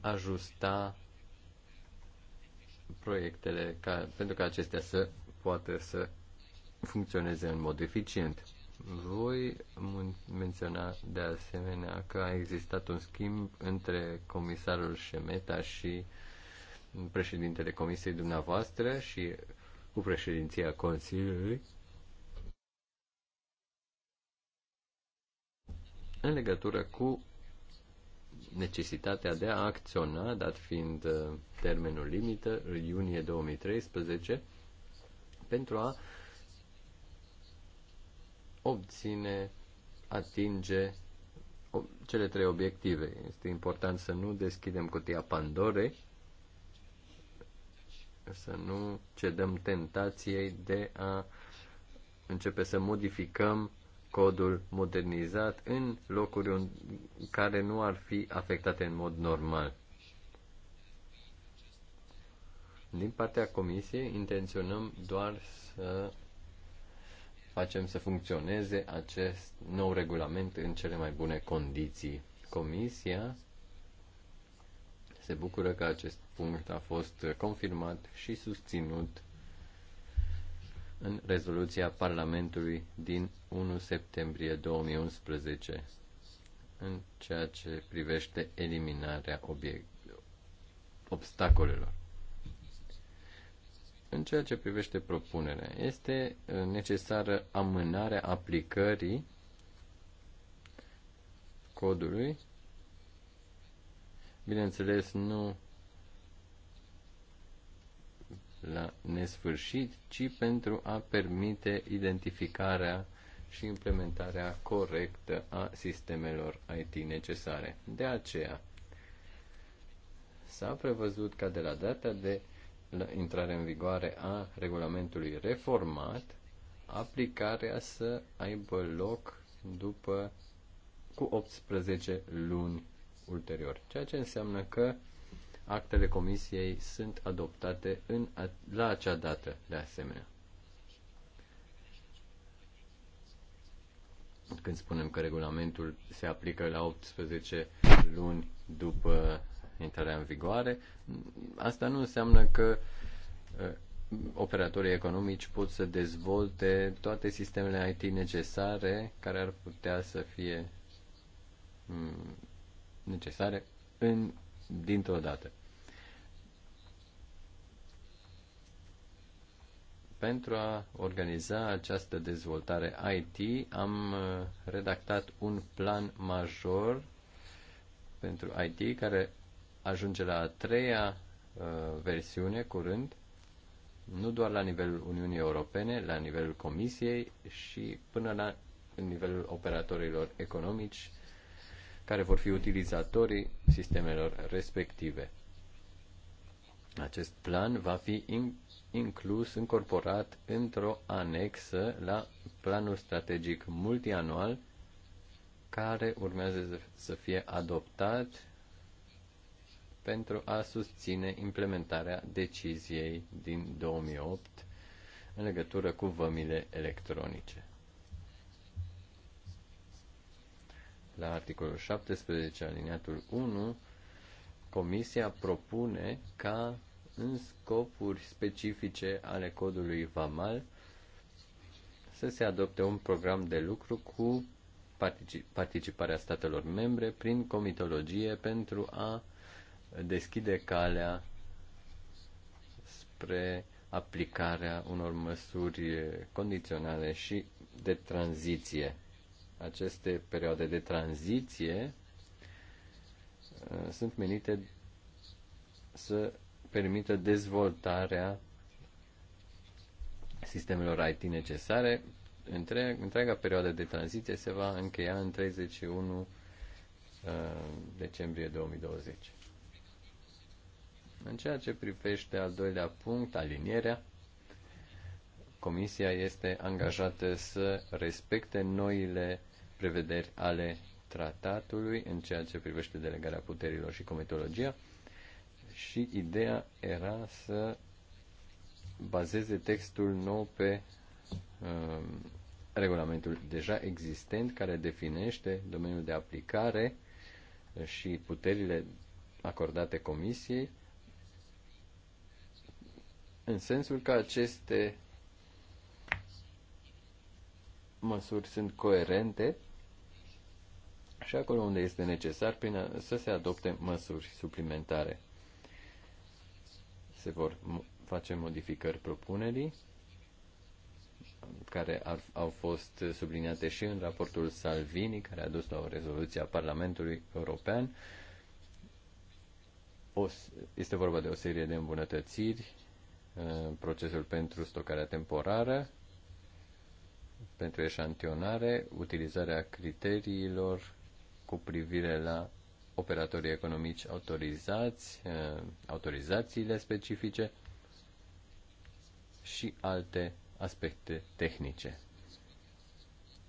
ajusta proiectele ca, pentru ca acestea să poată să funcționeze în mod eficient. Voi menționa de asemenea că a existat un schimb între comisarul Șemeta și președintele comisiei dumneavoastră și cu președinția Consiliului în legătură cu necesitatea de a acționa, dat fiind uh, termenul limită, iunie 2013, pentru a obține, atinge cele trei obiective. Este important să nu deschidem cutia Pandorei să nu cedăm tentației de a începe să modificăm codul modernizat în locuri care nu ar fi afectate în mod normal. Din partea comisiei intenționăm doar să facem să funcționeze acest nou regulament în cele mai bune condiții. Comisia se bucură că acest punct a fost confirmat și susținut în rezoluția Parlamentului din 1 septembrie 2011 în ceea ce privește eliminarea obstacolelor. În ceea ce privește propunerea, este uh, necesară amânarea aplicării codului Bineînțeles, nu la nesfârșit, ci pentru a permite identificarea și implementarea corectă a sistemelor IT necesare. De aceea, s-a prevăzut ca de la data de intrare în vigoare a regulamentului reformat, aplicarea să aibă loc după cu 18 luni ulterior, ceea ce înseamnă că actele comisiei sunt adoptate în, la acea dată, de asemenea. Când spunem că regulamentul se aplică la 18 luni după intrarea în vigoare, asta nu înseamnă că ă, operatorii economici pot să dezvolte toate sistemele IT necesare care ar putea să fie necesare în, dintr-o dată. Pentru a organiza această dezvoltare IT, am uh, redactat un plan major pentru IT care ajunge la a treia uh, versiune curând, nu doar la nivelul Uniunii Europene, la nivelul Comisiei și până la nivelul operatorilor economici care vor fi utilizatorii sistemelor respective. Acest plan va fi inclus, incorporat într-o anexă la planul strategic multianual care urmează să fie adoptat pentru a susține implementarea deciziei din 2008 în legătură cu vămile electronice. La articolul 17, aliniatul 1, Comisia propune ca în scopuri specifice ale codului VAMAL să se adopte un program de lucru cu participarea statelor membre prin comitologie pentru a deschide calea spre aplicarea unor măsuri condiționale și de tranziție aceste perioade de tranziție uh, sunt menite să permită dezvoltarea sistemelor IT necesare. Întreaga, întreaga perioadă de tranziție se va încheia în 31 uh, decembrie 2020. În ceea ce privește al doilea punct, alinierea, Comisia este angajată să respecte noile prevederi ale tratatului în ceea ce privește delegarea puterilor și comitologia și ideea era să bazeze textul nou pe um, regulamentul deja existent care definește domeniul de aplicare și puterile acordate comisiei în sensul că aceste măsuri sunt coerente și acolo unde este necesar prin a, să se adopte măsuri suplimentare. Se vor face modificări propunerii care ar, au fost subliniate și în raportul Salvini, care a dus la o rezoluție a Parlamentului European. O, este vorba de o serie de îmbunătățiri, uh, procesul pentru stocarea temporară, pentru eșantionare, utilizarea criteriilor cu privire la operatorii economici autorizați, eh, autorizațiile specifice și alte aspecte tehnice.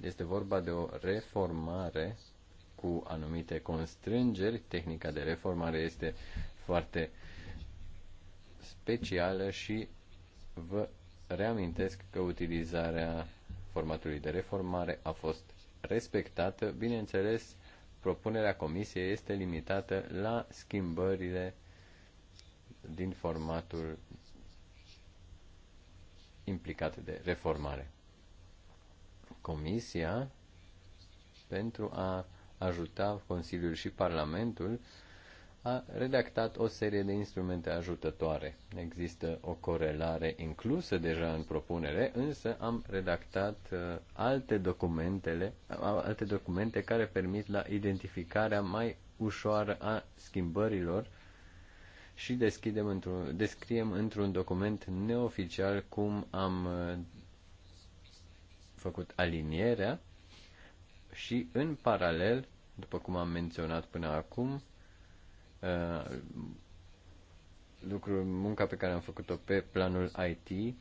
Este vorba de o reformare cu anumite constrângeri. Tehnica de reformare este foarte specială și vă reamintesc că utilizarea formatului de reformare a fost respectată. Bineînțeles, propunerea comisiei este limitată la schimbările din formatul implicat de reformare. Comisia, pentru a ajuta Consiliul și Parlamentul, a redactat o serie de instrumente ajutătoare. Există o corelare inclusă deja în propunere, însă am redactat uh, alte, documentele, alte documente care permit la identificarea mai ușoară a schimbărilor și deschidem într-un, descriem într-un document neoficial cum am uh, făcut alinierea și în paralel, după cum am menționat până acum, Uh, lucrul, munca pe care am făcut-o pe planul IT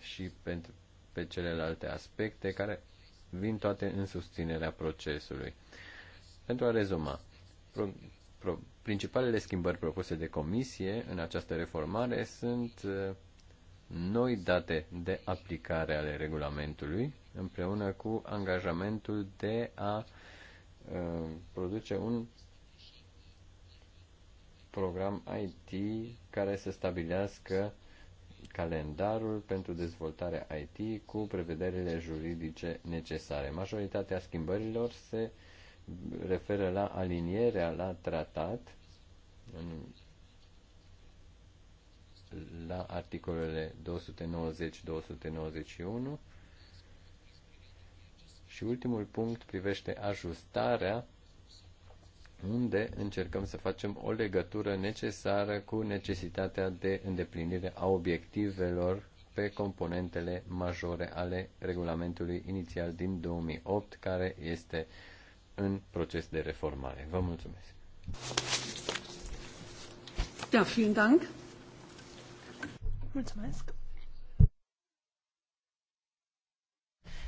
și pentru, pe celelalte aspecte care vin toate în susținerea procesului. Pentru a rezuma, pro, pro, principalele schimbări propuse de comisie în această reformare sunt uh, noi date de aplicare ale regulamentului, împreună cu angajamentul de a uh, produce un program IT care să stabilească calendarul pentru dezvoltarea IT cu prevederile juridice necesare. Majoritatea schimbărilor se referă la alinierea la tratat la articolele 290-291 și ultimul punct privește ajustarea unde încercăm să facem o legătură necesară cu necesitatea de îndeplinire a obiectivelor pe componentele majore ale regulamentului inițial din 2008, care este în proces de reformare. Vă mulțumesc! Da, vielen Dank! Mulțumesc!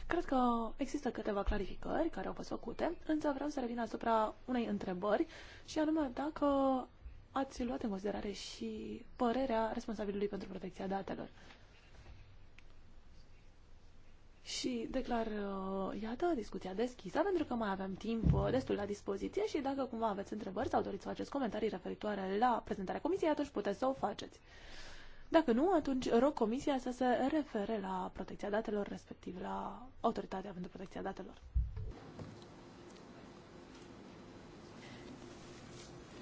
Cred că există câteva clarificări care au fost făcute, însă vreau să revin asupra unei întrebări și anume dacă ați luat în considerare și părerea responsabilului pentru protecția datelor. Și declar, uh, iată, discuția deschisă, pentru că mai avem timp uh, destul la dispoziție și dacă cumva aveți întrebări sau doriți să faceți comentarii referitoare la prezentarea comisiei, atunci puteți să o faceți. Dacă nu, atunci rog Comisia să se refere la protecția datelor, respectiv la Autoritatea pentru Protecția Datelor.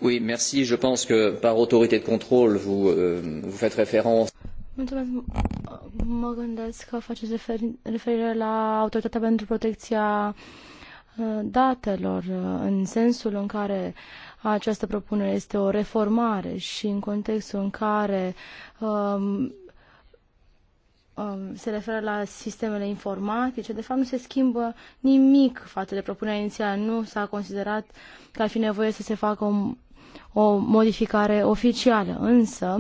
Oui, merci. Je pense que par autorité de contrôle, vous, euh, vous faites référence. Mulțumesc. Mă gândesc că faceți referire la Autoritatea pentru Protecția uh, datelor, uh, în sensul în care uh, această propunere este o reformare și în contextul în care um, um, se referă la sistemele informatice, de fapt nu se schimbă nimic față de propunerea inițială. Nu s-a considerat că ar fi nevoie să se facă o, o modificare oficială, însă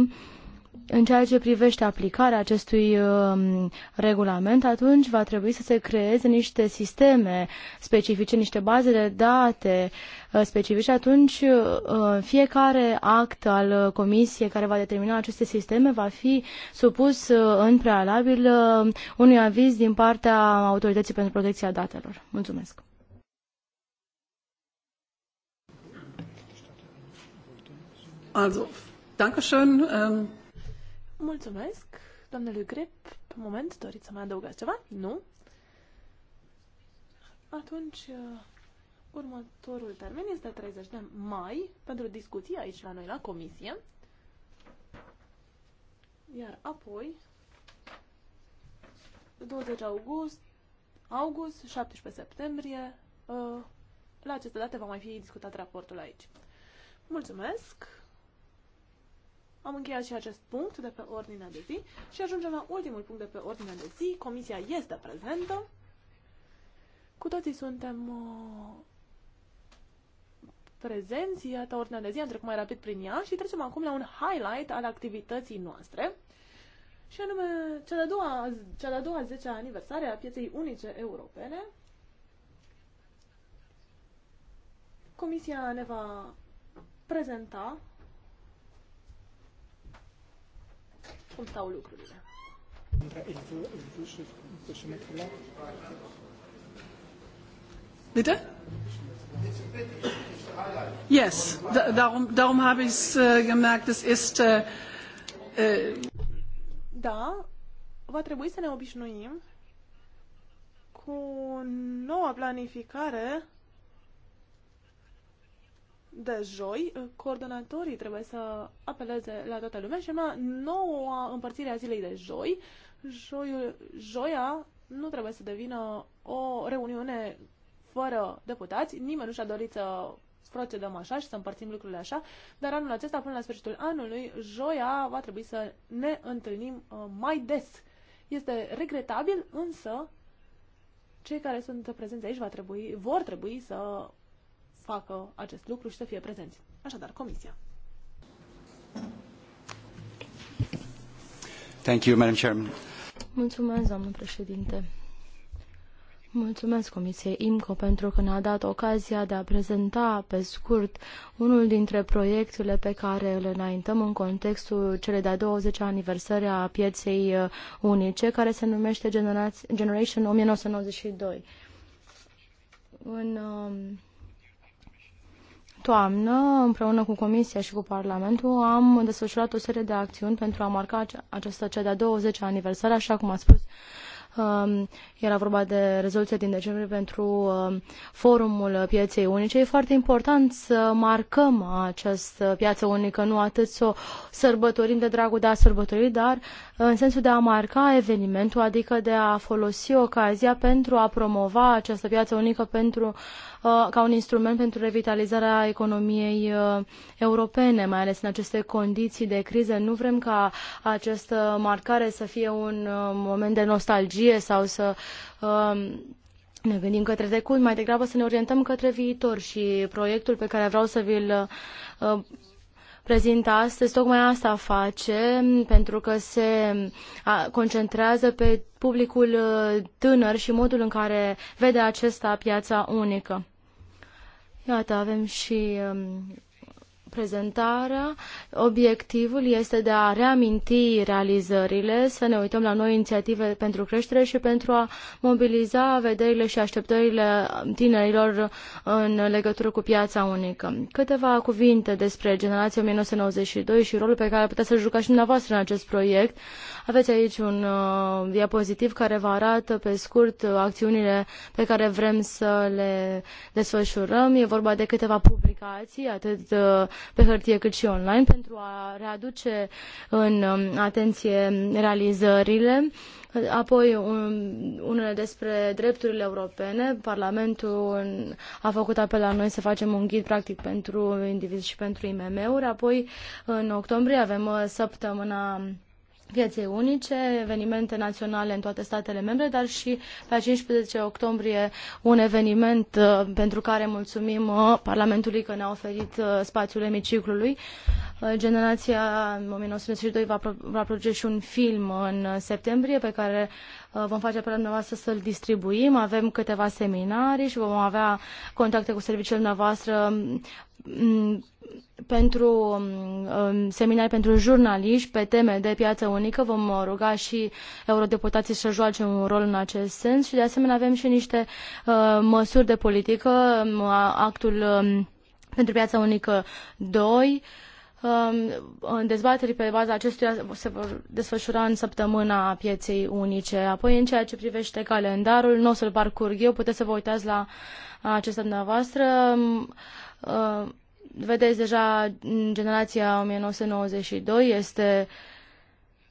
în ceea ce privește aplicarea acestui um, regulament, atunci va trebui să se creeze niște sisteme specifice, niște baze de date uh, specifice. Atunci uh, fiecare act al comisiei care va determina aceste sisteme va fi supus uh, în prealabil unui aviz din partea Autorității pentru Protecția Datelor. Mulțumesc! Also, schön. Ähm Mulțumesc, domnule Grip. Pe moment, doriți să mai adăugați ceva? Nu? Atunci, uh, următorul termen este 30 de mai pentru discuții aici la noi, la comisie. Iar apoi, 20 august, august, 17 septembrie, uh, la aceste date va mai fi discutat raportul aici. Mulțumesc! Am încheiat și acest punct de pe ordinea de zi și ajungem la ultimul punct de pe ordinea de zi. Comisia este prezentă. Cu toții suntem uh, prezenți. Iată, ordinea de zi am trecut mai rapid prin ea și trecem acum la un highlight al activității noastre. Și anume, cea de-a doua, cea de-a doua 10 aniversare a pieței unice europene. Comisia ne va prezenta cum stau lucrurile. Bitte? Yes, da, darum, darum habe ich es äh, gemerkt, es ist... Äh, äh, da, va trebui să ne obișnuim cu noua planificare de joi, uh, coordonatorii trebuie să apeleze la toată lumea și mai noua împărțire a zilei de joi. Joiul, joia nu trebuie să devină o reuniune fără deputați. Nimeni nu și-a dorit să procedăm așa și să împărțim lucrurile așa, dar anul acesta, până la sfârșitul anului, joia va trebui să ne întâlnim uh, mai des. Este regretabil, însă cei care sunt prezenți aici va trebui, vor trebui să facă acest lucru și să fie prezenți. Așadar, Comisia. Thank you, Madam Chairman. Mulțumesc, doamnă președinte. Mulțumesc Comisiei IMCO pentru că ne-a dat ocazia de a prezenta pe scurt unul dintre proiectele pe care le înaintăm în contextul cele de-a 20 -a aniversări a pieței uh, unice, care se numește Generation 1992. În um, toamnă, împreună cu Comisia și cu Parlamentul, am desfășurat o serie de acțiuni pentru a marca această cea de-a 20 aniversare, așa cum a spus um, era vorba de rezoluția din decembrie pentru um, forumul pieței unice. E foarte important să marcăm această piață unică, nu atât să o sărbătorim de dragul de a sărbători, dar în sensul de a marca evenimentul, adică de a folosi ocazia pentru a promova această piață unică pentru Uh, ca un instrument pentru revitalizarea economiei uh, europene, mai ales în aceste condiții de criză. Nu vrem ca această marcare să fie un uh, moment de nostalgie sau să um, ne gândim către trecut, mai degrabă să ne orientăm către viitor și proiectul pe care vreau să vi-l prezint astăzi, tocmai asta face, pentru că se concentrează pe publicul tânăr și modul în care vede acesta piața unică. Iată, avem și um, prezentarea. Obiectivul este de a reaminti realizările, să ne uităm la noi inițiative pentru creștere și pentru a mobiliza vederile și așteptările tinerilor în legătură cu piața unică. Câteva cuvinte despre generația 1992 și rolul pe care puteți să-l jucați și dumneavoastră în acest proiect. Aveți aici un uh, diapozitiv care vă arată pe scurt acțiunile pe care vrem să le desfășurăm. E vorba de câteva publicații, atât uh, pe hârtie cât și online pentru a readuce în um, atenție realizările apoi um, unele despre drepturile europene. Parlamentul a făcut apel la noi să facem un ghid practic pentru indivizi și pentru IMM-uri. Apoi, în octombrie, avem uh, săptămâna pieței unice, evenimente naționale în toate statele membre, dar și pe 15 octombrie un eveniment uh, pentru care mulțumim uh, Parlamentului că ne-a oferit uh, spațiul emiciclului. Generația 1962 va, produce și un film în septembrie pe care Uh, vom face apel dumneavoastră să-l distribuim. Avem câteva seminarii și vom avea contacte cu serviciul dumneavoastră mm, pentru mm, um, seminari pentru jurnaliști pe teme de piață unică. Vom ruga și eurodeputații să joace un rol în acest sens și de asemenea avem și niște uh, măsuri de politică, mm, actul um, pentru piața unică 2, Um, dezbaterii pe baza acestuia se vor desfășura în săptămâna pieței unice. Apoi, în ceea ce privește calendarul, nu o să-l parcurg eu, puteți să vă uitați la acesta dumneavoastră. Um, uh, vedeți deja mm, generația 1992 este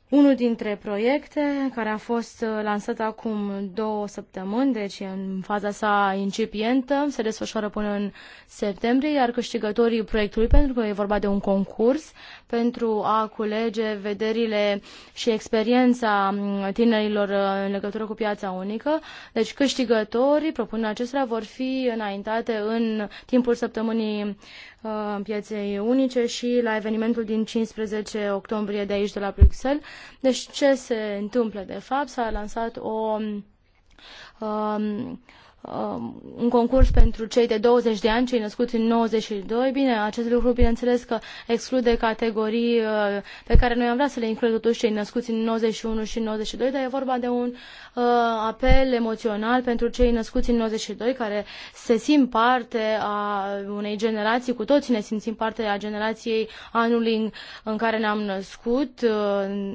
unul dintre proiecte care a fost uh, lansat acum două săptămâni, deci în faza sa incipientă, se desfășoară până în septembrie, iar câștigătorii proiectului, pentru că e vorba de un concurs, pentru a culege vederile și experiența mm, tinerilor uh, în legătură cu piața unică. Deci câștigătorii, propunerea acestora, vor fi înaintate în timpul săptămânii uh, pieței unice și la evenimentul din 15 octombrie de aici de la Bruxelles. Deci ce se întâmplă de fapt? S-a lansat o mm, um, Um, un concurs pentru cei de 20 de ani, cei născuți în 92. Bine, acest lucru, bineînțeles că exclude categorii uh, pe care noi am vrea să le includem totuși cei născuți în 91 și 92, dar e vorba de un uh, apel emoțional pentru cei născuți în 92 care se simt parte a unei generații, cu toții ne simțim parte a generației anului în, în care ne-am născut. Uh,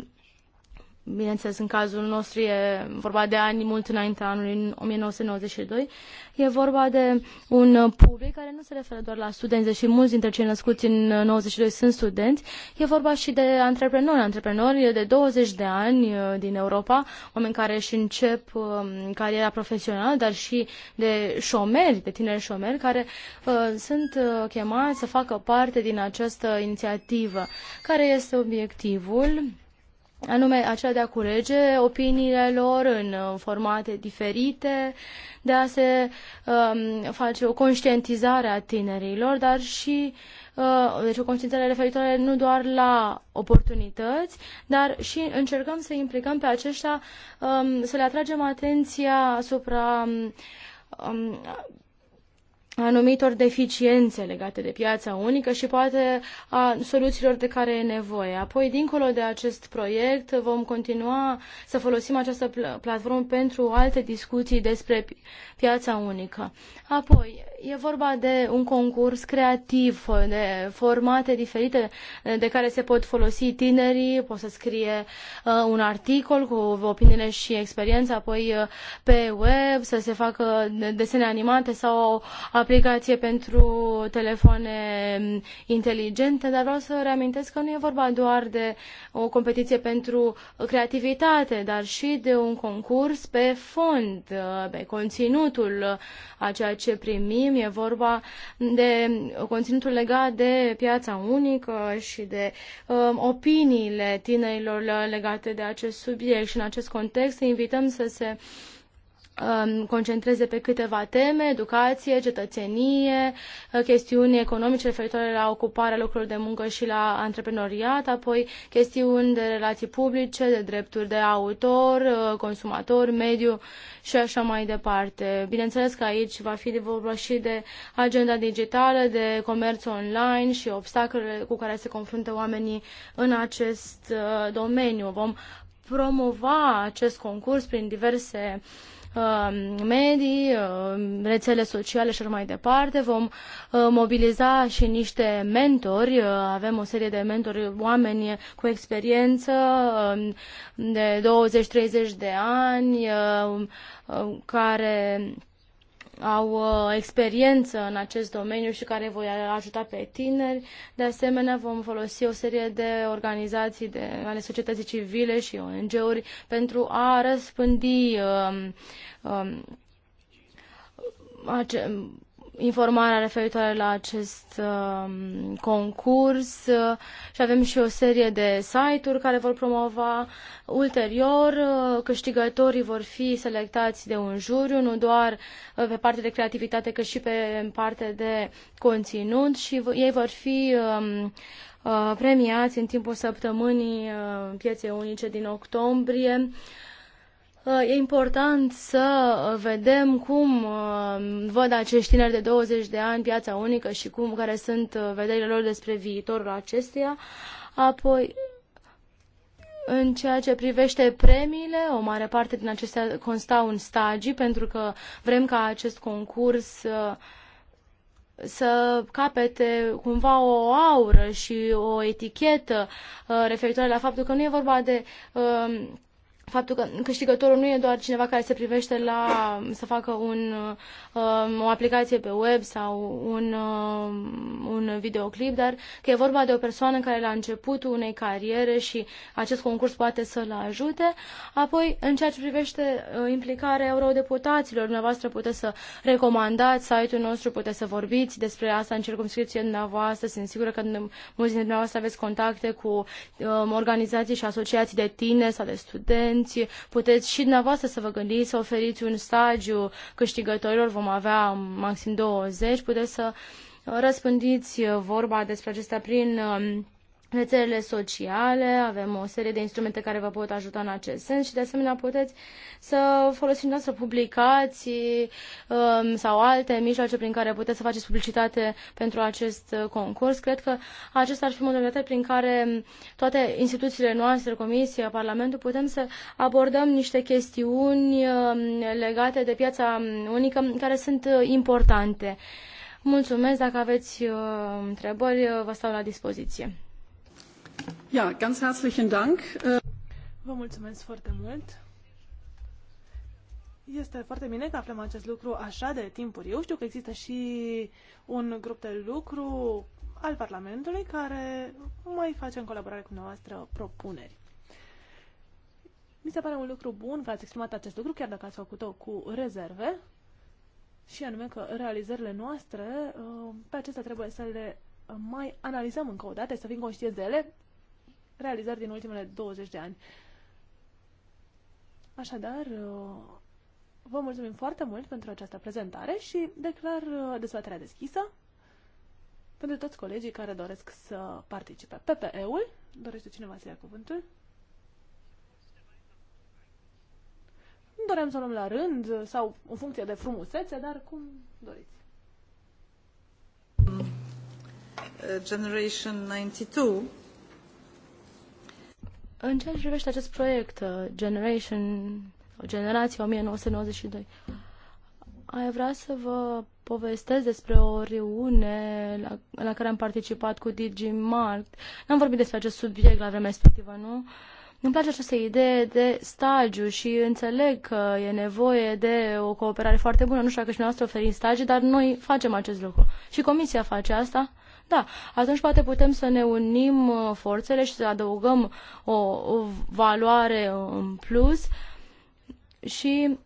bineînțeles în cazul nostru e vorba de ani mult înaintea anului 1992, e vorba de un public care nu se referă doar la studenți, deși mulți dintre cei născuți în 92 sunt studenți, e vorba și de antreprenori, antreprenori de 20 de ani uh, din Europa, oameni care își încep um, cariera profesională, dar și de șomeri, de tineri șomeri, care uh, sunt uh, chemați să facă parte din această inițiativă. Care este obiectivul? anume acela de a culege opiniile lor în formate diferite, de a se um, face o conștientizare a tinerilor, dar și uh, deci o conștientizare referitoare nu doar la oportunități, dar și încercăm să implicăm pe aceștia, um, să le atragem atenția asupra um, um anumitor deficiențe legate de piața unică și poate a soluțiilor de care e nevoie. Apoi, dincolo de acest proiect, vom continua să folosim această platformă pentru alte discuții despre piața unică. Apoi, E vorba de un concurs creativ, de formate diferite eh, de care se pot folosi tinerii, pot să scrie uh, un articol cu opiniile și experiența, apoi uh, pe web, să se facă desene animate sau o aplicație pentru telefoane mm, inteligente, dar vreau să reamintesc că nu e vorba doar de o competiție pentru creativitate, dar și de un concurs pe fond, uh, pe conținutul a ceea ce primim vorbim, e vorba de conținutul legat de piața unică și de um, opiniile tinerilor legate de acest subiect și în acest context invităm să se uh, Um, concentreze pe câteva teme, educație, cetățenie, uh, chestiuni economice referitoare la ocuparea locurilor de muncă și la antreprenoriat, apoi chestiuni de relații publice, de drepturi de autor, uh, consumator, mediu și așa mai departe. Bineînțeles că aici va fi vorba și de agenda digitală, de comerț online și obstacolele cu care se confruntă oamenii în acest uh, domeniu. Vom promova acest concurs prin diverse uh, Um, medii, um, rețele sociale și mai departe. Vom uh, mobiliza și niște mentori. Uh, avem o serie de mentori, oameni cu experiență um, de 20-30 de ani uh, care au uh, experiență în acest domeniu și care voi ajuta pe tineri. De asemenea, vom folosi o serie de organizații de, ale societății civile și ONG-uri pentru a răspândi um, um, informarea referitoare la acest um, concurs și avem și o serie de site-uri care vor promova ulterior. câștigătorii vor fi selectați de un juriu, nu doar uh, pe partea de creativitate, cât și pe partea de conținut și ei vor fi um, uh, premiați în timpul săptămânii uh, pieței unice din octombrie. E important să vedem cum uh, văd acești tineri de 20 de ani piața unică și cum care sunt uh, vederile lor despre viitorul acesteia. Apoi, în ceea ce privește premiile, o mare parte din acestea constau în stagii, pentru că vrem ca acest concurs uh, să capete cumva o aură și o etichetă referitoare la faptul că nu e vorba de faptul că câștigătorul nu e doar cineva care se privește la să facă un, um, o aplicație pe web sau un, um, un videoclip, dar că e vorba de o persoană care la începutul unei cariere și acest concurs poate să-l ajute. Apoi, în ceea ce privește uh, implicarea eurodeputaților, dumneavoastră puteți să recomandați site-ul nostru, puteți să vorbiți despre asta în circumscripție dumneavoastră. Sunt sigură că mulți dintre dumneavoastră aveți contacte cu um, organizații și asociații de tine sau de studenți studenți, puteți și dumneavoastră să vă gândiți să oferiți un stagiu câștigătorilor, vom avea maxim 20, puteți să uh, răspândiți uh, vorba despre acestea prin um, rețelele sociale, avem o serie de instrumente care vă pot ajuta în acest sens și de asemenea puteți să folosiți noastră publicații um, sau alte mijloace prin care puteți să faceți publicitate pentru acest concurs. Cred că acesta ar fi modalitatea prin care toate instituțiile noastre, Comisia, Parlamentul, putem să abordăm niște chestiuni um, legate de piața unică care sunt importante. Mulțumesc, dacă aveți uh, întrebări, uh, vă stau la dispoziție. Vă mulțumesc foarte mult. Este foarte bine că aflăm acest lucru așa de timpuriu. Știu că există și un grup de lucru al Parlamentului care mai face în colaborare cu noastră propuneri. Mi se pare un lucru bun că ați exprimat acest lucru, chiar dacă ați făcut-o cu rezerve, și anume că realizările noastre, uh, pe acestea trebuie să le mai analizăm încă o dată, să fim conștienți de ele, realizări din ultimele 20 de ani. Așadar, uh, vă mulțumim foarte mult pentru această prezentare și declar uh, dezbaterea deschisă pentru toți colegii care doresc să participe. PPE-ul, dorește cineva să ia cuvântul? Nu doream să o luăm la rând sau în funcție de frumusețe, dar cum doriți. Uh, Generation 92 în ceea ce privește acest proiect, uh, Generation, Generația 1992, ai vrea să vă povestesc despre o reune la, la care am participat cu Digi Mark. N-am vorbit despre acest subiect la vremea respectivă, nu? Îmi place această idee de stagiu și înțeleg că e nevoie de o cooperare foarte bună. Nu știu dacă și noastră oferim stagiu, dar noi facem acest lucru. Și comisia face asta. Da, atunci poate putem să ne unim uh, forțele și să adăugăm o, o valoare în plus și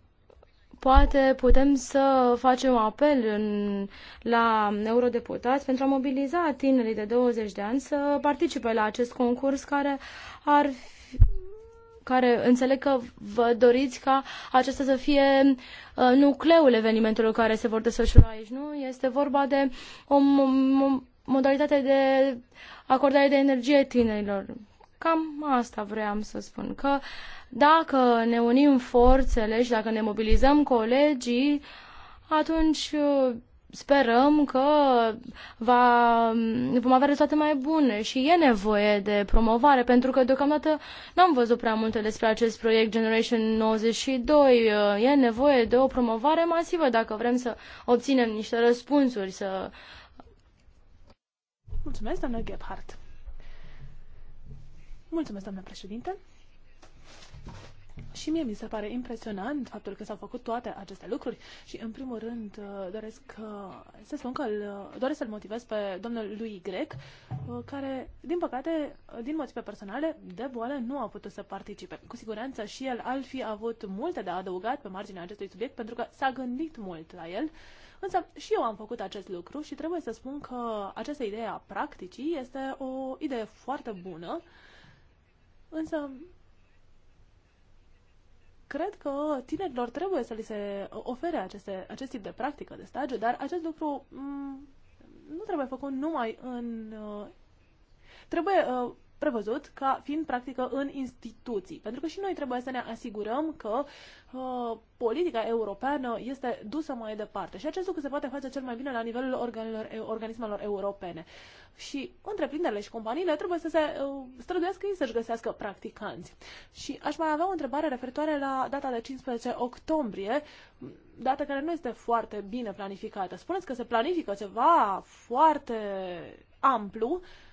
poate putem să facem apel în, la eurodeputați pentru a mobiliza tinerii de 20 de ani să participe la acest concurs care ar fi, care înțeleg că vă doriți ca acesta să fie uh, nucleul evenimentelor care se vor desfășura aici, nu? Este vorba de o, o modalitate de acordare de energie tinerilor. Cam asta vreau să spun, că dacă ne unim forțele și dacă ne mobilizăm colegii, atunci uh, sperăm că va, vom avea rezultate mai bune și e nevoie de promovare, pentru că deocamdată n-am văzut prea multe despre acest proiect Generation 92. Uh, e nevoie de o promovare masivă dacă vrem să obținem niște răspunsuri, să Mulțumesc, doamnă Gebhardt. Mulțumesc, doamnă președinte. Și mie mi se pare impresionant faptul că s-au făcut toate aceste lucruri și, în primul rând, uh, doresc uh, să spun că îl, uh, doresc să-l motivez pe domnul lui Grec, care, din păcate, din motive personale, de boală nu a putut să participe. Cu siguranță și el ar fi avut multe de adăugat pe marginea acestui subiect, pentru că s-a gândit mult la el Însă și eu am făcut acest lucru și trebuie să spun că această idee a practicii este o idee foarte bună, însă cred că tinerilor trebuie să li se ofere aceste, acest tip de practică de stagiu, dar acest lucru mm, nu trebuie făcut numai în... Uh, trebuie uh, prevăzut ca fiind practică în instituții. Pentru că și noi trebuie să ne asigurăm că uh, politica europeană este dusă mai departe. Și acest lucru se poate face cel mai bine la nivelul organelor, organismelor europene. Și întreprinderile și companiile trebuie să se uh, străduiască ei să-și găsească practicanți. Și aș mai avea o întrebare referitoare la data de 15 octombrie, data care nu este foarte bine planificată. Spuneți că se planifică ceva foarte amplu, uh,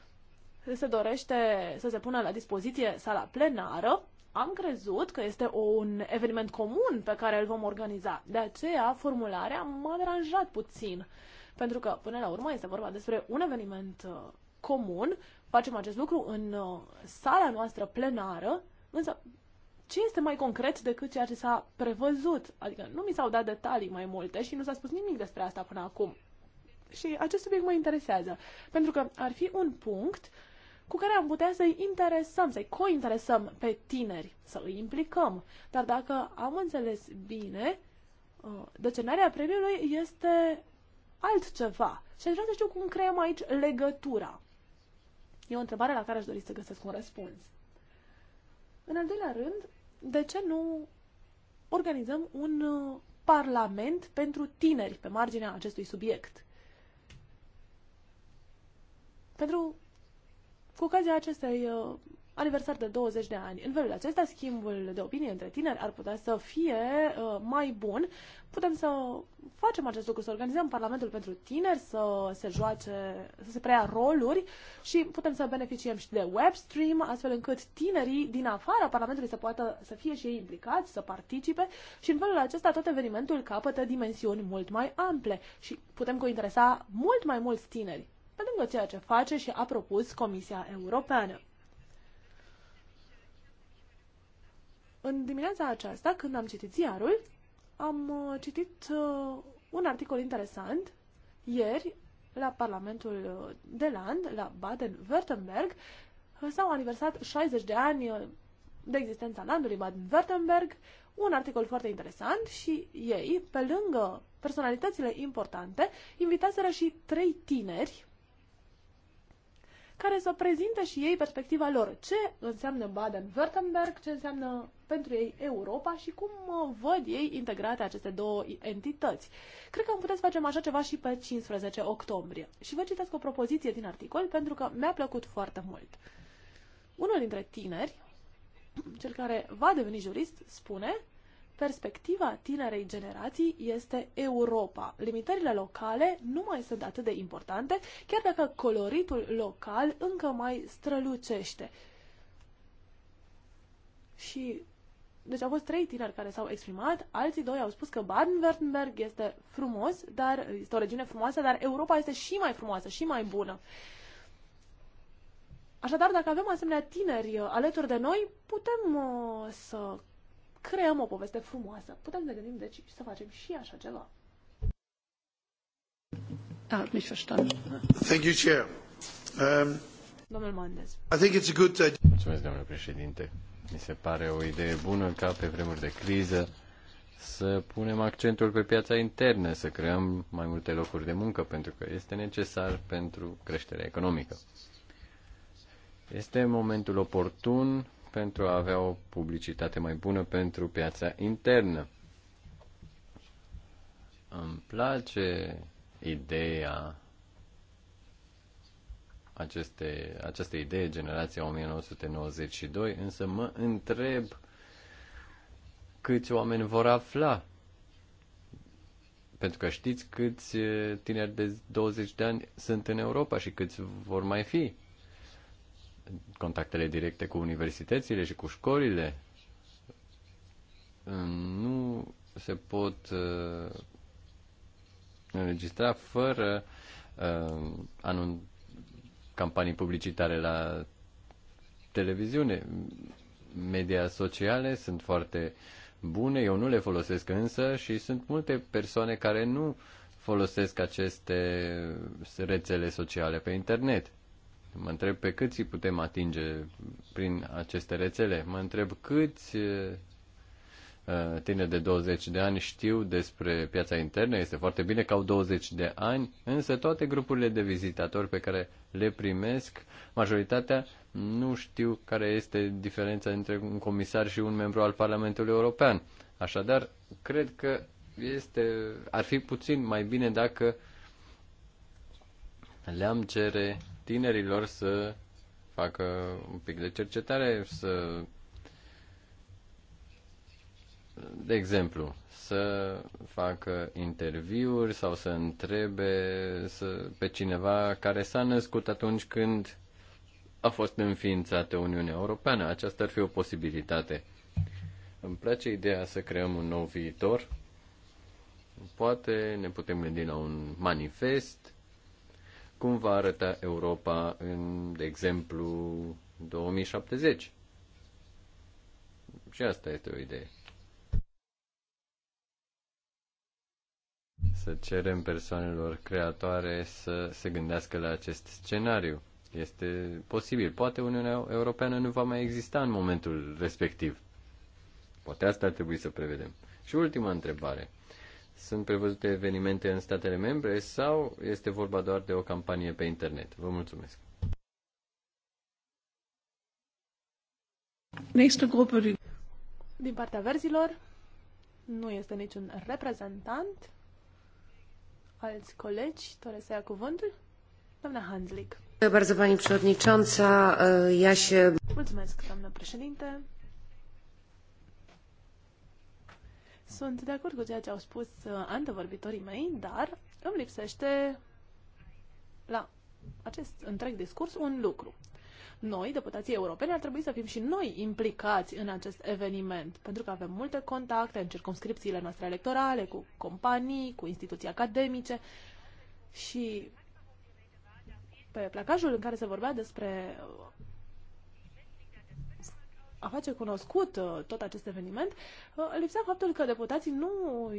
se dorește să se pună la dispoziție sala plenară, am crezut că este un eveniment comun pe care îl vom organiza. De aceea, formularea m-a deranjat puțin. Pentru că, până la urmă, este vorba despre un eveniment uh, comun. Facem acest lucru în uh, sala noastră plenară, însă ce este mai concret decât ceea ce s-a prevăzut? Adică nu mi s-au dat detalii mai multe și nu s-a spus nimic despre asta până acum. Și acest subiect mă interesează, pentru că ar fi un punct uh, cu care am putea să-i interesăm, să-i cointeresăm pe tineri, să îi implicăm. Dar dacă am înțeles bine, uh, decenarea premiului este altceva. Și aș vrea să știu cum creăm aici legătura. E o întrebare la care aș dori să găsesc un răspuns. În al doilea rând, de ce nu organizăm un uh, parlament pentru tineri pe marginea acestui subiect? Pentru cu ocazia acestei uh, aniversar de 20 de ani. În felul acesta, schimbul de opinie între tineri ar putea să fie uh, mai bun. Putem să facem acest lucru, să organizăm Parlamentul pentru tineri, să se joace, să se preia roluri și putem să beneficiem și de webstream, astfel încât tinerii din afara Parlamentului să poată să fie și ei implicați, să participe și în felul acesta tot evenimentul capătă dimensiuni mult mai ample și putem cointeresa mult mai mulți tineri pe lângă ceea ce face și a propus Comisia Europeană. În dimineața aceasta, când am citit ziarul, am uh, citit uh, un articol interesant ieri la Parlamentul uh, de Land, la Baden-Württemberg, s-au aniversat 60 de ani uh, de existența landului Baden-Württemberg, un articol foarte interesant și ei, pe lângă personalitățile importante, invitaseră și trei tineri care să prezinte și ei perspectiva lor. Ce înseamnă Baden-Württemberg, ce înseamnă pentru ei Europa și cum uh, văd ei integrate aceste două entități. Cred că am putea să facem așa ceva și pe 15 octombrie. Și vă citesc o propoziție din articol pentru că mi-a plăcut foarte mult. Unul dintre tineri, cel care va deveni jurist, spune Perspectiva tinerei generații este Europa. Limitările locale nu mai sunt atât de importante, chiar dacă coloritul local încă mai strălucește. Și deci au fost trei tineri care s-au exprimat, alții doi au spus că Baden-Württemberg este frumos, dar este o regiune frumoasă, dar Europa este și mai frumoasă, și mai bună. Așadar, dacă avem asemenea tineri uh, alături de noi, putem uh, să creăm o poveste frumoasă. Putem să ne gândim, deci, să facem și așa ceva. Da, ah, hat Thank you, Chair. Um, Domnul Mandez. I think it's a good idea. Uh, Mulțumesc, domnule președinte. Mi se pare o idee bună ca pe vremuri de criză să punem accentul pe piața internă, să creăm mai multe locuri de muncă, pentru că este necesar pentru creșterea economică. Este momentul oportun pentru a avea o publicitate mai bună pentru piața internă. Îmi place ideea aceste, această idee, generația 1992, însă mă întreb câți oameni vor afla. Pentru că știți câți tineri de 20 de ani sunt în Europa și câți vor mai fi contactele directe cu universitățile și cu școlile nu se pot uh, înregistra fără uh, anun- campanii publicitare la televiziune. Media sociale sunt foarte bune, eu nu le folosesc însă și sunt multe persoane care nu folosesc aceste rețele sociale pe internet Mă întreb pe câți îi putem atinge prin aceste rețele. Mă întreb câți uh, tineri de 20 de ani știu despre piața internă. Este foarte bine că au 20 de ani, însă toate grupurile de vizitatori pe care le primesc, majoritatea nu știu care este diferența între un comisar și un membru al Parlamentului European. Așadar, cred că este, ar fi puțin mai bine dacă le-am cere tinerilor să facă un pic de cercetare, să de exemplu, să facă interviuri sau să întrebe să, pe cineva care s-a născut atunci când a fost înființată Uniunea Europeană. Aceasta ar fi o posibilitate. Îmi place ideea să creăm un nou viitor. Poate ne putem gândi la un manifest cum va arăta Europa în, de exemplu, 2070? Și asta este o idee. Să cerem persoanelor creatoare să se gândească la acest scenariu. Este posibil. Poate Uniunea Europeană nu va mai exista în momentul respectiv. Poate asta ar trebui să prevedem. Și ultima întrebare. Sunt prevăzute evenimente în statele membre sau este vorba doar de o campanie pe internet? Vă mulțumesc. Nächste Gruppe. Din partea verzilor nu este niciun reprezentant. Alți colegi doresc să ia cuvântul? Doamna Hanslik. Mulțumesc, doamna președinte. Sunt de acord cu ceea ce au spus uh, antevorbitorii mei, dar îmi lipsește la acest întreg discurs un lucru. Noi, deputații europeni, ar trebui să fim și noi implicați în acest eveniment, pentru că avem multe contacte în circumscripțiile noastre electorale, cu companii, cu instituții academice și pe placajul în care se vorbea despre a face cunoscut uh, tot acest eveniment, uh, lipsea faptul că deputații nu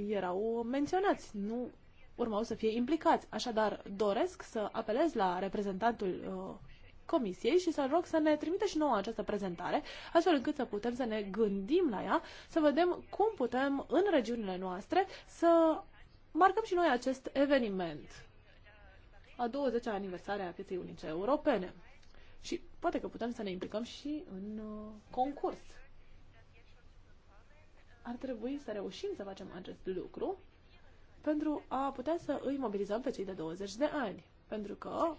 erau menționați, nu urmau să fie implicați. Așadar, doresc să apelez la reprezentantul uh, comisiei și să-l rog să ne trimite și nouă această prezentare, astfel încât să putem să ne gândim la ea, să vedem cum putem în regiunile noastre să marcăm și noi acest eveniment a 20-a aniversare a pieței unice europene și poate că putem să ne implicăm și în uh, concurs. Ar trebui să reușim să facem acest lucru pentru a putea să îi mobilizăm pe cei de 20 de ani. Pentru că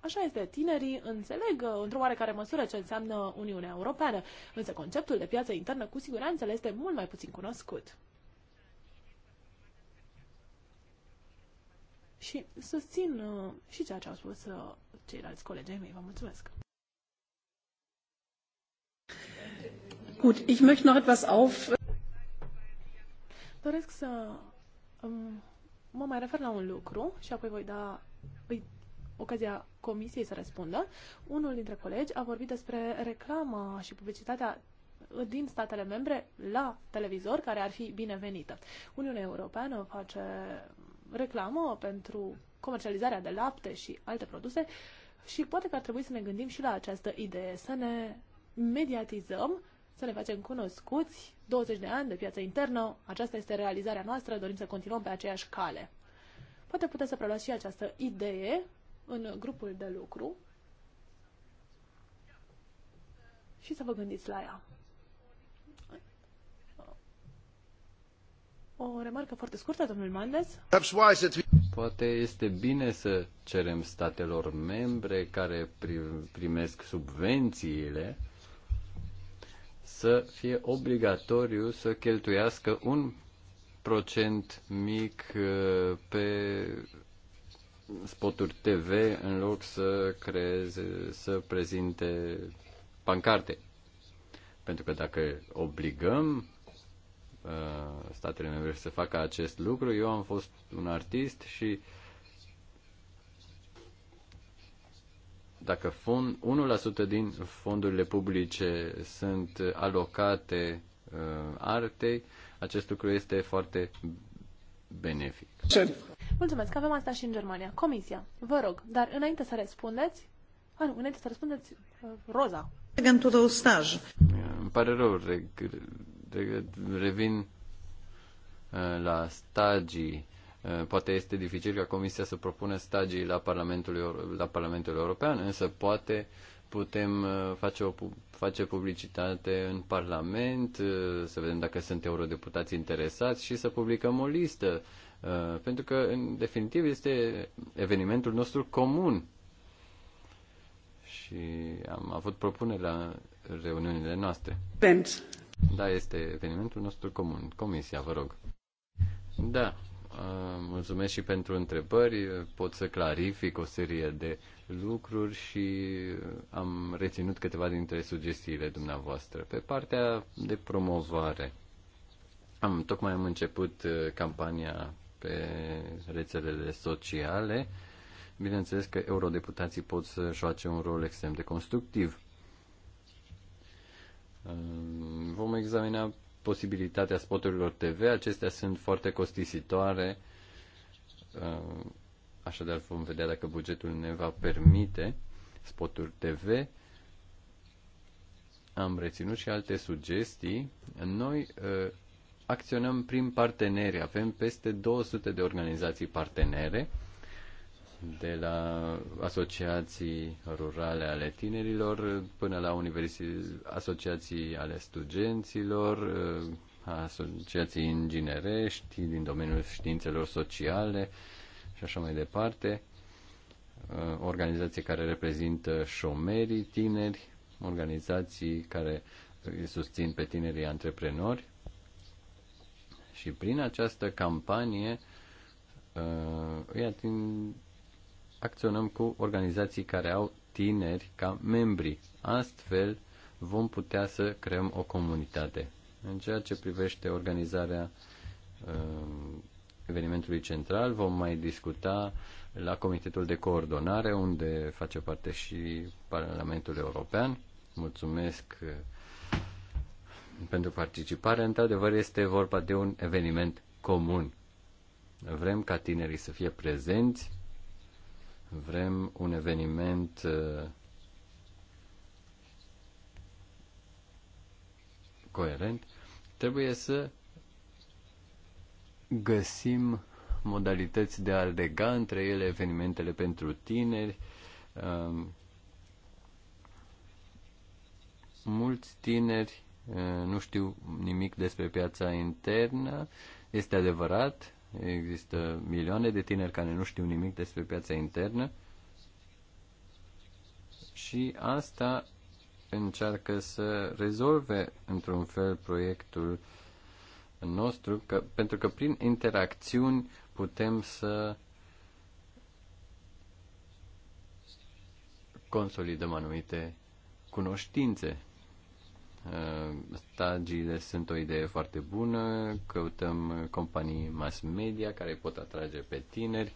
Așa este, tinerii înțeleg uh, într-o oarecare măsură ce înseamnă Uniunea Europeană, însă conceptul de piață internă cu siguranță le este mult mai puțin cunoscut. și susțin uh, și ceea ce au spus uh, ceilalți colegi ai mei. Vă mulțumesc! Gut, ich möchte noch etwas auf... Doresc să um, mă mai refer la un lucru și apoi voi da îi, ocazia comisiei să răspundă. Unul dintre colegi a vorbit despre reclama și publicitatea din statele membre la televizor, care ar fi binevenită. Uniunea Europeană face reclamă pentru comercializarea de lapte și alte produse și poate că ar trebui să ne gândim și la această idee, să ne mediatizăm, să ne facem cunoscuți 20 de ani de piață internă, aceasta este realizarea noastră, dorim să continuăm pe aceeași cale. Poate puteți să preluați și această idee în grupul de lucru și să vă gândiți la ea. O remarcă foarte scurtă, domnul Mandez. Poate este bine să cerem statelor membre care primesc subvențiile să fie obligatoriu să cheltuiască un procent mic uh, pe spoturi TV în loc să creeze, să prezinte pancarte. Pentru că dacă obligăm Uh, statele membre să facă acest lucru. Eu am fost un artist și dacă fond, 1% din fondurile publice sunt alocate uh, artei, acest lucru este foarte benefic. Mulțumesc, avem asta și în Germania. Comisia, vă rog, dar înainte să răspundeți, nu, înainte să răspundeți, uh, Roza. Îmi pare rău, Revin uh, la stagii. Uh, poate este dificil ca Comisia să propună stagii la Parlamentul, la Parlamentul European, însă poate putem uh, face, o, face publicitate în Parlament, să vedem dacă sunt eurodeputați interesați și să publicăm o listă. Pentru că, în definitiv, este evenimentul nostru comun. Și am avut propuneri la reuniunile noastre. Pentru. Da, este evenimentul nostru comun. Comisia, vă rog. Da, uh, mulțumesc și pentru întrebări. Pot să clarific o serie de lucruri și am reținut câteva dintre sugestiile dumneavoastră. Pe partea de promovare, am, tocmai am început uh, campania pe rețelele sociale. Bineînțeles că eurodeputații pot să joace un rol extrem de constructiv Ehm, vom examina posibilitatea spoturilor TV. Acestea sunt foarte costisitoare, ehm, așadar vom vedea dacă bugetul ne va permite spoturi TV. Am reținut și alte sugestii. Noi ehm, acționăm prin parteneri. Avem peste 200 de organizații partenere de la asociații rurale ale tinerilor până la universi- asociații ale studenților, asociații inginerești din domeniul științelor sociale și așa mai departe, organizații care reprezintă șomerii tineri, organizații care susțin pe tinerii antreprenori și prin această campanie îi ating, acționăm cu organizații care au tineri ca membri. Astfel vom putea să creăm o comunitate. În ceea ce privește organizarea uh, evenimentului central, vom mai discuta la Comitetul de Coordonare, unde face parte și Parlamentul European. Mulțumesc uh, pentru participare. Într-adevăr, este vorba de un eveniment comun. Vrem ca tinerii să fie prezenți Vrem un eveniment uh, coerent. Trebuie să găsim modalități de a lega între ele evenimentele pentru tineri. Um, mulți tineri uh, nu știu nimic despre piața internă, este adevărat, Există milioane de tineri care nu știu nimic despre piața internă și asta încearcă să rezolve într-un fel proiectul nostru, că, pentru că prin interacțiuni putem să consolidăm anumite cunoștințe Uh, stagiile sunt o idee foarte bună, căutăm companii mass media care pot atrage pe tineri.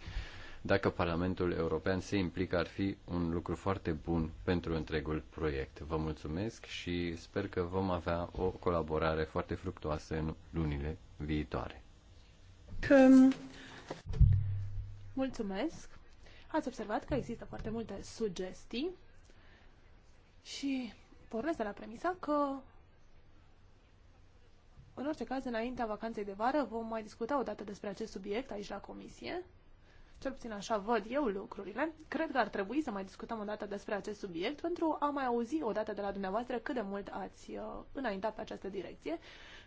Dacă Parlamentul European se implică, ar fi un lucru foarte bun pentru întregul proiect. Vă mulțumesc și sper că vom avea o colaborare foarte fructuoasă în lunile viitoare. Cum? Mulțumesc! Ați observat că există foarte multe sugestii și pornesc de la premisa că în orice caz, înaintea vacanței de vară, vom mai discuta o dată despre acest subiect aici la comisie. Cel puțin așa văd eu lucrurile. Cred că ar trebui să mai discutăm o dată despre acest subiect pentru a mai auzi o dată de la dumneavoastră cât de mult ați uh, înaintat pe această direcție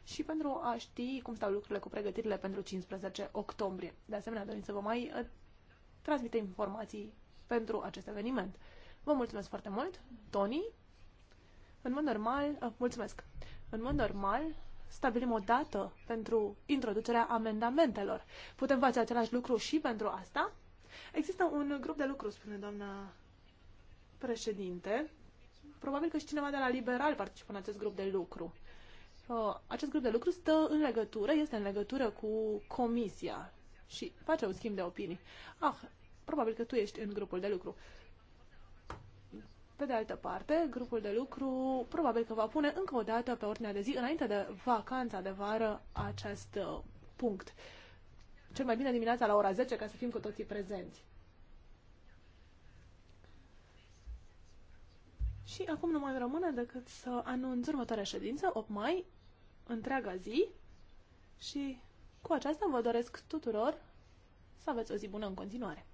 și pentru a ști cum stau lucrurile cu pregătirile pentru 15 octombrie. De asemenea, dorim să vă mai uh, transmitem informații pentru acest eveniment. Vă mulțumesc foarte mult, Tony, în mod normal, uh, mulțumesc. În mod normal, stabilim o dată pentru introducerea amendamentelor. Putem face același lucru și pentru asta? Există un grup de lucru, spune doamna președinte. Probabil că și cineva de la Liberal participă în acest grup de lucru. Uh, acest grup de lucru stă în legătură, este în legătură cu comisia și face un schimb de opinii. Ah, probabil că tu ești în grupul de lucru. Uh, pe de altă parte, grupul de lucru probabil că va pune încă o dată pe ordinea de zi, înainte de vacanța de vară, acest uh, punct. Cel mai bine dimineața la ora 10, ca să fim cu toții prezenți. Și acum nu mai rămâne decât să anunț următoarea ședință, 8 mai, întreaga zi. Și cu aceasta vă doresc tuturor să aveți o zi bună în continuare.